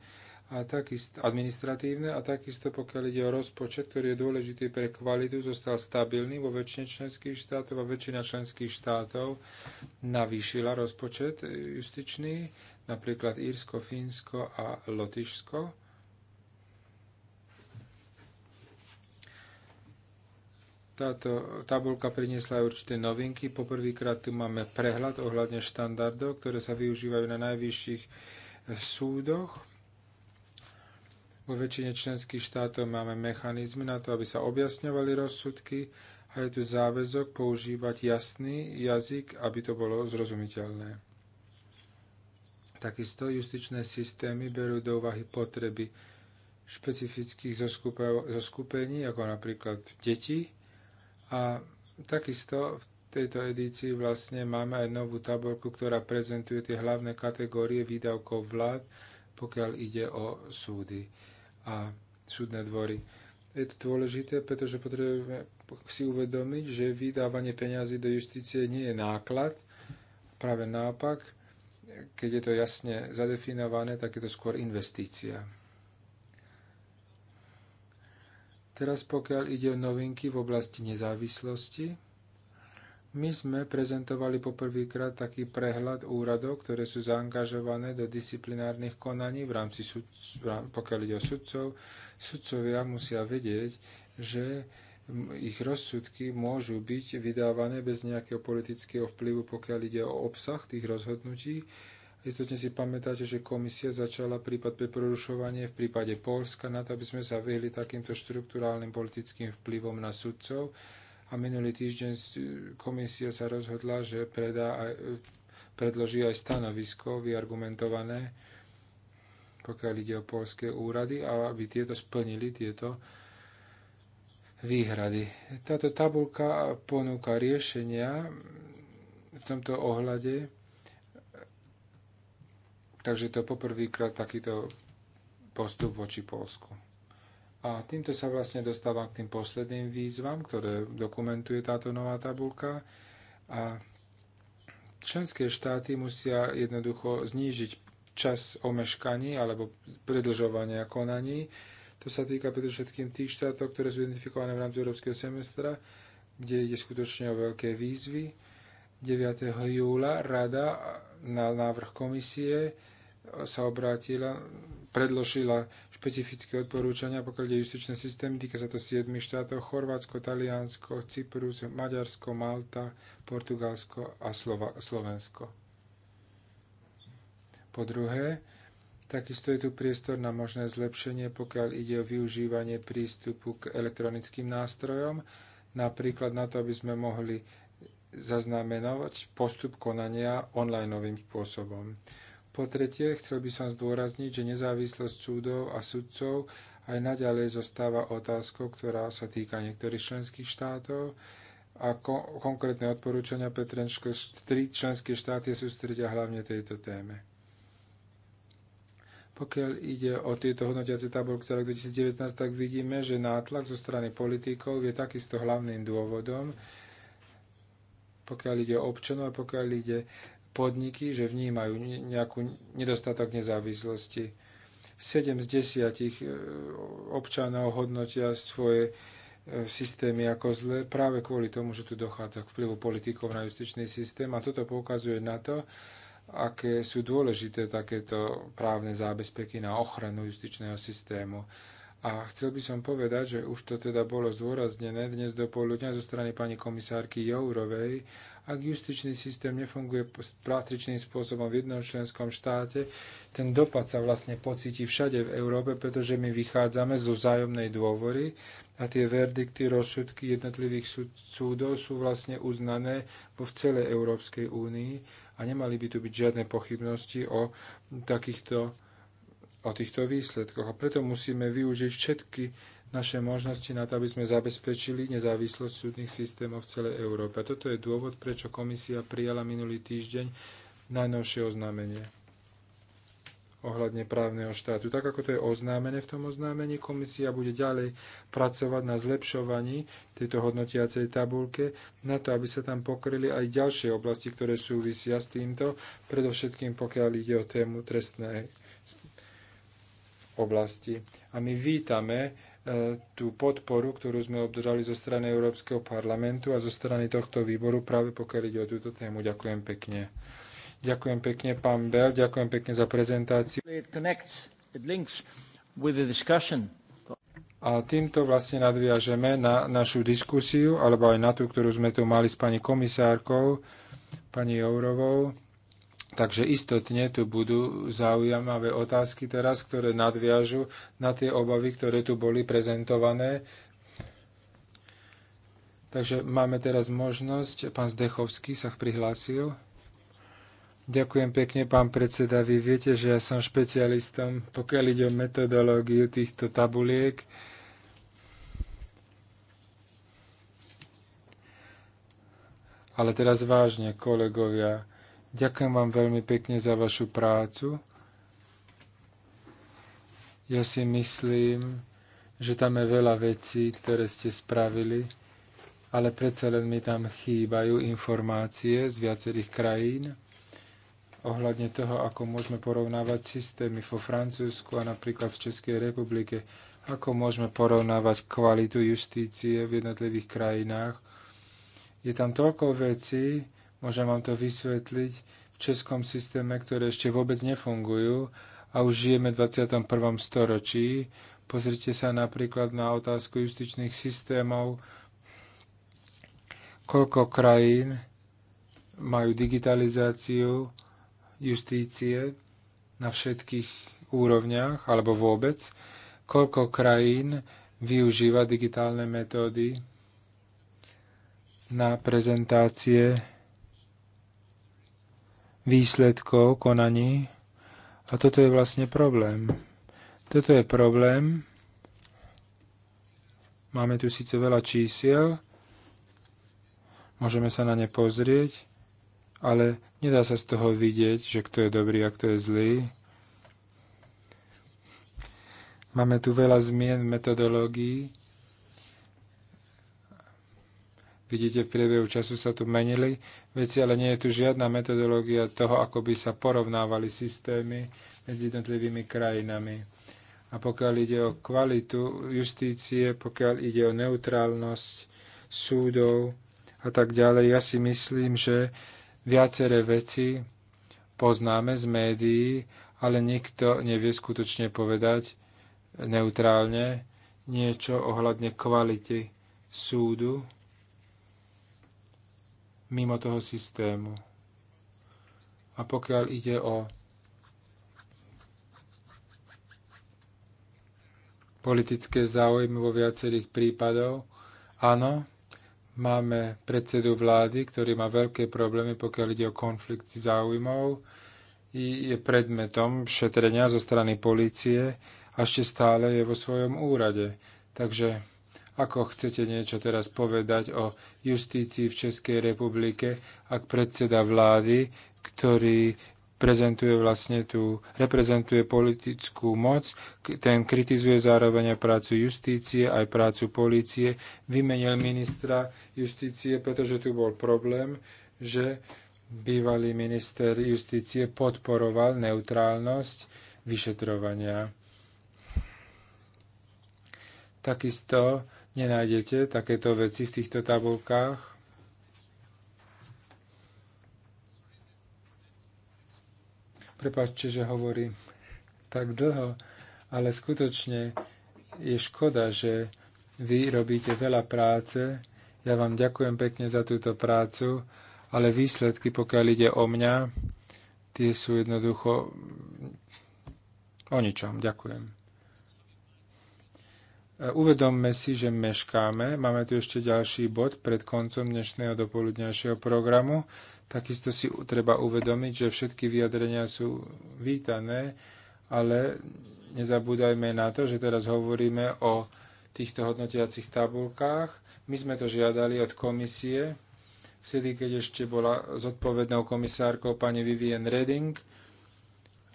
a takisto administratívne a takisto pokiaľ ide o rozpočet, ktorý je dôležitý pre kvalitu, zostal stabilný vo väčšine členských štátov a väčšina členských štátov navýšila rozpočet justičný, napríklad Írsko, Fínsko a Lotyšsko. Táto tabulka priniesla aj určité novinky. Poprvýkrát tu máme prehľad ohľadne štandardov, ktoré sa využívajú na najvyšších súdoch vo väčšine členských štátov máme mechanizmy na to, aby sa objasňovali rozsudky a je tu záväzok používať jasný jazyk, aby to bolo zrozumiteľné. Takisto justičné systémy berú do úvahy potreby špecifických zoskupení, ako napríklad deti. A takisto v tejto edícii vlastne máme aj novú tabulku, ktorá prezentuje tie hlavné kategórie výdavkov vlád, pokiaľ ide o súdy a súdne dvory. Je to dôležité, pretože potrebujeme si uvedomiť, že vydávanie peňazí do justície nie je náklad, práve naopak, keď je to jasne zadefinované, tak je to skôr investícia. Teraz pokiaľ ide o novinky v oblasti nezávislosti, my sme prezentovali poprvýkrát taký prehľad úradov, ktoré sú zaangažované do disciplinárnych konaní v rámci sud, pokiaľ ide o sudcov. Sudcovia musia vedieť, že ich rozsudky môžu byť vydávané bez nejakého politického vplyvu, pokiaľ ide o obsah tých rozhodnutí. Istotne si pamätáte, že komisia začala prípad pre prorušovanie v prípade Polska na to, aby sme sa vyhli takýmto štruktúrálnym politickým vplyvom na sudcov a minulý týždeň komisia sa rozhodla, že predá aj, predloží aj stanovisko vyargumentované, pokiaľ ide o polské úrady, a aby tieto splnili tieto výhrady. Táto tabulka ponúka riešenia v tomto ohľade, takže to poprvýkrát takýto postup voči Polsku. A týmto sa vlastne dostávam k tým posledným výzvam, ktoré dokumentuje táto nová tabulka. A členské štáty musia jednoducho znížiť čas omeškaní alebo predlžovania konaní. To sa týka predovšetkým tých štátov, ktoré sú identifikované v rámci Európskeho semestra, kde ide skutočne o veľké výzvy. 9. júla Rada na návrh komisie sa obrátila, predložila špecifické odporúčania, pokiaľ je justičný systém, týka sa to 7 štátov, Chorvátsko, Taliansko, Cyprus, Maďarsko, Malta, Portugalsko a Slova, Slovensko. Po druhé, Takisto je tu priestor na možné zlepšenie, pokiaľ ide o využívanie prístupu k elektronickým nástrojom, napríklad na to, aby sme mohli zaznamenovať postup konania online novým spôsobom. Po tretie, chcel by som zdôrazniť, že nezávislosť súdov a sudcov aj naďalej zostáva otázkou, ktorá sa týka niektorých členských štátov a ko- konkrétne odporúčania pre tri členské štáty sústredia hlavne tejto téme. Pokiaľ ide o tieto hodnotiace tabulky za rok 2019, tak vidíme, že nátlak zo strany politikov je takisto hlavným dôvodom, pokiaľ ide o občanov a pokiaľ ide podniky, že vnímajú nejakú nedostatok nezávislosti. 7 z 10 e, občanov hodnotia svoje e, systémy ako zlé práve kvôli tomu, že tu dochádza k vplyvu politikov na justičný systém a toto poukazuje na to, aké sú dôležité takéto právne zábezpeky na ochranu justičného systému. A chcel by som povedať, že už to teda bolo zdôraznené dnes do poludňa zo strany pani komisárky Jourovej ak justičný systém nefunguje patričným spôsobom v jednom členskom štáte, ten dopad sa vlastne pocíti všade v Európe, pretože my vychádzame zo vzájomnej dôvory a tie verdikty, rozsudky jednotlivých súdov sú vlastne uznané vo v celej Európskej únii a nemali by tu byť žiadne pochybnosti o takýchto o týchto výsledkoch. A preto musíme využiť všetky naše možnosti na to, aby sme zabezpečili nezávislosť súdnych systémov v celej Európe. A toto je dôvod, prečo komisia prijala minulý týždeň najnovšie oznámenie ohľadne právneho štátu. Tak ako to je oznámené v tom oznámení, komisia bude ďalej pracovať na zlepšovaní tejto hodnotiacej tabulke, na to, aby sa tam pokryli aj ďalšie oblasti, ktoré súvisia s týmto, predovšetkým pokiaľ ide o tému trestnej oblasti. A my vítame E, tú podporu, ktorú sme obdržali zo strany Európskeho parlamentu a zo strany tohto výboru práve pokiaľ ide o túto tému. Ďakujem pekne. Ďakujem pekne, pán Bell, ďakujem pekne za prezentáciu. A týmto vlastne nadviažeme na našu diskusiu, alebo aj na tú, ktorú sme tu mali s pani komisárkou, pani Jourovou. Takže istotne tu budú zaujímavé otázky teraz, ktoré nadviažu na tie obavy, ktoré tu boli prezentované. Takže máme teraz možnosť, pán Zdechovský sa prihlásil. Ďakujem pekne, pán predseda. Vy viete, že ja som špecialistom, pokiaľ ide o metodológiu týchto tabuliek. Ale teraz vážne, kolegovia, Ďakujem vám veľmi pekne za vašu prácu. Ja si myslím, že tam je veľa vecí, ktoré ste spravili, ale predsa len mi tam chýbajú informácie z viacerých krajín ohľadne toho, ako môžeme porovnávať systémy vo Francúzsku a napríklad v Českej republike, ako môžeme porovnávať kvalitu justície v jednotlivých krajinách. Je tam toľko vecí, Môžem vám to vysvetliť v českom systéme, ktoré ešte vôbec nefungujú a už žijeme v 21. storočí. Pozrite sa napríklad na otázku justičných systémov. Koľko krajín majú digitalizáciu justície na všetkých úrovniach alebo vôbec? Koľko krajín využíva digitálne metódy na prezentácie výsledkov konaní. A toto je vlastne problém. Toto je problém. Máme tu síce veľa čísiel, môžeme sa na ne pozrieť, ale nedá sa z toho vidieť, že kto je dobrý a kto je zlý. Máme tu veľa zmien v metodológii, Vidíte, v priebehu času sa tu menili veci, ale nie je tu žiadna metodológia toho, ako by sa porovnávali systémy medzi jednotlivými krajinami. A pokiaľ ide o kvalitu justície, pokiaľ ide o neutrálnosť súdov a tak ďalej, ja si myslím, že viaceré veci poznáme z médií, ale nikto nevie skutočne povedať neutrálne niečo ohľadne kvality súdu mimo toho systému. A pokiaľ ide o politické záujmy vo viacerých prípadov, áno, máme predsedu vlády, ktorý má veľké problémy, pokiaľ ide o konflikt záujmov, je predmetom šetrenia zo strany policie a ešte stále je vo svojom úrade. Takže ako chcete niečo teraz povedať o justícii v Českej republike, ak predseda vlády, ktorý prezentuje vlastne tú, reprezentuje politickú moc, ten kritizuje zároveň aj prácu justície, aj prácu polície, vymenil ministra justície, pretože tu bol problém, že bývalý minister justície podporoval neutrálnosť vyšetrovania. Takisto nenájdete takéto veci v týchto tabulkách. Prepačte, že hovorím tak dlho, ale skutočne je škoda, že vy robíte veľa práce. Ja vám ďakujem pekne za túto prácu, ale výsledky, pokiaľ ide o mňa, tie sú jednoducho o ničom. Ďakujem. Uvedomme si, že meškáme. Máme tu ešte ďalší bod pred koncom dnešného dopoludňajšieho programu. Takisto si treba uvedomiť, že všetky vyjadrenia sú vítané, ale nezabúdajme na to, že teraz hovoríme o týchto hodnotiacich tabulkách. My sme to žiadali od komisie, vtedy, keď ešte bola zodpovednou komisárkou pani Vivien Reding,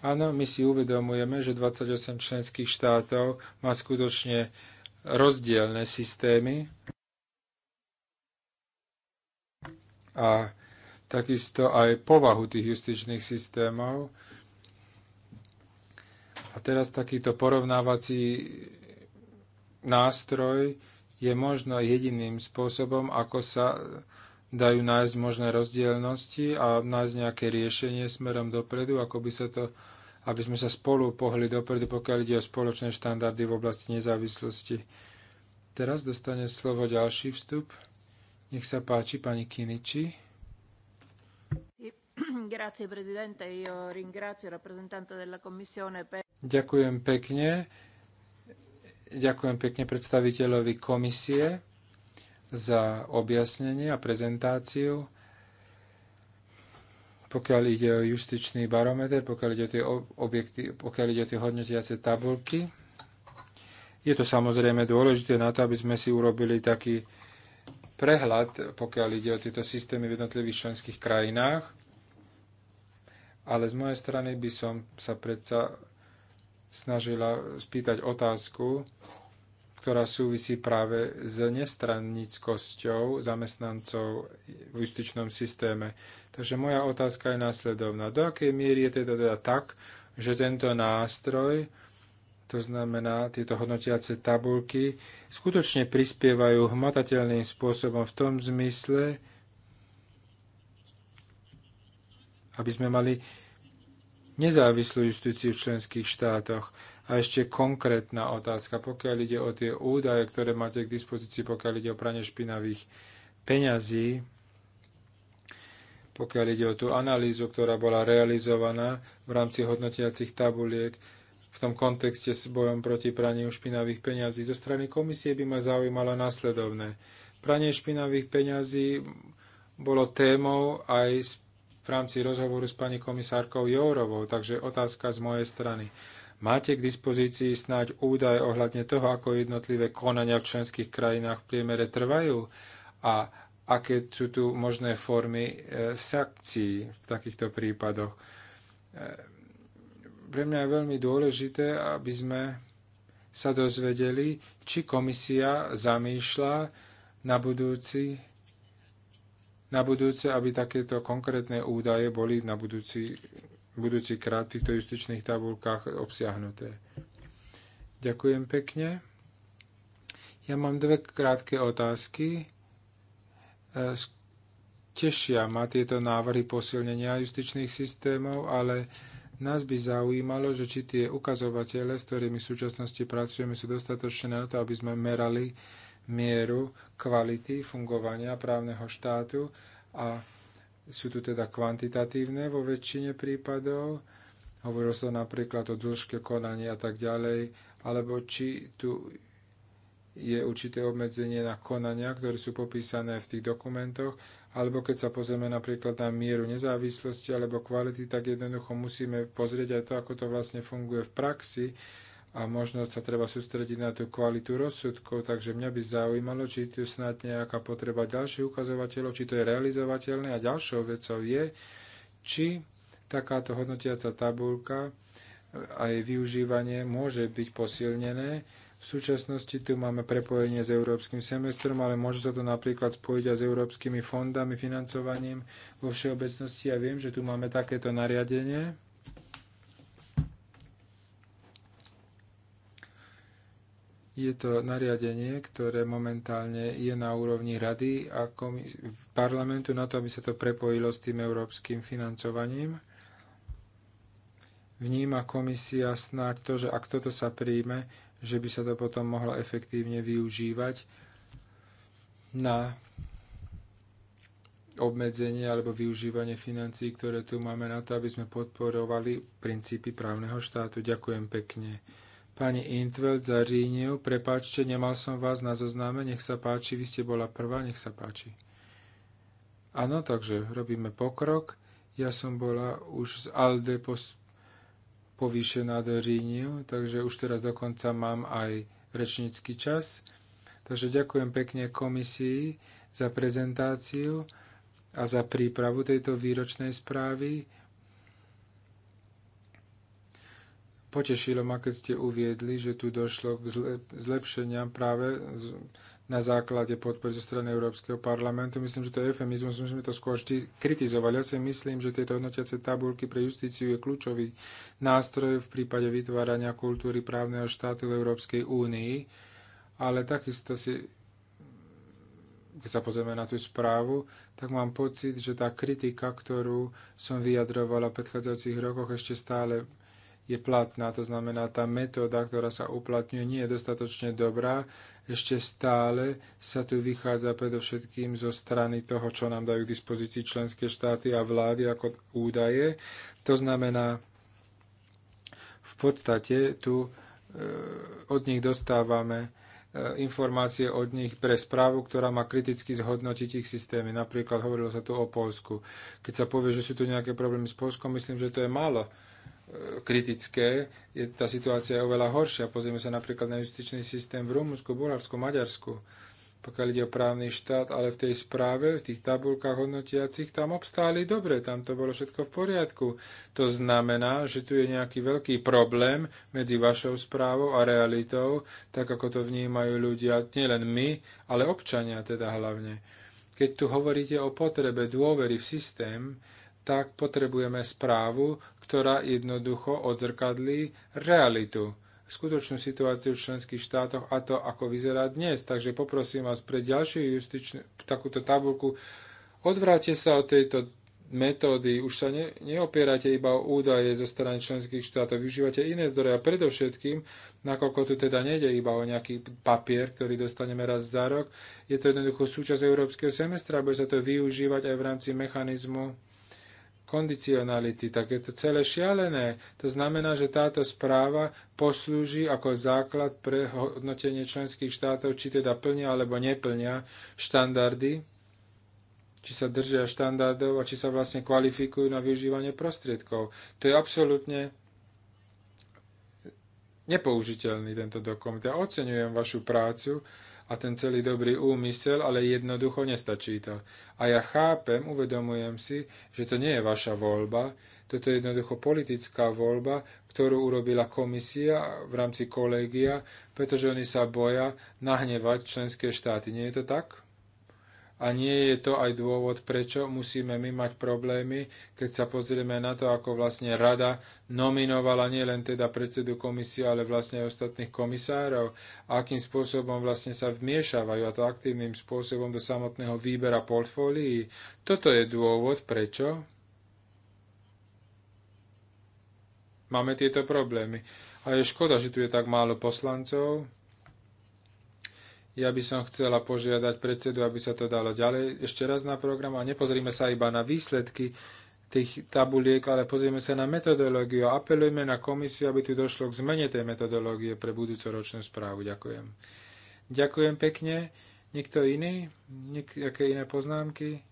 Áno, my si uvedomujeme, že 28 členských štátov má skutočne rozdielne systémy a takisto aj povahu tých justičných systémov. A teraz takýto porovnávací nástroj je možno jediným spôsobom, ako sa dajú nájsť možné rozdielnosti a nájsť nejaké riešenie smerom dopredu, ako by sa to aby sme sa spolu pohli dopredu, pokiaľ ide o spoločné štandardy v oblasti nezávislosti. Teraz dostane slovo ďalší vstup. Nech sa páči, pani Kiniči. Ďakujem pekne. Ďakujem pekne predstaviteľovi komisie za objasnenie a prezentáciu pokiaľ ide o justičný barometer, pokiaľ ide o tie objekty, pokiaľ ide o tie hodnotiace tabulky. Je to samozrejme dôležité na to, aby sme si urobili taký prehľad, pokiaľ ide o tieto systémy v jednotlivých členských krajinách. Ale z mojej strany by som sa predsa snažila spýtať otázku, ktorá súvisí práve s nestranníckosťou zamestnancov v justičnom systéme. Takže moja otázka je následovná. Do akej miery je to teda tak, že tento nástroj, to znamená tieto hodnotiace tabulky, skutočne prispievajú hmatateľným spôsobom v tom zmysle, aby sme mali nezávislú justíciu v členských štátoch. A ešte konkrétna otázka, pokiaľ ide o tie údaje, ktoré máte k dispozícii, pokiaľ ide o pranie špinavých peňazí, pokiaľ ide o tú analýzu, ktorá bola realizovaná v rámci hodnotiacich tabuliek v tom kontexte s bojom proti praniu špinavých peňazí. Zo strany komisie by ma zaujímalo následovné. Pranie špinavých peňazí bolo témou aj v rámci rozhovoru s pani komisárkou Jourovou, takže otázka z mojej strany. Máte k dispozícii snáď údaj ohľadne toho, ako jednotlivé konania v členských krajinách v priemere trvajú a aké sú tu možné formy e, sankcií v takýchto prípadoch. E, pre mňa je veľmi dôležité, aby sme sa dozvedeli, či komisia zamýšľa na budúci na budúce, aby takéto konkrétne údaje boli na budúci budúci krát v týchto justičných tabulkách obsiahnuté. Ďakujem pekne. Ja mám dve krátke otázky. E, tešia ma tieto návrhy posilnenia justičných systémov, ale nás by zaujímalo, že či tie ukazovatele, s ktorými v súčasnosti pracujeme, sú dostatočné na to, aby sme merali mieru kvality fungovania právneho štátu a sú tu teda kvantitatívne vo väčšine prípadov, hovorilo sa napríklad o dĺžke konania a tak ďalej, alebo či tu je určité obmedzenie na konania, ktoré sú popísané v tých dokumentoch, alebo keď sa pozrieme napríklad na mieru nezávislosti alebo kvality, tak jednoducho musíme pozrieť aj to, ako to vlastne funguje v praxi, a možno sa treba sústrediť na tú kvalitu rozsudkov, takže mňa by zaujímalo, či tu snad nejaká potreba ďalších ukazovateľov, či to je realizovateľné a ďalšou vecou je, či takáto hodnotiaca tabulka e, a jej využívanie môže byť posilnené. V súčasnosti tu máme prepojenie s európskym semestrom, ale môže sa to napríklad spojiť aj s európskymi fondami, financovaním vo všeobecnosti. Ja viem, že tu máme takéto nariadenie, Je to nariadenie, ktoré momentálne je na úrovni rady a parlamentu na to, aby sa to prepojilo s tým európskym financovaním. Vníma komisia snáď to, že ak toto sa príjme, že by sa to potom mohlo efektívne využívať na obmedzenie alebo využívanie financií, ktoré tu máme na to, aby sme podporovali princípy právneho štátu. Ďakujem pekne. Pani Intveld za Ríniu, prepáčte, nemal som vás na zozname, nech sa páči, vy ste bola prvá, nech sa páči. Áno, takže robíme pokrok. Ja som bola už z Alde pos- povýšená do Ríniu, takže už teraz dokonca mám aj rečnícky čas. Takže ďakujem pekne komisii za prezentáciu a za prípravu tejto výročnej správy. Potešilo ma, keď ste uviedli, že tu došlo k zlepšeniam práve na základe podpory zo strany Európskeho parlamentu. Myslím, že to je eufemizmus, my sme to skôr vždy kritizovali. Ja si myslím, že tieto hodnotiace tabulky pre justíciu je kľúčový nástroj v prípade vytvárania kultúry právneho štátu v Európskej únii, ale takisto si keď sa pozrieme na tú správu, tak mám pocit, že tá kritika, ktorú som vyjadrovala v predchádzajúcich rokoch, ešte stále je platná. To znamená, tá metóda, ktorá sa uplatňuje, nie je dostatočne dobrá. Ešte stále sa tu vychádza predovšetkým zo strany toho, čo nám dajú k dispozícii členské štáty a vlády ako údaje. To znamená, v podstate tu e, od nich dostávame e, informácie od nich pre správu, ktorá má kriticky zhodnotiť ich systémy. Napríklad hovorilo sa tu o Polsku. Keď sa povie, že sú tu nejaké problémy s Polskom, myslím, že to je málo kritické, je, tá situácia je oveľa horšia. Pozrieme sa napríklad na justičný systém v Rumunsku, Bulharsku, Maďarsku, pokiaľ ide o právny štát, ale v tej správe, v tých tabulkách hodnotiacich, tam obstáli dobre, tam to bolo všetko v poriadku. To znamená, že tu je nejaký veľký problém medzi vašou správou a realitou, tak ako to vnímajú ľudia, nielen my, ale občania teda hlavne. Keď tu hovoríte o potrebe dôvery v systém, tak potrebujeme správu, ktorá jednoducho odzrkadlí realitu, skutočnú situáciu v členských štátoch a to, ako vyzerá dnes. Takže poprosím vás pre ďalšiu justičnú takúto tabulku, odvráte sa od tejto metódy, už sa ne, neopierate iba o údaje zo strany členských štátov, využívate iné zdroje a predovšetkým, nakoľko tu teda nejde iba o nejaký papier, ktorý dostaneme raz za rok, je to jednoducho súčasť európskeho semestra, bude sa to využívať aj v rámci mechanizmu kondicionality, tak je to celé šialené. To znamená, že táto správa poslúži ako základ pre hodnotenie členských štátov, či teda plnia alebo neplnia štandardy, či sa držia štandardov a či sa vlastne kvalifikujú na využívanie prostriedkov. To je absolútne nepoužiteľný tento dokument. Ja oceňujem vašu prácu, a ten celý dobrý úmysel, ale jednoducho nestačí to. A ja chápem, uvedomujem si, že to nie je vaša voľba, toto je jednoducho politická voľba, ktorú urobila komisia v rámci kolégia, pretože oni sa boja nahnevať členské štáty. Nie je to tak? A nie je to aj dôvod, prečo musíme my mať problémy, keď sa pozrieme na to, ako vlastne rada nominovala nielen teda predsedu komisie, ale vlastne aj ostatných komisárov, akým spôsobom vlastne sa vmiešavajú, a to aktívnym spôsobom do samotného výbera portfólií. Toto je dôvod, prečo máme tieto problémy. A je škoda, že tu je tak málo poslancov, ja by som chcela požiadať predsedu, aby sa to dalo ďalej ešte raz na program a nepozrime sa iba na výsledky tých tabuliek, ale pozrieme sa na metodológiu a apelujme na komisiu, aby tu došlo k zmene tej metodológie pre budúcoročnú správu. Ďakujem. Ďakujem pekne. Niekto iný? Nejaké iné poznámky?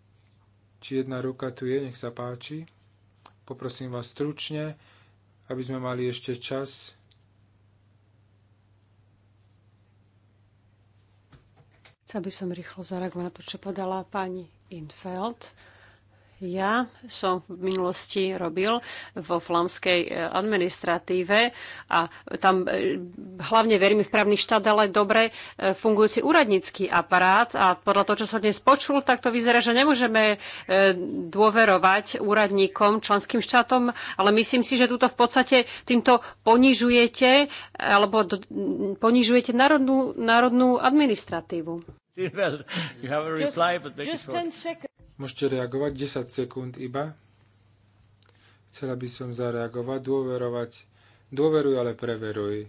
Či jedna ruka tu je? Nech sa páči. Poprosím vás stručne, aby sme mali ešte čas Chcel by som rýchlo zareagovať na to, čo podala pani Infeld. Ja som v minulosti robil vo flamskej e, administratíve a tam e, hlavne verím v právny štát, ale dobre e, fungujúci úradnícky aparát a podľa toho, čo som dnes počul, tak to vyzerá, že nemôžeme dôverovať úradníkom, členským štátom, ale myslím si, že túto v podstate týmto ponižujete alebo ponižujete národnú, národnú administratívu. [LAUGHS] Môžete reagovať 10 sekúnd iba. Chcela by som zareagovať, dôverovať. Dôveruj, ale preveruj.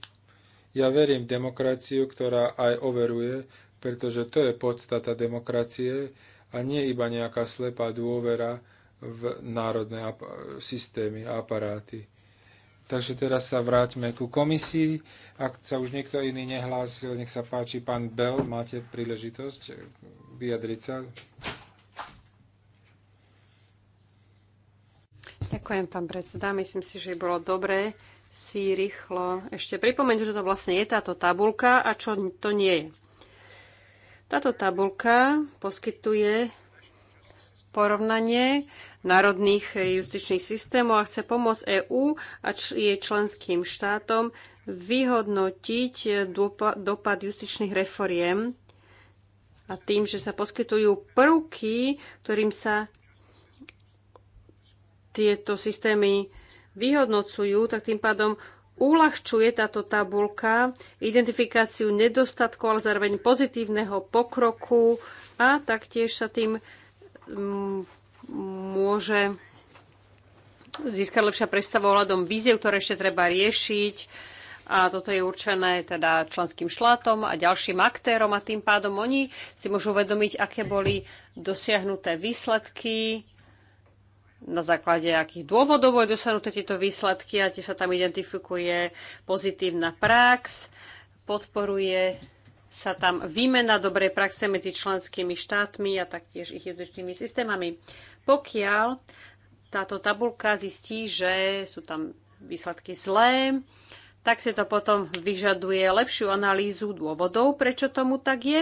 Ja verím v demokraciu, ktorá aj overuje, pretože to je podstata demokracie a nie iba nejaká slepá dôvera v národné systémy a aparáty. Takže teraz sa vráťme ku komisii. Ak sa už niekto iný nehlásil, nech sa páči, pán Bell, máte príležitosť vyjadriť sa. Ďakujem, pán predseda. Myslím si, že bolo dobré si rýchlo ešte pripomeniť, že to vlastne je táto tabulka a čo to nie je. Táto tabulka poskytuje porovnanie národných eh, justičných systémov a chce pomôcť EÚ a jej členským štátom vyhodnotiť eh, dopad justičných reforiem a tým, že sa poskytujú prvky, ktorým sa tieto systémy vyhodnocujú, tak tým pádom uľahčuje táto tabulka identifikáciu nedostatkov, ale zároveň pozitívneho pokroku a taktiež sa tým môže získať lepšia predstava ohľadom víziev, ktoré ešte treba riešiť. A toto je určené teda členským šlátom a ďalším aktérom a tým pádom oni si môžu uvedomiť, aké boli dosiahnuté výsledky, na základe akých dôvodov boli dosiahnuté tieto výsledky a tiež sa tam identifikuje pozitívna prax, podporuje sa tam výmena dobrej praxe medzi členskými štátmi a taktiež ich jednotlivými systémami. Pokiaľ táto tabulka zistí, že sú tam výsledky zlé, tak si to potom vyžaduje lepšiu analýzu dôvodov, prečo tomu tak je.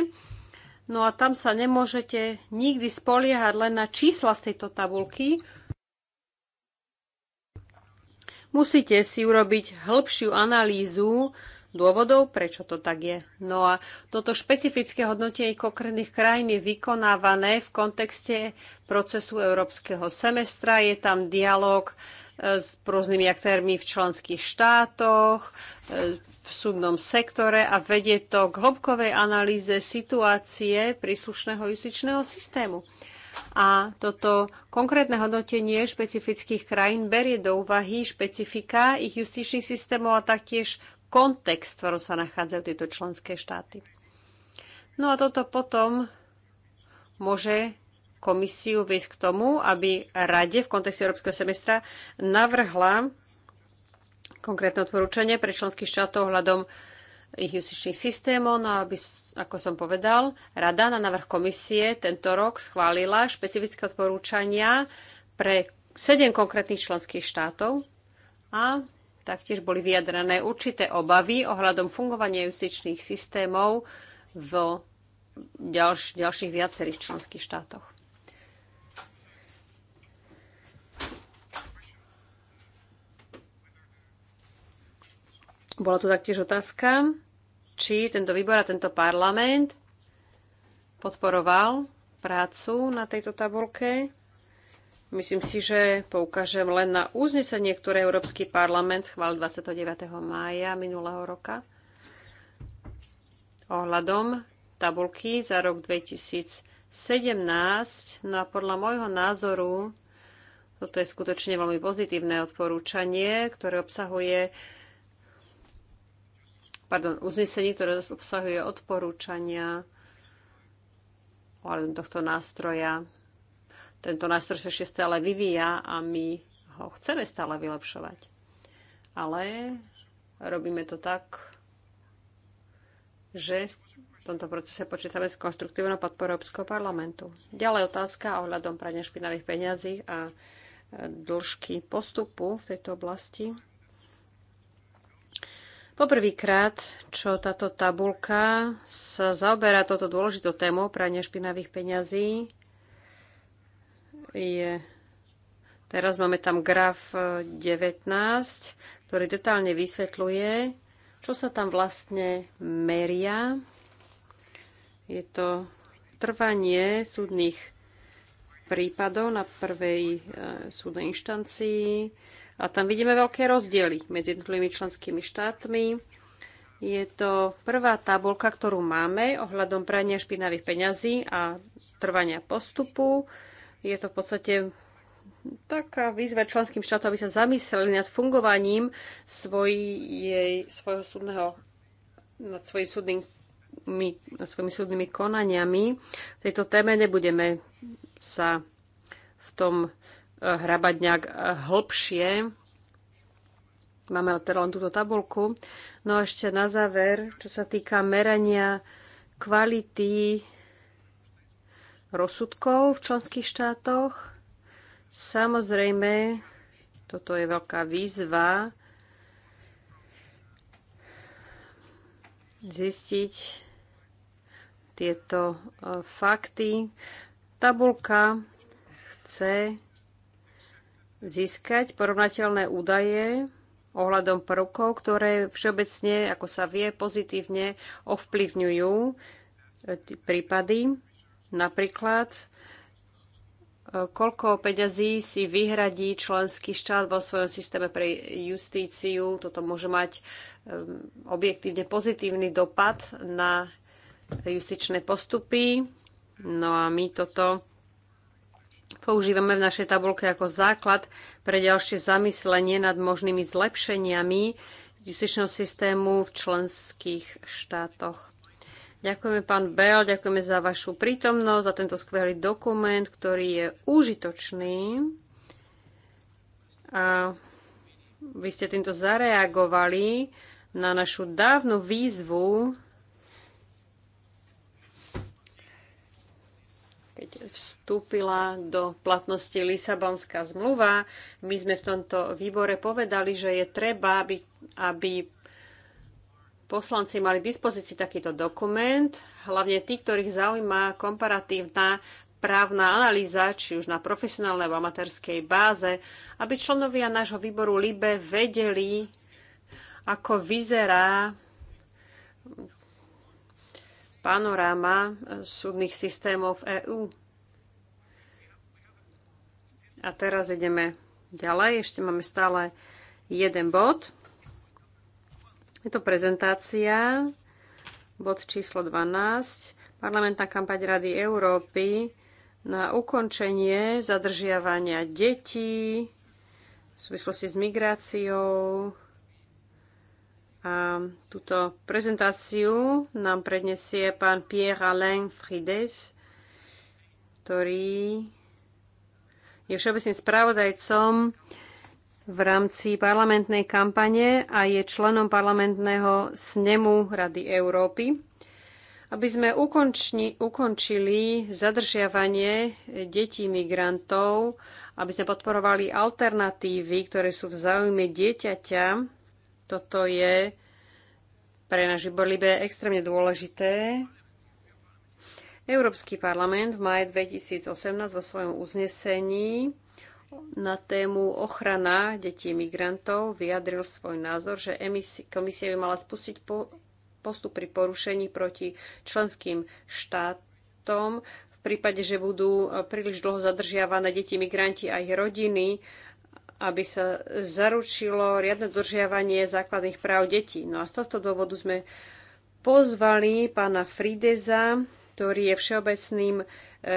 No a tam sa nemôžete nikdy spoliehať len na čísla z tejto tabulky. Musíte si urobiť hĺbšiu analýzu dôvodov, prečo to tak je. No a toto špecifické hodnotenie konkrétnych krajín je vykonávané v kontexte procesu európskeho semestra. Je tam dialog e, s rôznymi aktérmi v členských štátoch, e, v súdnom sektore a vedie to k hĺbkovej analýze situácie príslušného justičného systému. A toto konkrétne hodnotenie špecifických krajín berie do úvahy špecifika ich justičných systémov a taktiež kontext, v ktorom sa nachádzajú tieto členské štáty. No a toto potom môže komisiu viesť k tomu, aby rade v kontexte európskeho semestra navrhla konkrétne odporúčanie pre členských štátov hľadom ich justičných systémov, no aby, ako som povedal, rada na navrh komisie tento rok schválila špecifické odporúčania pre sedem konkrétnych členských štátov a taktiež boli vyjadrené určité obavy ohľadom fungovania justičných systémov v ďalš, ďalších viacerých členských štátoch. Bola tu taktiež otázka, či tento výbor a tento parlament podporoval prácu na tejto tabulke. Myslím si, že poukážem len na uznesenie, ktoré Európsky parlament schválil 29. mája minulého roka ohľadom tabulky za rok 2017. No a podľa môjho názoru toto je skutočne veľmi pozitívne odporúčanie, ktoré obsahuje pardon, uznesenie, ktoré obsahuje odporúčania ohľadom tohto nástroja tento nástroj sa ešte stále vyvíja a my ho chceme stále vylepšovať. Ale robíme to tak, že v tomto procese počítame s konštruktívnou podporou Európskeho parlamentu. Ďalej otázka ohľadom prania špinavých peňazí a e, dĺžky postupu v tejto oblasti. Poprvýkrát, čo táto tabulka sa zaoberá toto dôležitou tému prania špinavých peňazí, je... Teraz máme tam graf 19, e, ktorý detálne vysvetľuje, čo sa tam vlastne meria. Je to trvanie súdnych prípadov na prvej e, súdnej inštancii. A tam vidíme veľké rozdiely medzi jednotlivými členskými štátmi. Je to prvá tabulka, ktorú máme ohľadom prania špinavých peňazí a trvania postupu. Je to v podstate taká výzva členským štátom, aby sa zamysleli nad fungovaním svojej, svojho súdneho, nad svojim súdnymi, nad svojimi súdnymi konaniami. V tejto téme nebudeme sa v tom eh, hrabať nejak eh, hlbšie. Máme teda len túto tabulku. No a ešte na záver, čo sa týka merania kvality rozsudkov v členských štátoch. Samozrejme, toto je veľká výzva zistiť tieto e, fakty. Tabulka chce získať porovnateľné údaje ohľadom prvkov, ktoré všeobecne, ako sa vie, pozitívne ovplyvňujú e, prípady Napríklad, e, koľko peňazí si vyhradí členský štát vo svojom systéme pre justíciu. Toto môže mať e, objektívne pozitívny dopad na justičné postupy. No a my toto používame v našej tabulke ako základ pre ďalšie zamyslenie nad možnými zlepšeniami justičného systému v členských štátoch. Ďakujeme, pán Bell, ďakujeme za vašu prítomnosť, za tento skvelý dokument, ktorý je užitočný. A vy ste týmto zareagovali na našu dávnu výzvu, keď vstúpila do platnosti Lisabonská zmluva. My sme v tomto výbore povedali, že je treba, aby, aby poslanci mali k dispozícii takýto dokument, hlavne tí, ktorých zaujíma komparatívna právna analýza, či už na profesionálnej alebo amatérskej báze, aby členovia nášho výboru LIBE vedeli, ako vyzerá panoráma súdnych systémov v EÚ. A teraz ideme ďalej. Ešte máme stále jeden bod. Je to prezentácia, bod číslo 12, parlamentná kampaň Rady Európy na ukončenie zadržiavania detí v súvislosti s migráciou. A túto prezentáciu nám prednesie pán Pierre-Alain Frides, ktorý je všeobecným spravodajcom v rámci parlamentnej kampane a je členom parlamentného snemu Rady Európy. Aby sme ukončni, ukončili zadržiavanie detí migrantov, aby sme podporovali alternatívy, ktoré sú v záujme dieťaťa, toto je pre náš výbor Libé extrémne dôležité. Európsky parlament v maje 2018 vo svojom uznesení na tému ochrana detí migrantov vyjadril svoj názor, že komisia by mala spustiť postup pri porušení proti členským štátom v prípade, že budú e, príliš dlho zadržiavané deti migranti a ich rodiny, aby sa zaručilo riadne dodržiavanie základných práv detí. No a z tohto dôvodu sme pozvali pána Frideza, ktorý je všeobecným e,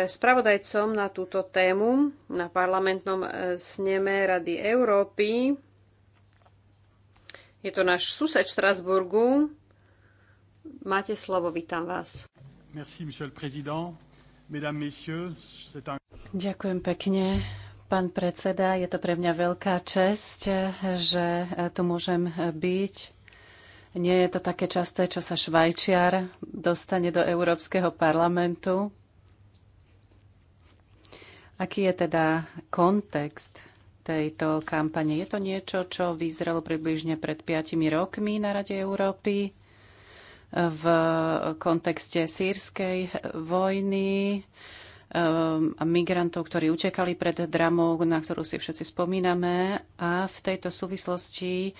spravodajcom na túto tému na parlamentnom e, sneme Rady Európy. Je to náš sused Štrasburgu. Máte slovo, vítam vás. Merci, monsieur le président. Mesdames, messieurs, c'est un... Ďakujem pekne, pán predseda. Je to pre mňa veľká česť, že tu môžem byť nie je to také časté, čo sa Švajčiar dostane do Európskeho parlamentu. Aký je teda kontext tejto kampane? Je to niečo, čo vyzrelo približne pred 5 rokmi na Rade Európy v kontexte sírskej vojny ehm, a migrantov, ktorí utekali pred dramou, na ktorú si všetci spomíname. A v tejto súvislosti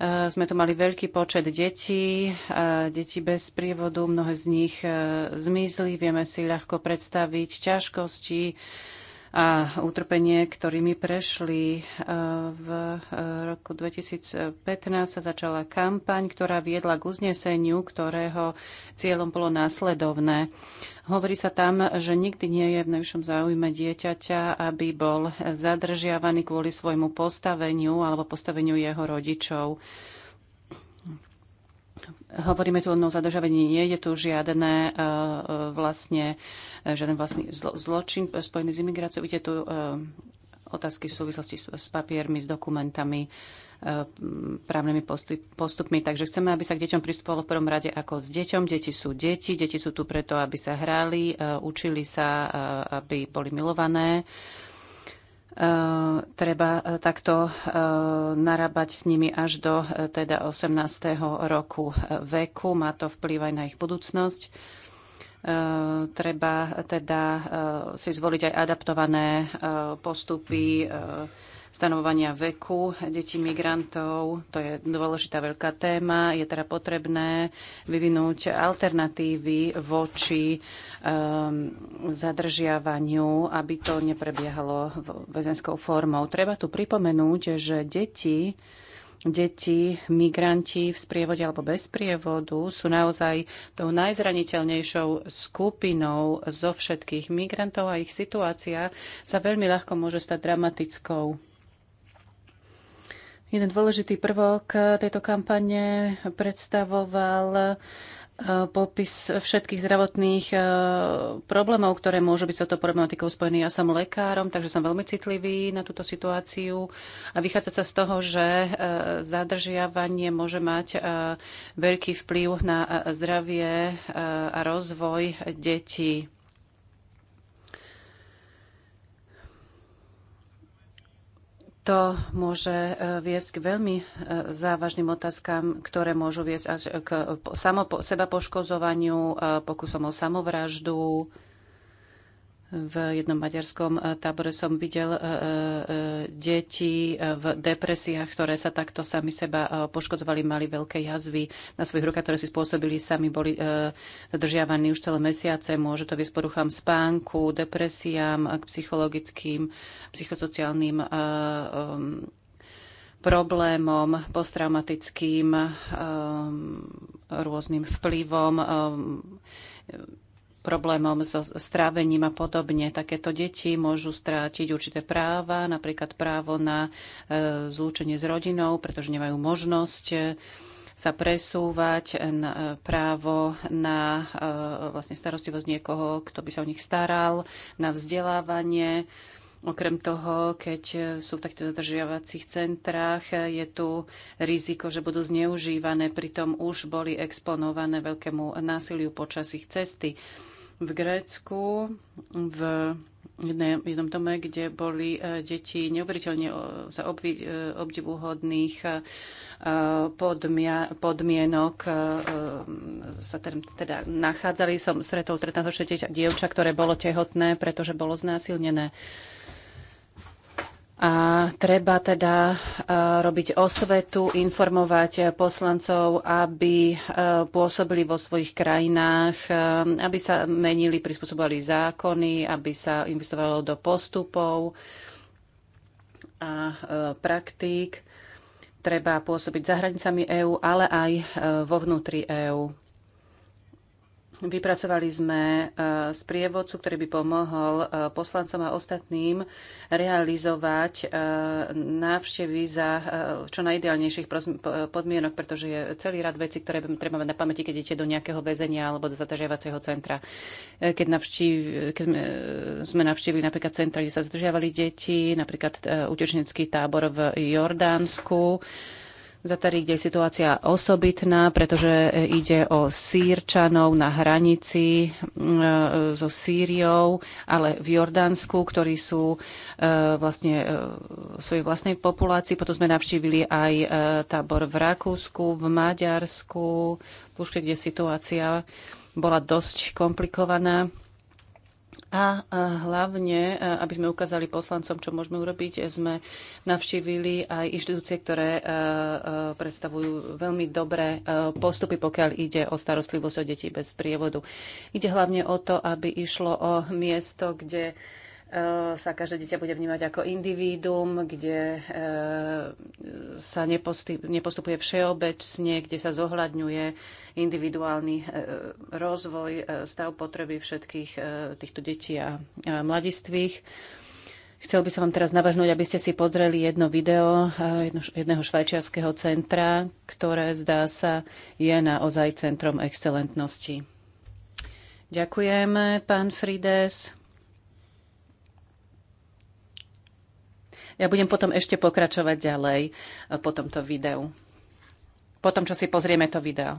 Eh, sme tu mali veľký počet detí, eh, detí bez prievodu, mnohé z nich eh, zmizli, vieme si ľahko predstaviť ťažkosti, a utrpenie, ktorými prešli. E, v e, roku 2015 sa začala kampaň, ktorá viedla k uzneseniu, ktorého cieľom bolo následovné. Hovorí sa tam, že nikdy nie je v najvyššom záujme dieťaťa, aby bol zadržiavaný kvôli svojmu postaveniu alebo postaveniu jeho rodičov. Hovoríme tu o zadržavení, nie je tu žiadne, e, e, vlastne, e, žiaden vlastný zločin spojený s imigráciou. je tu otázky v súvislosti s papiermi, s dokumentami, právnymi postup, postupmi. Takže chceme, aby sa k deťom pristupovalo v prvom rade ako s deťom. Deti sú deti, deti sú tu preto, aby sa hrali, učili sa, aby boli milované Eh, treba eh, takto eh, narábať s nimi až do teda 18. roku veku. Má to vplyv aj na ich budúcnosť. Treba teda si zvoliť aj adaptované postupy stanovovania veku detí migrantov. To je dôležitá veľká téma. Je teda potrebné vyvinúť alternatívy voči um, zadržiavaniu, aby to neprebiehalo väzenskou formou. Treba tu pripomenúť, že deti deti, migranti v sprievode alebo bez prievodu sú naozaj tou najzraniteľnejšou skupinou zo všetkých migrantov a ich situácia sa veľmi ľahko môže stať dramatickou. Jeden dôležitý prvok tejto kampane predstavoval e, popis všetkých zdravotných e, problémov, ktoré môžu byť s touto problematikou spojené. Ja som lekárom, takže som veľmi citlivý na túto situáciu a vychádza sa z toho, že e, zadržiavanie môže mať veľký vplyv na zdravie a rozvoj detí. to môže e, viesť k veľmi e, závažným otázkam, ktoré môžu viesť až k samo, seba poškozovaniu, e, pokusom o samovraždu, v jednom maďarskom eh, tábore som videl eh, eh, deti v depresiách, ktoré sa takto sami seba poškodzovali, mali veľké jazvy na svojich rukách, ktoré si spôsobili sami, boli zadržiavaní už celé mesiace. Môže to viesť poruchám spánku, depresiám, k psychologickým, psychosociálnym problémom, posttraumatickým, rôznym vplyvom problémom so strávením a podobne. Takéto deti môžu strátiť určité práva, napríklad právo na e, zlúčenie s rodinou, pretože nemajú možnosť e, sa presúvať na e, právo na vlastne starostlivosť niekoho, kto by sa o nich staral, na vzdelávanie. Okrem toho, keď sú v takýchto zadržiavacích centrách, je tu riziko, že budú zneužívané, pritom už boli exponované veľkému násiliu počas ich cesty v Grécku v jednom dome, kde boli e, deti neuveriteľne e, za e, obdivuhodných podmienok sa teda-, teda nachádzali. Som stretol 13 dievča, ktoré bolo tehotné, pretože bolo znásilnené. A treba teda e, robiť osvetu, informovať e, poslancov, aby e, pôsobili vo svojich krajinách, aby sa menili, prispôsobovali zákony, aby sa investovalo do postupov a praktík. Treba pôsobiť za hranicami EÚ, ale aj vo vnútri EÚ. Vypracovali sme e, sprievodcu, ktorý by pomohol e, poslancom a ostatným realizovať e, návštevy za čo najideálnejších podmienok, pretože je celý rad vecí, ktoré treba mať na pamäti, keď idete do nejakého väzenia alebo do zadržiavacieho centra. Keď, navštív, keď sme navštívili napríklad centra, kde sa zdržiavali deti, napríklad utečenecký tábor v Jordánsku, Zatari, kde je situácia osobitná, pretože ide o sírčanov na hranici mm, so Sýriou, ale v Jordánsku, ktorí sú e, vlastne v e, svojej vlastnej populácii. Potom sme navštívili aj e, tábor v Rakúsku, v Maďarsku, v Puške, kde situácia bola dosť komplikovaná. A hlavne, aby sme ukázali poslancom, čo môžeme urobiť, sme navštívili aj inštitúcie, ktoré predstavujú veľmi dobré postupy, pokiaľ ide o starostlivosť o deti bez prievodu. Ide hlavne o to, aby išlo o miesto, kde Eh, sa každé dieťa bude vnímať ako individuum, kde eh, sa nepostupuje všeobecne, kde sa zohľadňuje individuálny eh, rozvoj, stav potreby všetkých týchto detí a mladistvých. Chcel by som vám teraz navrhnúť, aby ste si podreli jedno video jedného švajčiarského centra, ktoré zdá sa je naozaj centrom excelentnosti. Ďakujeme, pán Frides. Ja budem potom ešte pokračovať ďalej e, po tomto videu. Po tom, čo si pozrieme to video.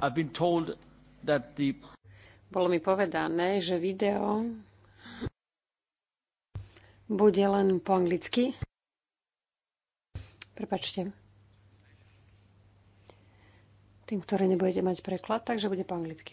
I've been told that the... Bolo mi povedané, že video bude len po anglicky. Prepačte. Tým, ktoré nebudete mať preklad, takže bude po anglicky.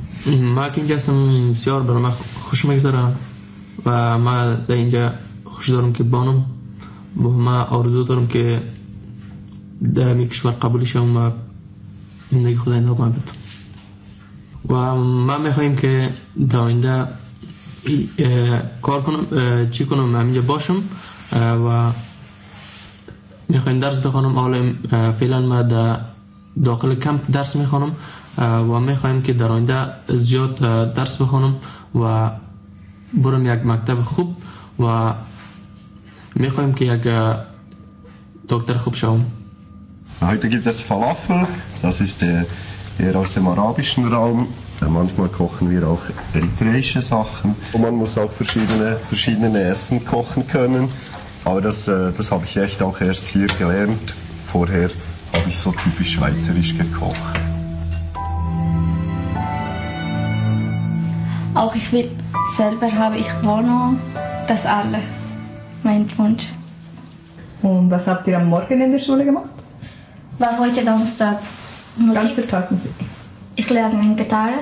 ما که اینجا هستم بسیار برای من خوش میگذره و ما در اینجا خوش دارم که بانم و ما آرزو دارم که در می کشور قبول شم و زندگی خدا این دارم بدم و ما میخواییم که در آینده کار کنم چی کنم من اینجا باشم و میخوایم درس بخوانم حالا فعلا ما در دا داخل کمپ درس میخوانم و خواهیم که در آینده زیاد درس بخوانم و برم یک مکتب خوب و خواهیم که یک دکتر خوب شوم Heute gibt es Falafel, das ist eher aus dem arabischen Raum. Manchmal kochen wir auch eritreische Sachen. Und man muss auch verschiedene, verschiedene Essen kochen können. Aber das, äh, das habe ich echt auch erst hier gelernt. Vorher habe ich so typisch schweizerisch gekocht. Auch ich will selber habe ich Wohnung, das alle, mein Wunsch. Und was habt ihr am Morgen in der Schule gemacht? War heute Donnerstag Musik. Ganzer Tag Musik. Ich lerne Gitarre.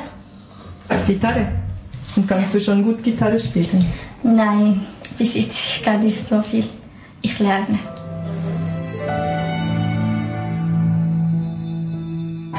Gitarre? Und kannst du schon gut Gitarre spielen? Nein, bis jetzt gar nicht so viel. Ich lerne.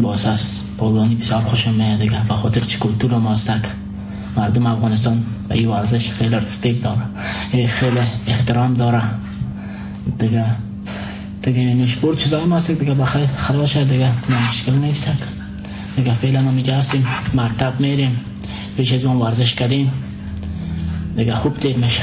با اساس پولانی بسیار خوشم میاد دیگه به خاطر چی کلتور ماستک مردم افغانستان به این ورزش خیلی رسپیک داره خیلی احترام داره دیگه دیگه نمیش بر چیزای ماستک دیگه بخیر خراب شد دیگه مشکل نیست دیگه فعلا اینجا هستیم مرتب میریم پیش از اون ورزش کردیم دیگه خوب تیر میشه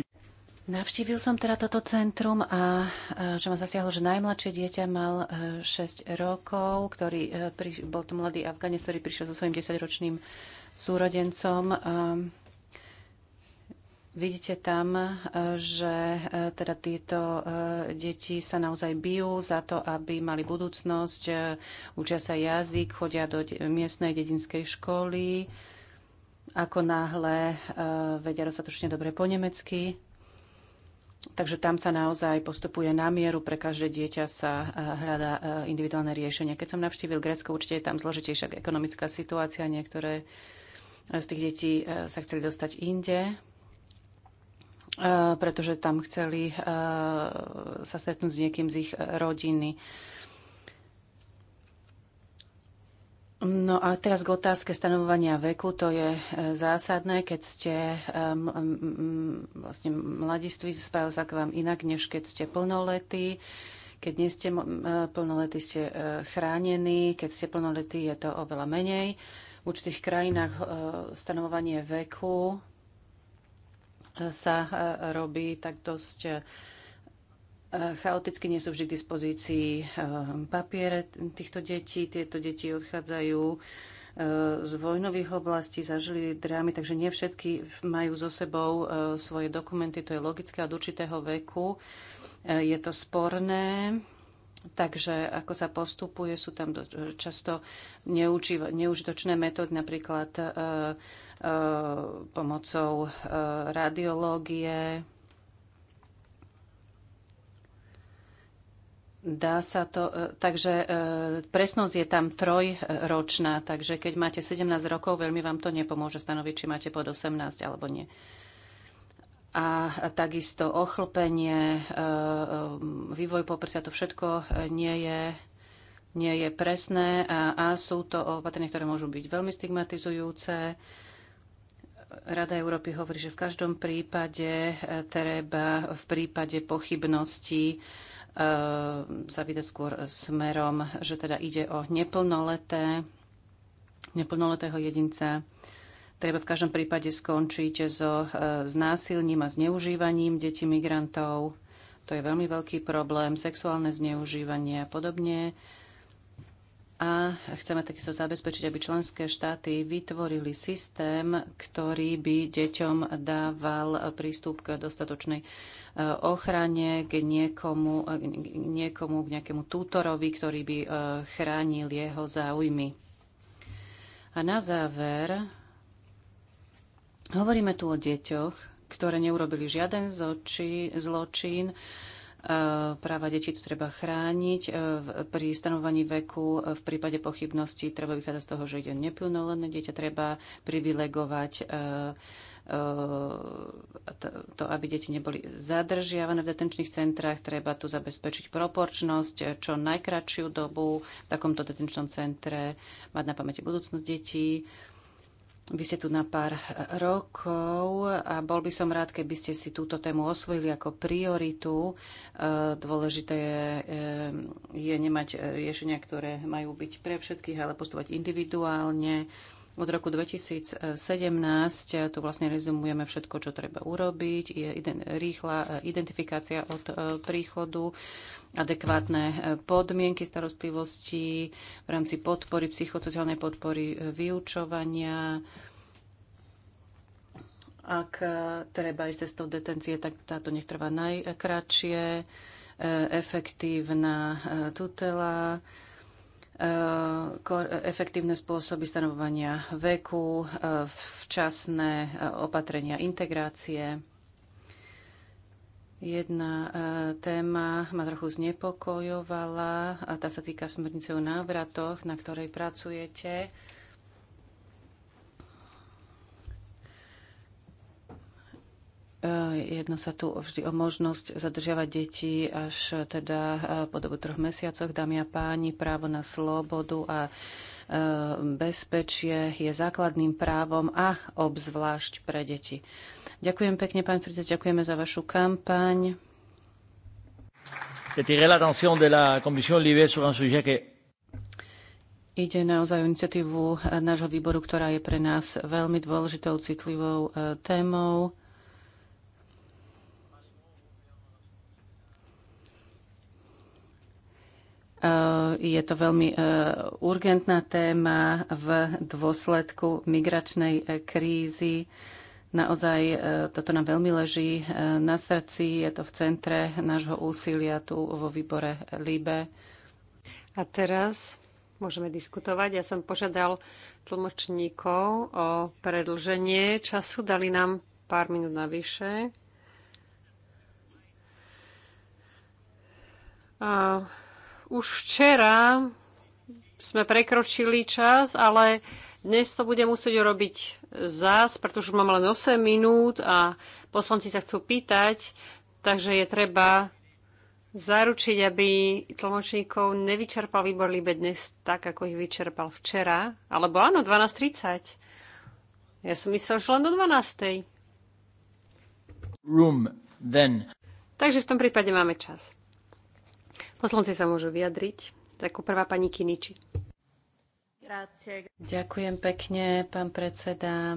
Navštívil som teda toto centrum a čo ma zasiahlo, že najmladšie dieťa mal 6 e, rokov, ktorý e, priš, bol to mladý Afganec, ktorý prišiel so svojím 10-ročným súrodencom. Vidíte tam, e, že teda tieto deti sa naozaj bijú za to, aby mali budúcnosť, učia sa jazyk, chodia do miestnej dedinskej školy, ako náhle vedia dostatočne dobre po nemecky, Takže tam sa naozaj postupuje na mieru, pre každé dieťa sa eh, hľadá eh, individuálne riešenie. Keď som navštívil Grécko, určite je tam zložitejšia ekonomická situácia. Niektoré eh, z tých detí sa chceli dostať inde, pretože tam chceli sa stretnúť s niekým z ich rodiny. No a teraz k otázke stanovovania veku. To je e, zásadné, keď ste e, vlastne mladiství, spravil sa k vám inak, než keď ste plnoletí. Keď nie ste plnoletí, ste e, chránení. Keď ste plnoletí, je to oveľa menej. V určitých krajinách stanovovanie veku sa robí tak dosť Eh, chaoticky nie sú vždy k dispozícii eh, papiere týchto detí. Tieto deti odchádzajú eh, z vojnových oblastí, zažili drámy, takže nie všetky majú so sebou svoje dokumenty, to je logické od určitého veku. Je to sporné, takže ako sa postupuje, sú tam často neužitočné metódy, napríklad pomocou radiológie, Dá sa to, e, takže e, presnosť je tam trojročná, takže keď máte 17 rokov, veľmi vám to nepomôže stanoviť, či máte pod 18 alebo nie. A takisto ochlpenie, e, vývoj poprsia, to všetko nie je, nie je presné a, a sú to opatrenia, ktoré môžu byť veľmi stigmatizujúce. Rada Európy hovorí, že v každom prípade treba v prípade pochybnosti Ehm, sa vydať skôr smerom, že teda ide o neplnoleté, neplnoletého jedinca. Treba v každom prípade skončiť so znásilním e, a zneužívaním detí migrantov. To je veľmi veľký problém, sexuálne zneužívanie a podobne a chceme takisto zabezpečiť, aby členské štáty vytvorili systém, ktorý by deťom dával prístup k dostatočnej e, ochrane, k niekomu, e, k niekomu, k nejakému tútorovi, ktorý by e, chránil jeho záujmy. A na záver, hovoríme tu o deťoch, ktoré neurobili žiaden zločín, zločín Eh, práva detí tu treba chrániť. Eh, pri stanovaní veku eh, v prípade pochybnosti treba vychádzať z toho, že ide neplnolené dieťa. Treba privilegovať to, aby deti neboli zadržiavané v detenčných centrách. Treba tu zabezpečiť proporčnosť, čo najkračšiu dobu v takomto detenčnom centre, mať na pamäti budúcnosť detí. Vy ste tu na pár rokov a bol by som rád, keby ste si túto tému osvojili ako prioritu. E, dôležité je, e, je nemať riešenia, ktoré majú byť pre všetkých, ale postovať individuálne od roku 2017 tu vlastne rezumujeme všetko, čo treba urobiť. Je rýchla e, identifikácia od e, príchodu, adekvátne e, podmienky starostlivosti v rámci podpory, psychosociálnej podpory, vyučovania, ak treba ísť cestou detencie, tak táto nech trvá najkratšie, efektívna tutela, Eh, efektívne spôsoby stanovovania veku, eh, včasné eh, opatrenia integrácie. Jedna téma ma trochu znepokojovala a tá sa týka smernice o návratoch, na ktorej pracujete. Eh, jedno sa tu vždy o možnosť zadržiavať deti až eh, teda eh, po dobu troch mesiacoch. Dámy a páni, právo na slobodu a bezpečie je základným právom a obzvlášť pre deti. Ďakujem pekne, pán Fritec, ďakujeme za vašu kampaň. Ide naozaj o iniciatívu nášho výboru, ktorá je pre nás veľmi dôležitou, citlivou témou. Eh, je to veľmi eh, urgentná téma v dôsledku migračnej eh, krízy. Naozaj toto nám veľmi leží na srdci, je to v centre nášho úsilia tu vo výbore LIBE. A teraz môžeme diskutovať. Ja som požiadal tlmočníkov o predlženie času. Dali nám pár minút navyše. A už včera sme prekročili čas, ale dnes to budem musieť urobiť zás, pretože už mám len 8 minút a poslanci sa chcú pýtať, takže je treba zaručiť, aby tlmočníkov nevyčerpal výbor Libe dnes tak, ako ich vyčerpal včera. Alebo áno, 12.30. Ja som myslel, že len do 12. Room, then. Takže v tom prípade máme čas. Poslanci sa môžu vyjadriť. Tak prvá pani Kiniči. Ďakujem pekne, pán predseda.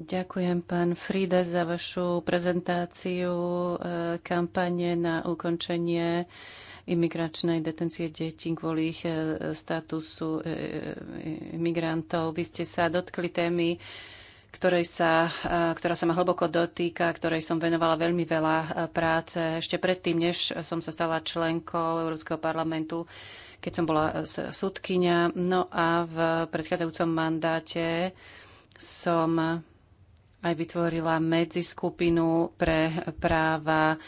Ďakujem, pán Frida za vašu prezentáciu e, kampane na ukončenie imigračnej detencie detí kvôli ich e, statusu e, imigrantov. Vy ste sa dotkli témy ktorej sa, e, ktorá sa ma hlboko dotýka, ktorej som venovala veľmi veľa e, práce ešte predtým, než som sa stala členkou Európskeho parlamentu, keď som bola e, súdkynia. No a v predchádzajúcom mandáte som aj vytvorila medziskupinu pre práva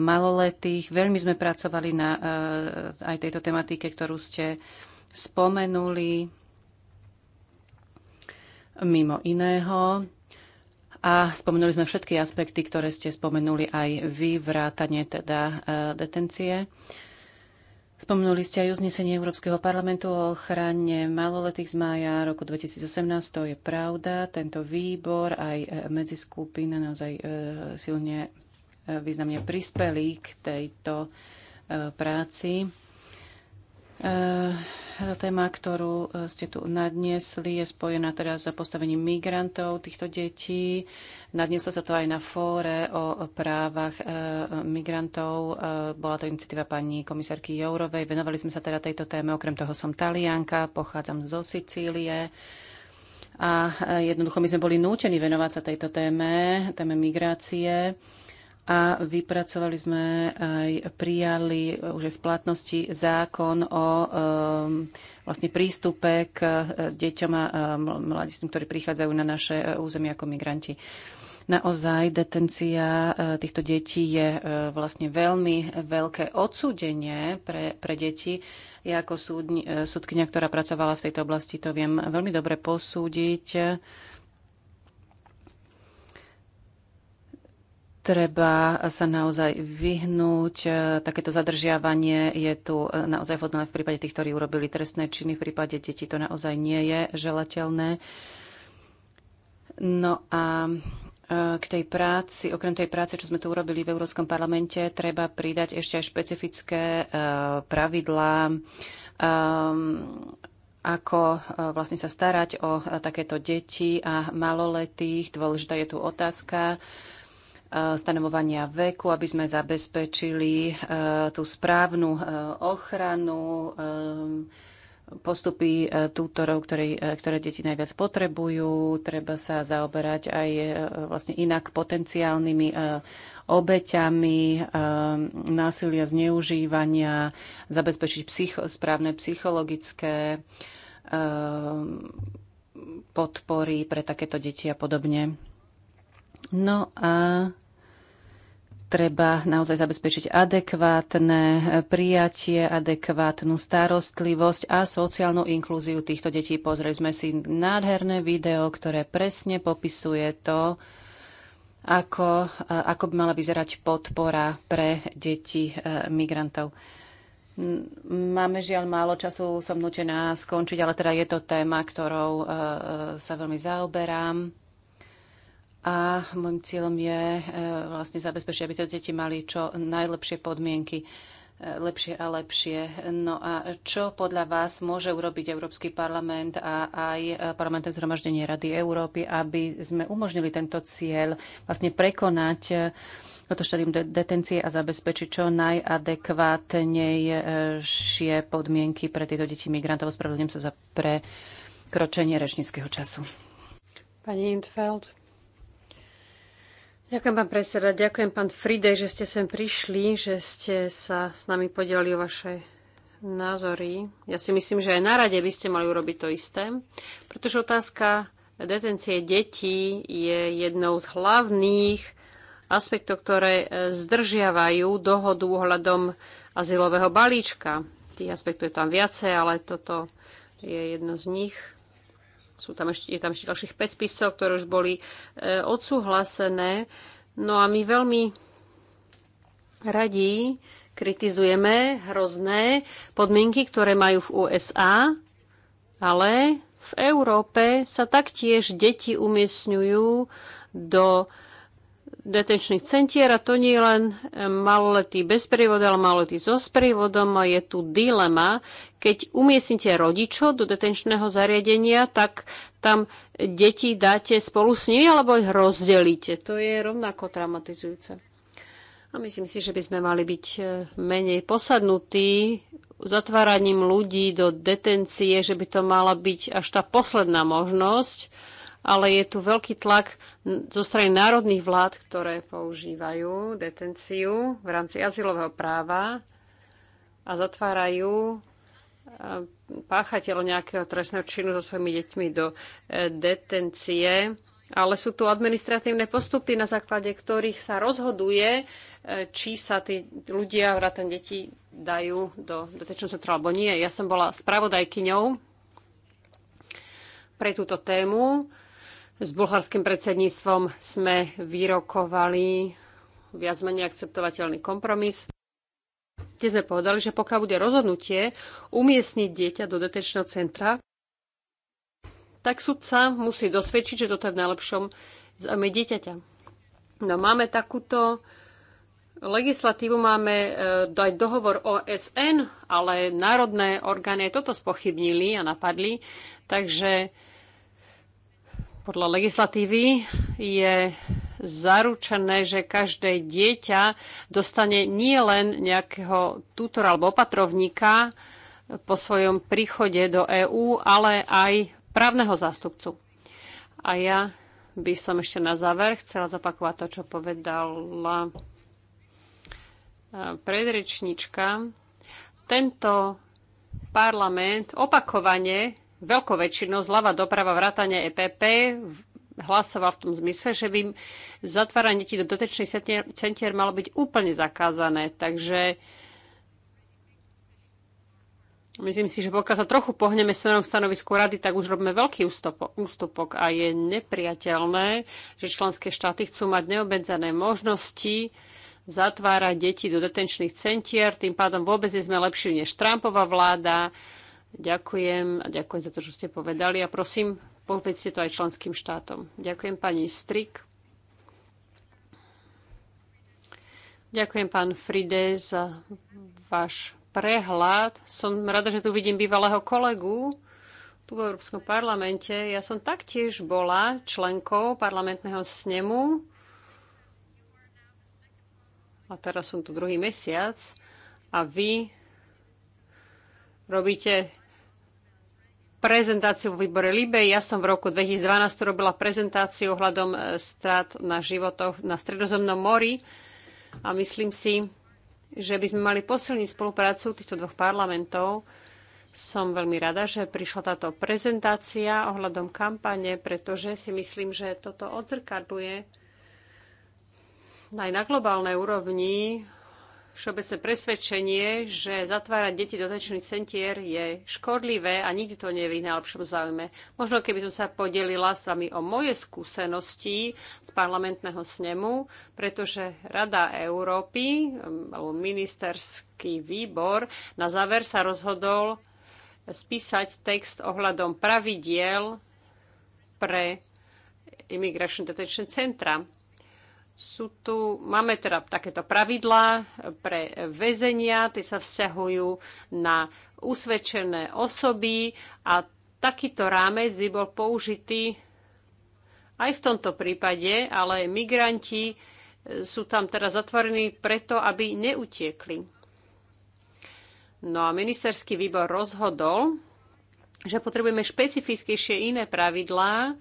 maloletých. Veľmi sme pracovali na aj tejto tematike, ktorú ste spomenuli mimo iného. A spomenuli sme všetky aspekty, ktoré ste spomenuli aj vy, vrátanie teda eh, detencie. Spomenuli ste aj uznesenie Európskeho parlamentu o ochrane maloletých z mája roku 2018. To je pravda. Tento výbor aj eh, medziskupina naozaj eh, silne významne prispeli k tejto práci. Eh, tá téma, ktorú eh, ste tu nadniesli, je spojená teraz s postavením migrantov, týchto detí. Nadnieslo sa to aj na fóre o právach eh, migrantov. Bola to iniciatíva pani komisárky Jourovej. Venovali sme sa teda tejto téme. Okrem toho som Talianka, pochádzam zo Sicílie. A jednoducho my sme boli nútení venovať sa tejto téme, téme migrácie a vypracovali sme aj prijali už v platnosti zákon o ehm, vlastne prístupe k e, deťom a e, mladistým, ktorí prichádzajú na naše e, územie ako migranti. Naozaj detencia týchto detí je vlastne veľmi veľké odsúdenie pre, pre deti. Ja ako súdni, súdkynia, ktorá pracovala v tejto oblasti, to viem veľmi dobre posúdiť treba sa naozaj vyhnúť. E, takéto zadržiavanie je tu e, naozaj vhodné v prípade tých, ktorí urobili trestné činy. V prípade detí to naozaj nie je želateľné. No a e, k tej práci, okrem tej práce, čo sme tu urobili v Európskom parlamente, treba pridať ešte aj špecifické pravidlá, ehm, ako vlastne sa starať o takéto deti a maloletých. Dôležitá je tu otázka, E, stanovovania veku, aby sme zabezpečili e, tú správnu e, ochranu postupy tútorov, ktoré, ktoré deti najviac potrebujú. Treba sa zaoberať aj vlastne inak potenciálnymi obeťami násilia, zneužívania, zabezpečiť psycho, správne psychologické podpory pre takéto deti a podobne. No a treba naozaj zabezpečiť adekvátne prijatie, adekvátnu starostlivosť a sociálnu inklúziu týchto detí. Pozreli sme si nádherné video, ktoré presne popisuje to, ako, ako by mala vyzerať podpora pre deti e, migrantov. Máme žiaľ málo času, som nutená skončiť, ale teda je to téma, ktorou e, e, sa veľmi zaoberám a môjim cieľom je e, vlastne zabezpečiť, aby to deti mali čo najlepšie podmienky e, lepšie a lepšie. No a čo podľa vás môže urobiť Európsky parlament a aj e, parlamentné zhromaždenie Rady Európy, aby sme umožnili tento cieľ vlastne prekonať toto štadium de- detencie a zabezpečiť čo najadekvátnejšie podmienky pre tieto deti migrantov. Spravedlňujem sa za prekročenie rečníckého času. Pani Intfeld. Ďakujem, pán predseda. Ďakujem, pán Fride, že ste sem prišli, že ste sa s nami podelili o vaše názory. Ja si myslím, že aj na rade by ste mali urobiť to isté, pretože otázka detencie detí je jednou z hlavných aspektov, ktoré e, zdržiavajú dohodu ohľadom azylového balíčka. Tých aspektov je tam viacej, ale toto je jedno z nich. Sú tam ešte, je tam ešte ďalších 5 spisov, ktoré už boli e, odsúhlasené. No a my veľmi radi kritizujeme hrozné podmienky, ktoré majú v USA, ale v Európe sa taktiež deti umiestňujú do detenčných centier a to nie je len e, maloletý bez prievodu, ale maloletý so sprievodom. Je tu dilema. Keď umiestnite rodičov do detenčného zariadenia, tak tam deti dáte spolu s nimi alebo ich rozdelíte. To je rovnako traumatizujúce. A myslím si, že by sme mali byť e, menej posadnutí zatváraním ľudí do detencie, že by to mala byť až tá posledná možnosť ale je tu veľký tlak zo strany národných vlád, ktoré používajú detenciu v rámci azylového práva a zatvárajú eh, páchateľ nejakého trestného činu so svojimi deťmi do eh, detencie. Ale sú tu administratívne postupy, na základe ktorých sa rozhoduje, eh, či sa tí ľudia, vrátane deti, dajú do detenčného centra alebo nie. Ja som bola spravodajkyňou pre túto tému s bulharským predsedníctvom sme vyrokovali viac menej akceptovateľný kompromis. Tie sme povedali, že pokiaľ bude rozhodnutie umiestniť dieťa do detečného centra, tak sudca musí dosvedčiť, že toto je v najlepšom záujme dieťaťa. No máme takúto legislatívu, máme e, aj dohovor OSN, ale národné orgány toto spochybnili a napadli, takže podľa legislatívy je zaručené, že každé dieťa dostane nie len nejakého tutora alebo opatrovníka po svojom príchode do EÚ, ale aj právneho zástupcu. A ja by som ešte na záver chcela zopakovať to, čo povedala eh, predrečnička. Tento parlament opakovane veľkou väčšinou zľava doprava vrátane EPP hlasoval v tom zmysle, že by zatváranie do dotečných centier malo byť úplne zakázané. Takže myslím si, že pokiaľ sa trochu pohneme smerom k stanovisku rady, tak už robíme veľký ústupok a je nepriateľné, že členské štáty chcú mať neobmedzené možnosti zatvárať deti do detenčných centier, tým pádom vôbec nie sme lepší než Trumpova vláda. Ďakujem a ďakujem za to, čo ste povedali a prosím, povedzte to aj členským štátom. Ďakujem pani Strik. Ďakujem pán Fride za váš prehľad. Som rada, že tu vidím bývalého kolegu tu v Európskom parlamente. Ja som taktiež bola členkou parlamentného snemu a teraz som tu druhý mesiac a vy robíte prezentáciu v výbore Libe. Ja som v roku 2012 robila prezentáciu ohľadom e, strát na životoch na Stredozemnom mori a myslím si, že by sme mali posilniť spoluprácu týchto dvoch parlamentov. Som veľmi rada, že prišla táto prezentácia ohľadom kampane, pretože si myslím, že toto odzrkadluje aj na globálnej úrovni všeobecné presvedčenie, že zatvárať deti do tečných centier je škodlivé a nikdy to nie je v ich najlepšom záujme. Možno keby som sa podelila s vami o moje skúsenosti z parlamentného snemu, pretože Rada Európy, alebo ministerský výbor, na záver sa rozhodol spísať text ohľadom pravidiel pre imigračné detenčné centra sú tu, máme teda takéto pravidlá pre väzenia, tie sa vzťahujú na usvedčené osoby a takýto rámec by bol použitý aj v tomto prípade, ale migranti e, sú tam teda zatvorení preto, aby neutiekli. No a ministerský výbor rozhodol, že potrebujeme špecifickejšie iné pravidlá,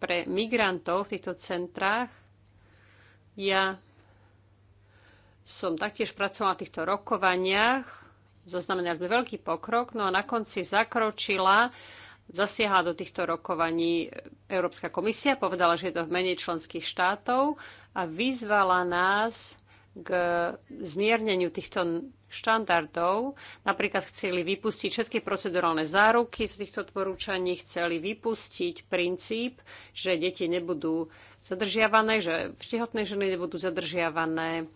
pre migrantov v týchto centrách. Ja som taktiež pracovala v týchto rokovaniach, zaznamenali sme veľký pokrok, no a na konci zakročila, zasiahla do týchto rokovaní Európska komisia, povedala, že je to v mene členských štátov a vyzvala nás k zmierneniu týchto štandardov. Napríklad chceli vypustiť všetky procedurálne záruky z týchto odporúčaní, chceli vypustiť princíp, že deti nebudú zadržiavané, že tehotné ženy nebudú zadržiavané.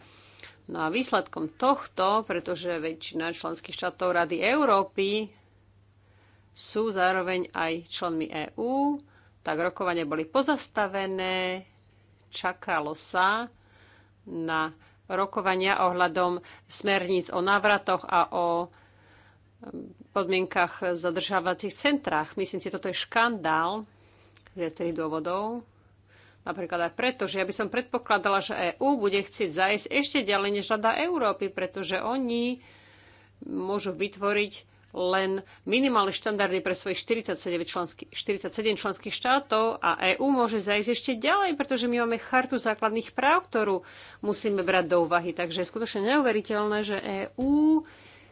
No a výsledkom tohto, pretože väčšina členských štátov Rady Európy sú zároveň aj členmi EÚ, tak rokovania boli pozastavené, čakalo sa na rokovania ohľadom smerníc o návratoch a o podmienkach v zadržávacích centrách. Myslím si, toto je škandál z viacerých dôvodov. Napríklad aj preto, že ja by som predpokladala, že EÚ bude chcieť zajsť ešte ďalej než Rada Európy, pretože oni môžu vytvoriť len minimálne štandardy pre svojich 47, člansky, 47 členských štátov a EÚ môže zajsť ešte ďalej, pretože my máme chartu základných práv, ktorú musíme brať do úvahy. Takže je skutočne neuveriteľné, že EÚ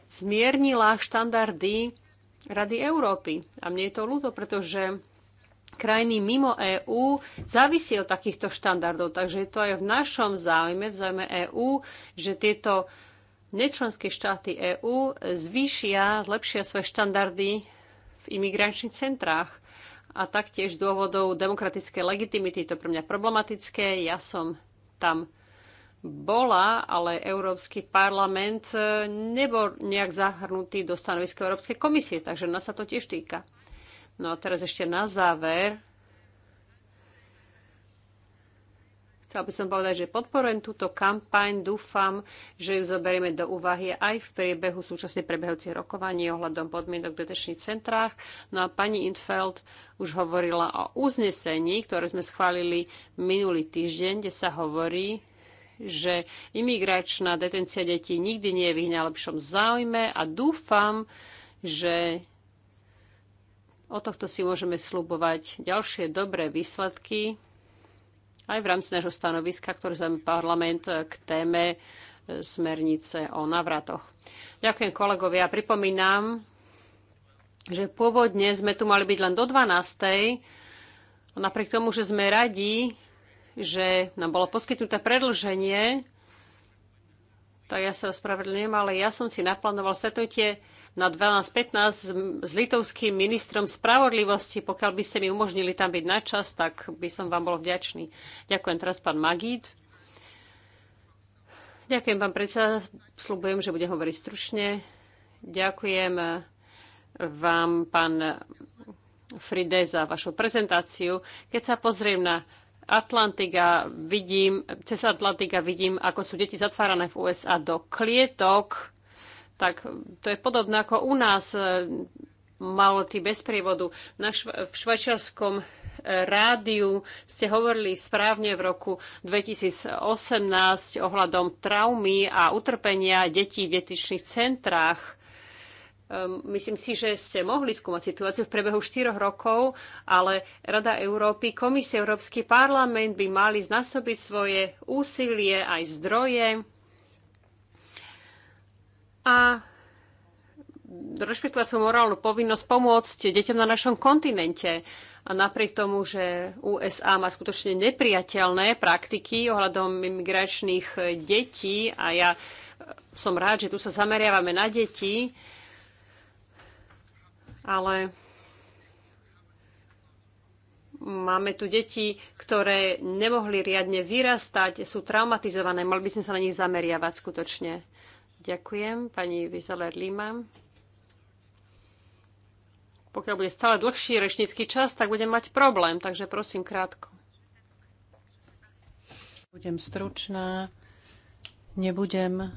zmiernila štandardy Rady Európy. A mne je to ľúto, pretože krajiny mimo EÚ závisí od takýchto štandardov. Takže je to aj v našom záujme, v záujme EÚ, že tieto nečlenské štáty EÚ zvýšia, zlepšia svoje štandardy v imigračných centrách a taktiež z dôvodov demokratickej legitimity. To je pre mňa problematické. Ja som tam bola, ale Európsky parlament e, nebol nejak zahrnutý do stanoviska Európskej komisie, takže nás sa to tiež týka. No a teraz ešte na záver Chcel by som povedať, že podporujem túto kampaň, dúfam, že ju zoberieme do úvahy aj v priebehu súčasne prebehujúcich rokovaní ohľadom podmienok v detečných centrách. No a pani Intfeld už hovorila o uznesení, ktoré sme schválili minulý týždeň, kde sa hovorí, že imigračná detencia detí nikdy nie je v ich najlepšom záujme a dúfam, že o tohto si môžeme slubovať ďalšie dobré výsledky aj v rámci nášho stanoviska, ktoré sme parlament eh, k téme eh, smernice o navratoch. Ďakujem kolegovia. Pripomínam, že pôvodne sme tu mali byť len do 12. Napriek tomu, že sme radi, že nám bolo poskytnuté predlženie, tak ja sa ospravedlňujem, ale ja som si naplánoval stretnutie na 12.15 s litovským ministrom spravodlivosti. Pokiaľ by ste mi umožnili tam byť načas, tak by som vám bol vďačný. Ďakujem teraz pán Magíd. Ďakujem pán predseda. Slubujem, že budem hovoriť stručne. Ďakujem eh, vám, pán Fride, za vašu prezentáciu. Keď sa pozriem na Atlantika vidím, cez Atlantika vidím, ako sú deti zatvárané v USA do klietok tak to je podobné ako u nás malo e, maloty bez prievodu. Na šv- v švajčiarskom e, rádiu ste hovorili správne v roku 2018 ohľadom traumy a utrpenia detí v detičných centrách. E, myslím si, že ste mohli skúmať situáciu v priebehu 4 rokov, ale Rada Európy, Komisie, Európsky parlament by mali znasobiť svoje úsilie aj zdroje a rešpektovať svoju morálnu povinnosť pomôcť deťom na našom kontinente. A napriek tomu, že USA má skutočne nepriateľné praktiky ohľadom imigračných detí a ja som rád, že tu sa zameriavame na deti, ale máme tu deti, ktoré nemohli riadne vyrastať, sú traumatizované, mali by sme sa na nich zameriavať skutočne. Ďakujem, pani Vizeler Lima. Pokiaľ bude stále dlhší rečnícky čas, tak budem mať problém, takže prosím krátko. Budem stručná, nebudem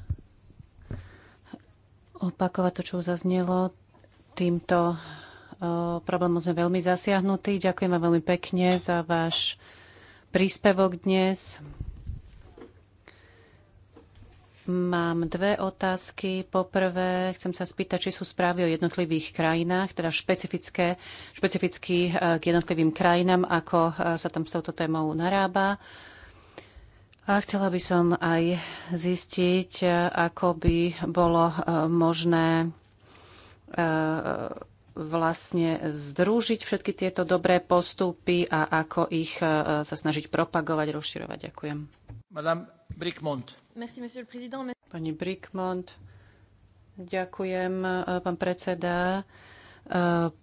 opakovať to, čo už zaznelo. Týmto e, problémom sme veľmi zasiahnutí. Ďakujem vám veľmi pekne za váš príspevok dnes. Mám dve otázky. Poprvé, chcem sa spýtať, či sú správy o jednotlivých krajinách, teda špecifické, špecificky e, k jednotlivým krajinám, ako e, sa tam s touto témou narába. A chcela by som aj zistiť, e, ako by bolo možné vlastne združiť všetky tieto dobré postupy a ako ich sa snažiť propagovať, rozširovať. Ďakujem. Madame Brickmont. Merci, monsieur le président. Pani Brickmont, ďakujem, eh, pán predseda. Eh,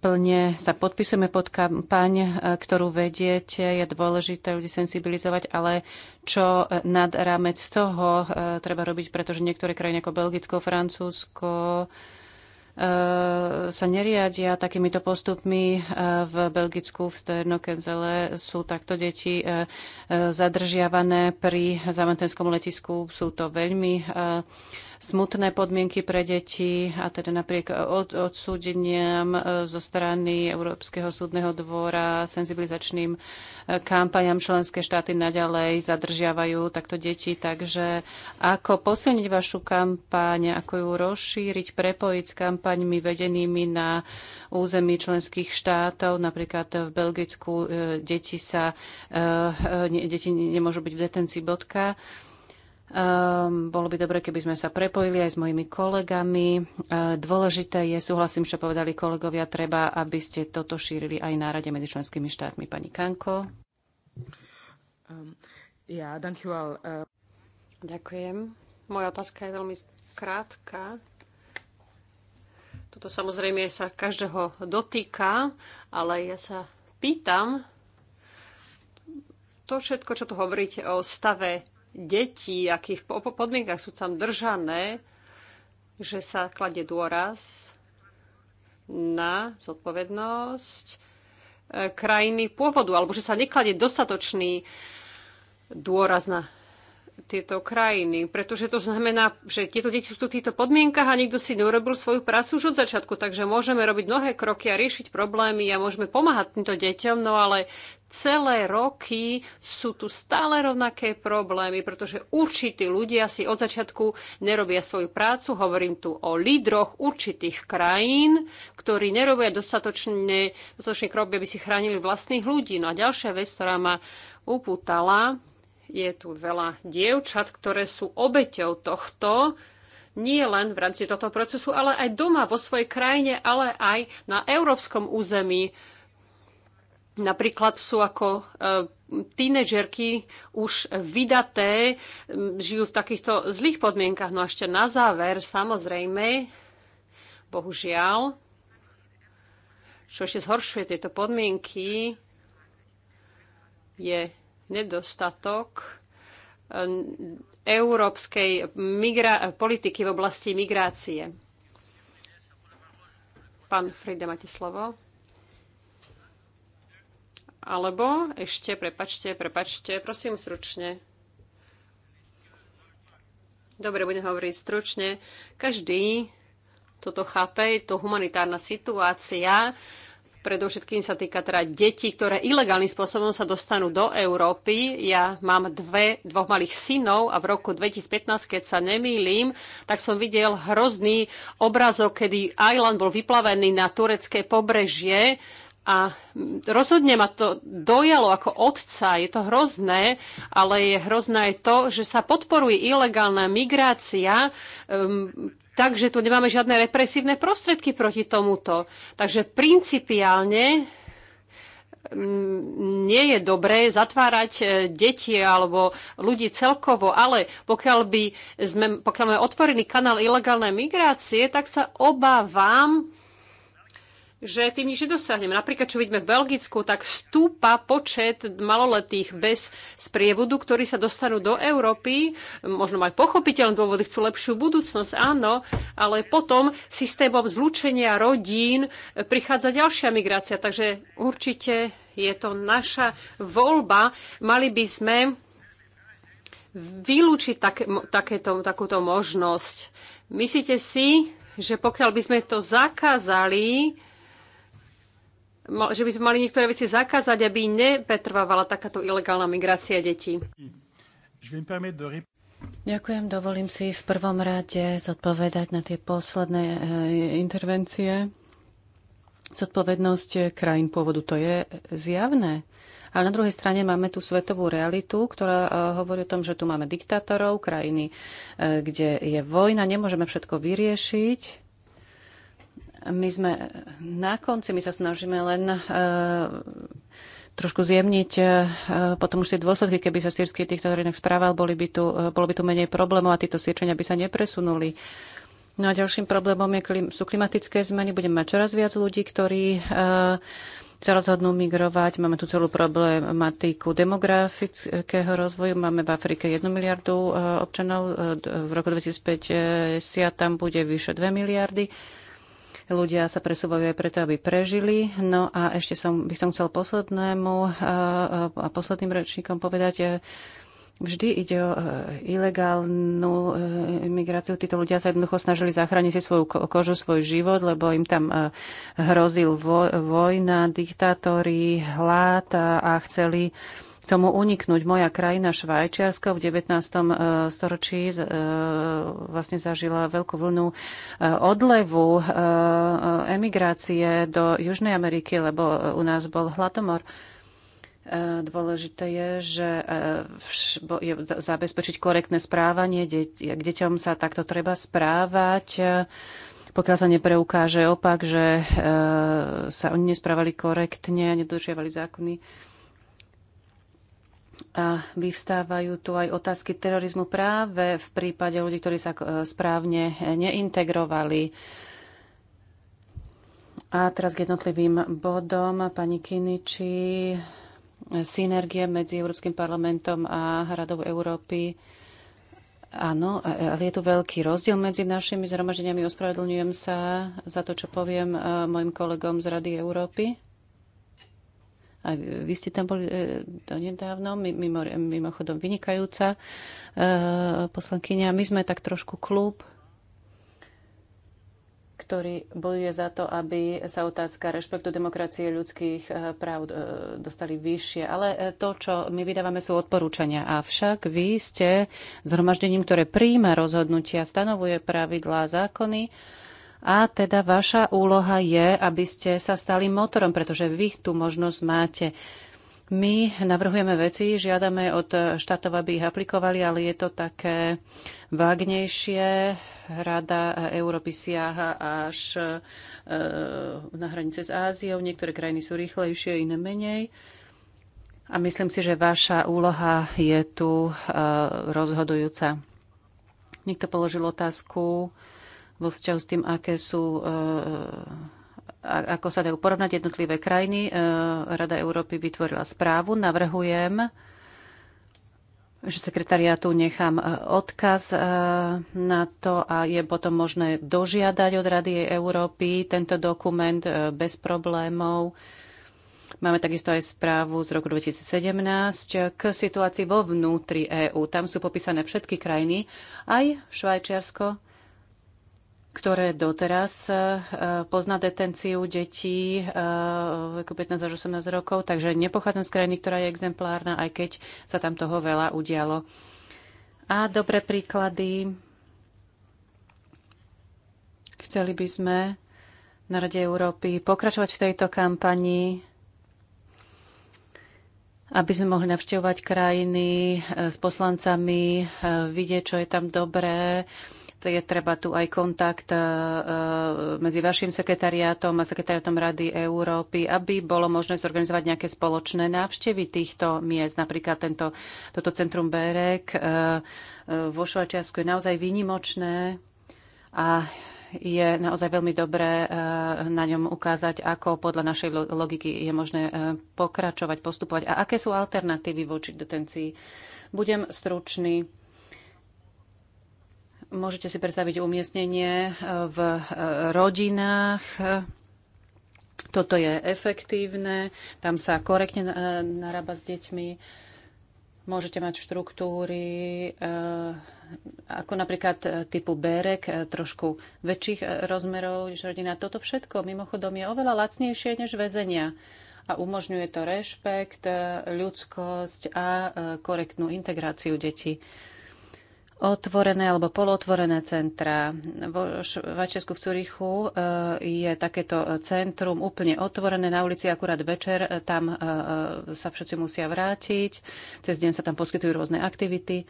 plne sa podpisujeme pod kampaň, eh, ktorú vediete. Je dôležité ľudí sensibilizovať, ale čo nad rámec toho treba robiť, pretože niektoré krajiny ako Belgicko, Francúzsko, sa neriadia takýmito postupmi. E, v Belgicku v Sternokenzele sú takto deti e, e, zadržiavané pri zamantenskom letisku. Sú to veľmi smutné podmienky pre deti a teda napriek od, odsúdeniam e, zo strany Európskeho súdneho dvora, senzibilizačným e, kampaniám členské štáty naďalej zadržiavajú takto deti. Takže ako posilniť vašu kampaň, ako ju rozšíriť, prepojiť s kampaňmi vedenými na území členských štátov, napríklad v Belgicku e, deti sa deti nemôžu byť v detencii bodka Um, bolo by dobre, keby sme sa prepojili aj s mojimi kolegami. Uh, dôležité je, súhlasím, čo povedali kolegovia, treba, aby ste toto šírili aj na rade medzi členskými štátmi. Pani Kanko. Um, ehm, yeah, thank you all. Uh... Ďakujem. Moja otázka je veľmi krátka. Toto samozrejme sa každého dotýka, ale ja sa pýtam, to všetko, čo tu hovoríte o stave detí, akých podmienkach sú tam držané, že sa kladie dôraz na zodpovednosť eh, krajiny pôvodu, alebo že sa nekladie dostatočný dôraz na tieto krajiny, pretože to znamená, že tieto deti sú tu v týchto podmienkach a nikto si neurobil svoju prácu už od začiatku, takže môžeme robiť mnohé kroky a riešiť problémy a môžeme pomáhať týmto deťom, no ale celé roky sú tu stále rovnaké problémy, pretože určití ľudia si od začiatku nerobia svoju prácu. Hovorím tu o lídroch určitých krajín, ktorí nerobia dostatočne, dostatočne kroky, aby si chránili vlastných ľudí. No a ďalšia vec, ktorá ma upútala, je tu veľa dievčat, ktoré sú obeťou tohto, nie len v rámci tohto procesu, ale aj doma, vo svojej krajine, ale aj na európskom území. Napríklad sú ako e, tínežerky už vydaté, žijú v takýchto zlých podmienkach. No a ešte na záver, samozrejme, bohužiaľ, čo ešte zhoršuje tieto podmienky, je nedostatok eh, európskej politiky v oblasti migrácie. Pán Frida, máte slovo. Alebo ešte, prepačte, prepačte, prosím stručne. Dobre, budem hovoriť stručne. Každý toto chápe, je to humanitárna situácia Predovšetkým sa týka teda detí, ktoré ilegálnym spôsobom sa dostanú do Európy. Ja mám dve, dvoch malých synov a v roku 2015, keď sa nemýlim, tak som videl hrozný obrazok, kedy Island bol vyplavený na turecké pobrežie a rozhodne ma to dojalo ako otca, je to hrozné, ale je hrozné aj to, že sa podporuje ilegálna migrácia um, Takže tu nemáme žiadne represívne prostriedky proti tomuto. Takže principiálne mm, nie je dobré zatvárať e, deti alebo ľudí celkovo, ale pokiaľ by sme, pokiaľ sme otvorili kanál ilegálnej migrácie, tak sa obávam, že tým nič nedosiahnem. Napríklad, čo vidíme v Belgicku, tak stúpa počet maloletých bez sprievodu, ktorí sa dostanú do Európy. Možno majú pochopiteľné dôvody, chcú lepšiu budúcnosť, áno, ale potom systémom zlučenia rodín prichádza ďalšia migrácia. Takže určite je to naša voľba. Mali by sme vylúčiť tak, takéto, takúto možnosť. Myslíte si, že pokiaľ by sme to zakázali, že by sme mali niektoré veci zakázať, aby nepetrvávala takáto ilegálna migrácia detí. Ďakujem, dovolím si v prvom rade zodpovedať na tie posledné e, intervencie. Zodpovednosť krajín pôvodu, to je zjavné. Ale na druhej strane máme tú svetovú realitu, ktorá e, hovorí o tom, že tu máme diktátorov, krajiny, e, kde je vojna, nemôžeme všetko vyriešiť my sme na konci, my sa snažíme len e, trošku zjemniť e, potom už tie dôsledky, keby sa sírsky týchto rinek správal, boli by tu, e, bolo by tu menej problémov a títo sírčania by sa nepresunuli. No a ďalším problémom je, sú klimatické zmeny. Budeme mať čoraz viac ľudí, ktorí sa rozhodnú migrovať. Máme tu celú problematiku demografického rozvoju. Máme v Afrike 1 miliardu občanov. V roku 2050 tam bude vyše 2 miliardy. Ľudia sa presúvajú aj preto, aby prežili. No a ešte som, by som chcel poslednému eh, eh, a posledným rečníkom povedať, eh, Vždy ide o ilegálnu imigráciu. Títo ľudia sa jednoducho snažili zachrániť si svoju kožu, svoj život, lebo im tam hrozil vojna, diktátori, hlad a chceli tomu uniknúť. Moja krajina Švajčiarska v 19. E, storočí e, vlastne zažila veľkú vlnu e, odlevu emigrácie do Južnej Ameriky, lebo u nás bol hladomor. Dôležité je, že je zabezpečiť korektné správanie. K deťom sa takto treba správať pokiaľ sa nepreukáže opak, že sa oni nesprávali korektne a nedodržiavali zákony. A vyvstávajú tu aj otázky terorizmu práve v prípade ľudí, ktorí sa e, správne neintegrovali. A teraz k jednotlivým bodom. Pani Kiniči, synergie medzi Európskym parlamentom a Radou Európy. Áno, e, e, ale je tu veľký rozdiel medzi našimi zhromaždeniami. Ospravedlňujem sa za to, čo poviem mojim kolegom z Rady Európy. A vy ste tam boli e, donedávno, mimo, mimochodom vynikajúca e, poslankyňa. My sme tak trošku klub, ktorý bojuje za to, aby sa otázka rešpektu demokracie ľudských e, práv dostali vyššie. Ale to, čo my vydávame, sú odporúčania. Avšak vy ste zhromaždením, ktoré príjma rozhodnutia, stanovuje pravidlá, zákony, a teda vaša úloha je, aby ste sa stali motorom, pretože vy tú možnosť máte. My navrhujeme veci, žiadame od štátov, aby ich aplikovali, ale je to také vágnejšie. Rada Európy siaha až e, na hranice s Áziou. Niektoré krajiny sú rýchlejšie, iné menej. A myslím si, že vaša úloha je tu e, rozhodujúca. Niekto položil otázku, vo vzťahu s tým, aké sú e, ako sa dajú porovnať jednotlivé krajiny. E, Rada Európy vytvorila správu. Navrhujem, že sekretariátu nechám e, odkaz na to a je potom možné dožiadať od Rady Európy tento dokument bez problémov. Máme takisto aj správu z roku 2017 k situácii vo vnútri EÚ. Tam sú popísané všetky krajiny, aj Švajčiarsko, ktoré doteraz e, pozná detenciu detí e, veku 15 až 18 rokov, takže nepochádzam z krajiny, ktorá je exemplárna, aj keď sa tam toho veľa udialo. A dobré príklady. Chceli by sme na Rade Európy pokračovať v tejto kampani. aby sme mohli navštevovať krajiny e, s poslancami, vidieť, čo je tam dobré, je treba tu aj kontakt e, e, medzi vašim sekretariátom a sekretariátom Rady Európy, aby bolo možné zorganizovať nejaké spoločné návštevy týchto miest. Napríklad tento, toto centrum Berek e, vo Švajčiarsku je naozaj výnimočné a je naozaj veľmi dobré na ňom ukázať, ako podľa našej logiky je možné pokračovať, postupovať a aké sú alternatívy voči detencii. Budem stručný. Môžete si predstaviť umiestnenie e, v e, rodinách. Toto je efektívne, tam sa korektne e, narába s deťmi. Môžete mať štruktúry ako napríklad typu bérek, trošku väčších rozmerov než rodina. Toto všetko mimochodom je oveľa lacnejšie než väzenia a umožňuje to rešpekt, ľudskosť a korektnú integráciu detí otvorené alebo polotvorené centra. Vo Švajčiarsku v Curichu e, je takéto e, centrum úplne otvorené na ulici, akurát večer e, tam sa všetci musia vrátiť, cez deň sa tam poskytujú rôzne aktivity.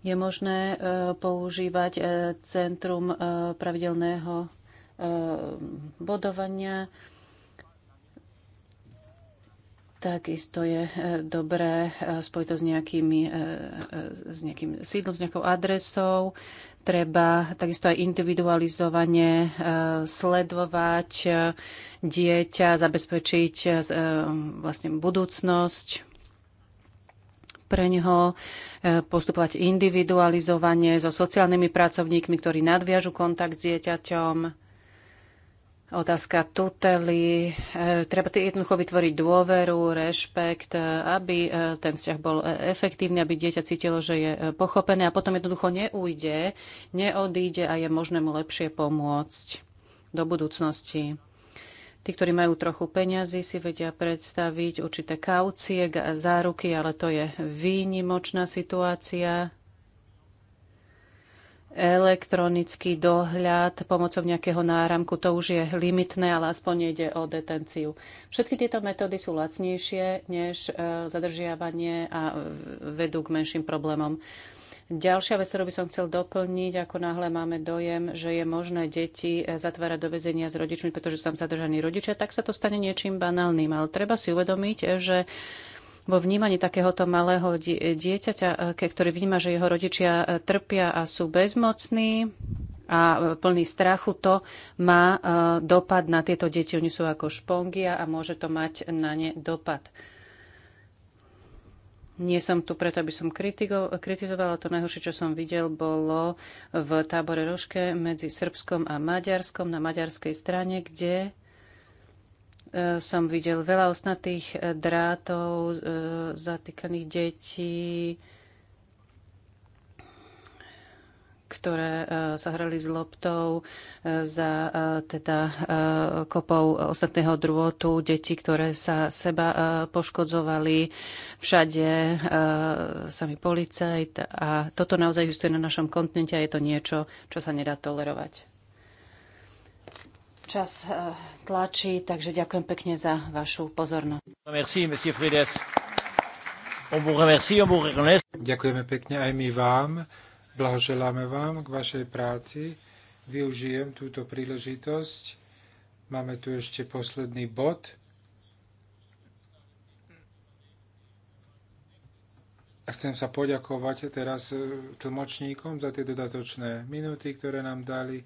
Je možné používať centrum pravidelného bodovania Takisto je e, dobré e, spojiť to s, nejakými, e, s nejakým sídlom, s nejakou adresou. Treba takisto aj individualizovane sledovať dieťa, zabezpečiť vlastne budúcnosť pre neho, postupovať individualizovane so sociálnymi pracovníkmi, ktorí nadviažu kontakt s dieťaťom otázka tutely. E, treba jednoducho vytvoriť dôveru, rešpekt, e, aby e, ten vzťah bol efektívny, aby dieťa cítilo, že je pochopené a potom jednoducho neújde, neodíde a je možné mu lepšie pomôcť do budúcnosti. Tí, ktorí majú trochu peňazí, si vedia predstaviť určité kaucie, záruky, ale to je výnimočná situácia elektronický dohľad pomocou nejakého náramku, to už je limitné, ale aspoň ide o detenciu. Všetky tieto metódy sú lacnejšie než e, zadržiavanie a e, vedú k menším problémom. Ďalšia vec, ktorú by som chcel doplniť, ako náhle máme dojem, že je možné deti e, zatvárať do vezenia s rodičmi, pretože sú tam zadržaní rodičia, tak sa to stane niečím banálnym. Ale treba si uvedomiť, že vo vnímaní takéhoto malého dieťaťa, e, ktorý vníma, že jeho rodičia e, trpia a sú bezmocní a e, plný strachu, to má dopad na tieto deti. Oni sú ako špongia a môže to mať na ne dopad. Nie som tu preto, aby som kritizovala. To najhoršie, čo som videl, bolo v tábore Rožke medzi Srbskom a Maďarskom na maďarskej strane, kde Eh, som videl veľa osnatých eh, drátov, eh, zatýkaných detí, ktoré sa hrali s loptou za teda kopou ostatného drôtu, deti, ktoré sa seba poškodzovali, všade sami policajt a toto naozaj existuje na našom kontinente a je to niečo, čo sa nedá tolerovať čas e, tlačí, takže ďakujem pekne za vašu pozornosť. Ďakujeme pekne aj my vám. Blahoželáme vám k vašej práci. Využijem túto príležitosť. Máme tu ešte posledný bod. A chcem sa poďakovať teraz e, tlmočníkom za tie dodatočné minúty, ktoré nám dali.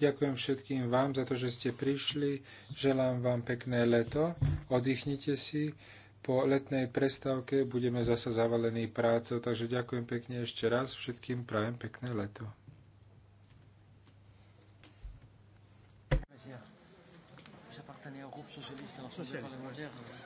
Ďakujem všetkým vám za to, že ste prišli. Želám vám pekné leto. Oddychnite si. Po letnej prestávke budeme zasa zavalení prácou, takže ďakujem pekne ešte raz. Všetkým prajem pekné leto. socialiste, en socialiste.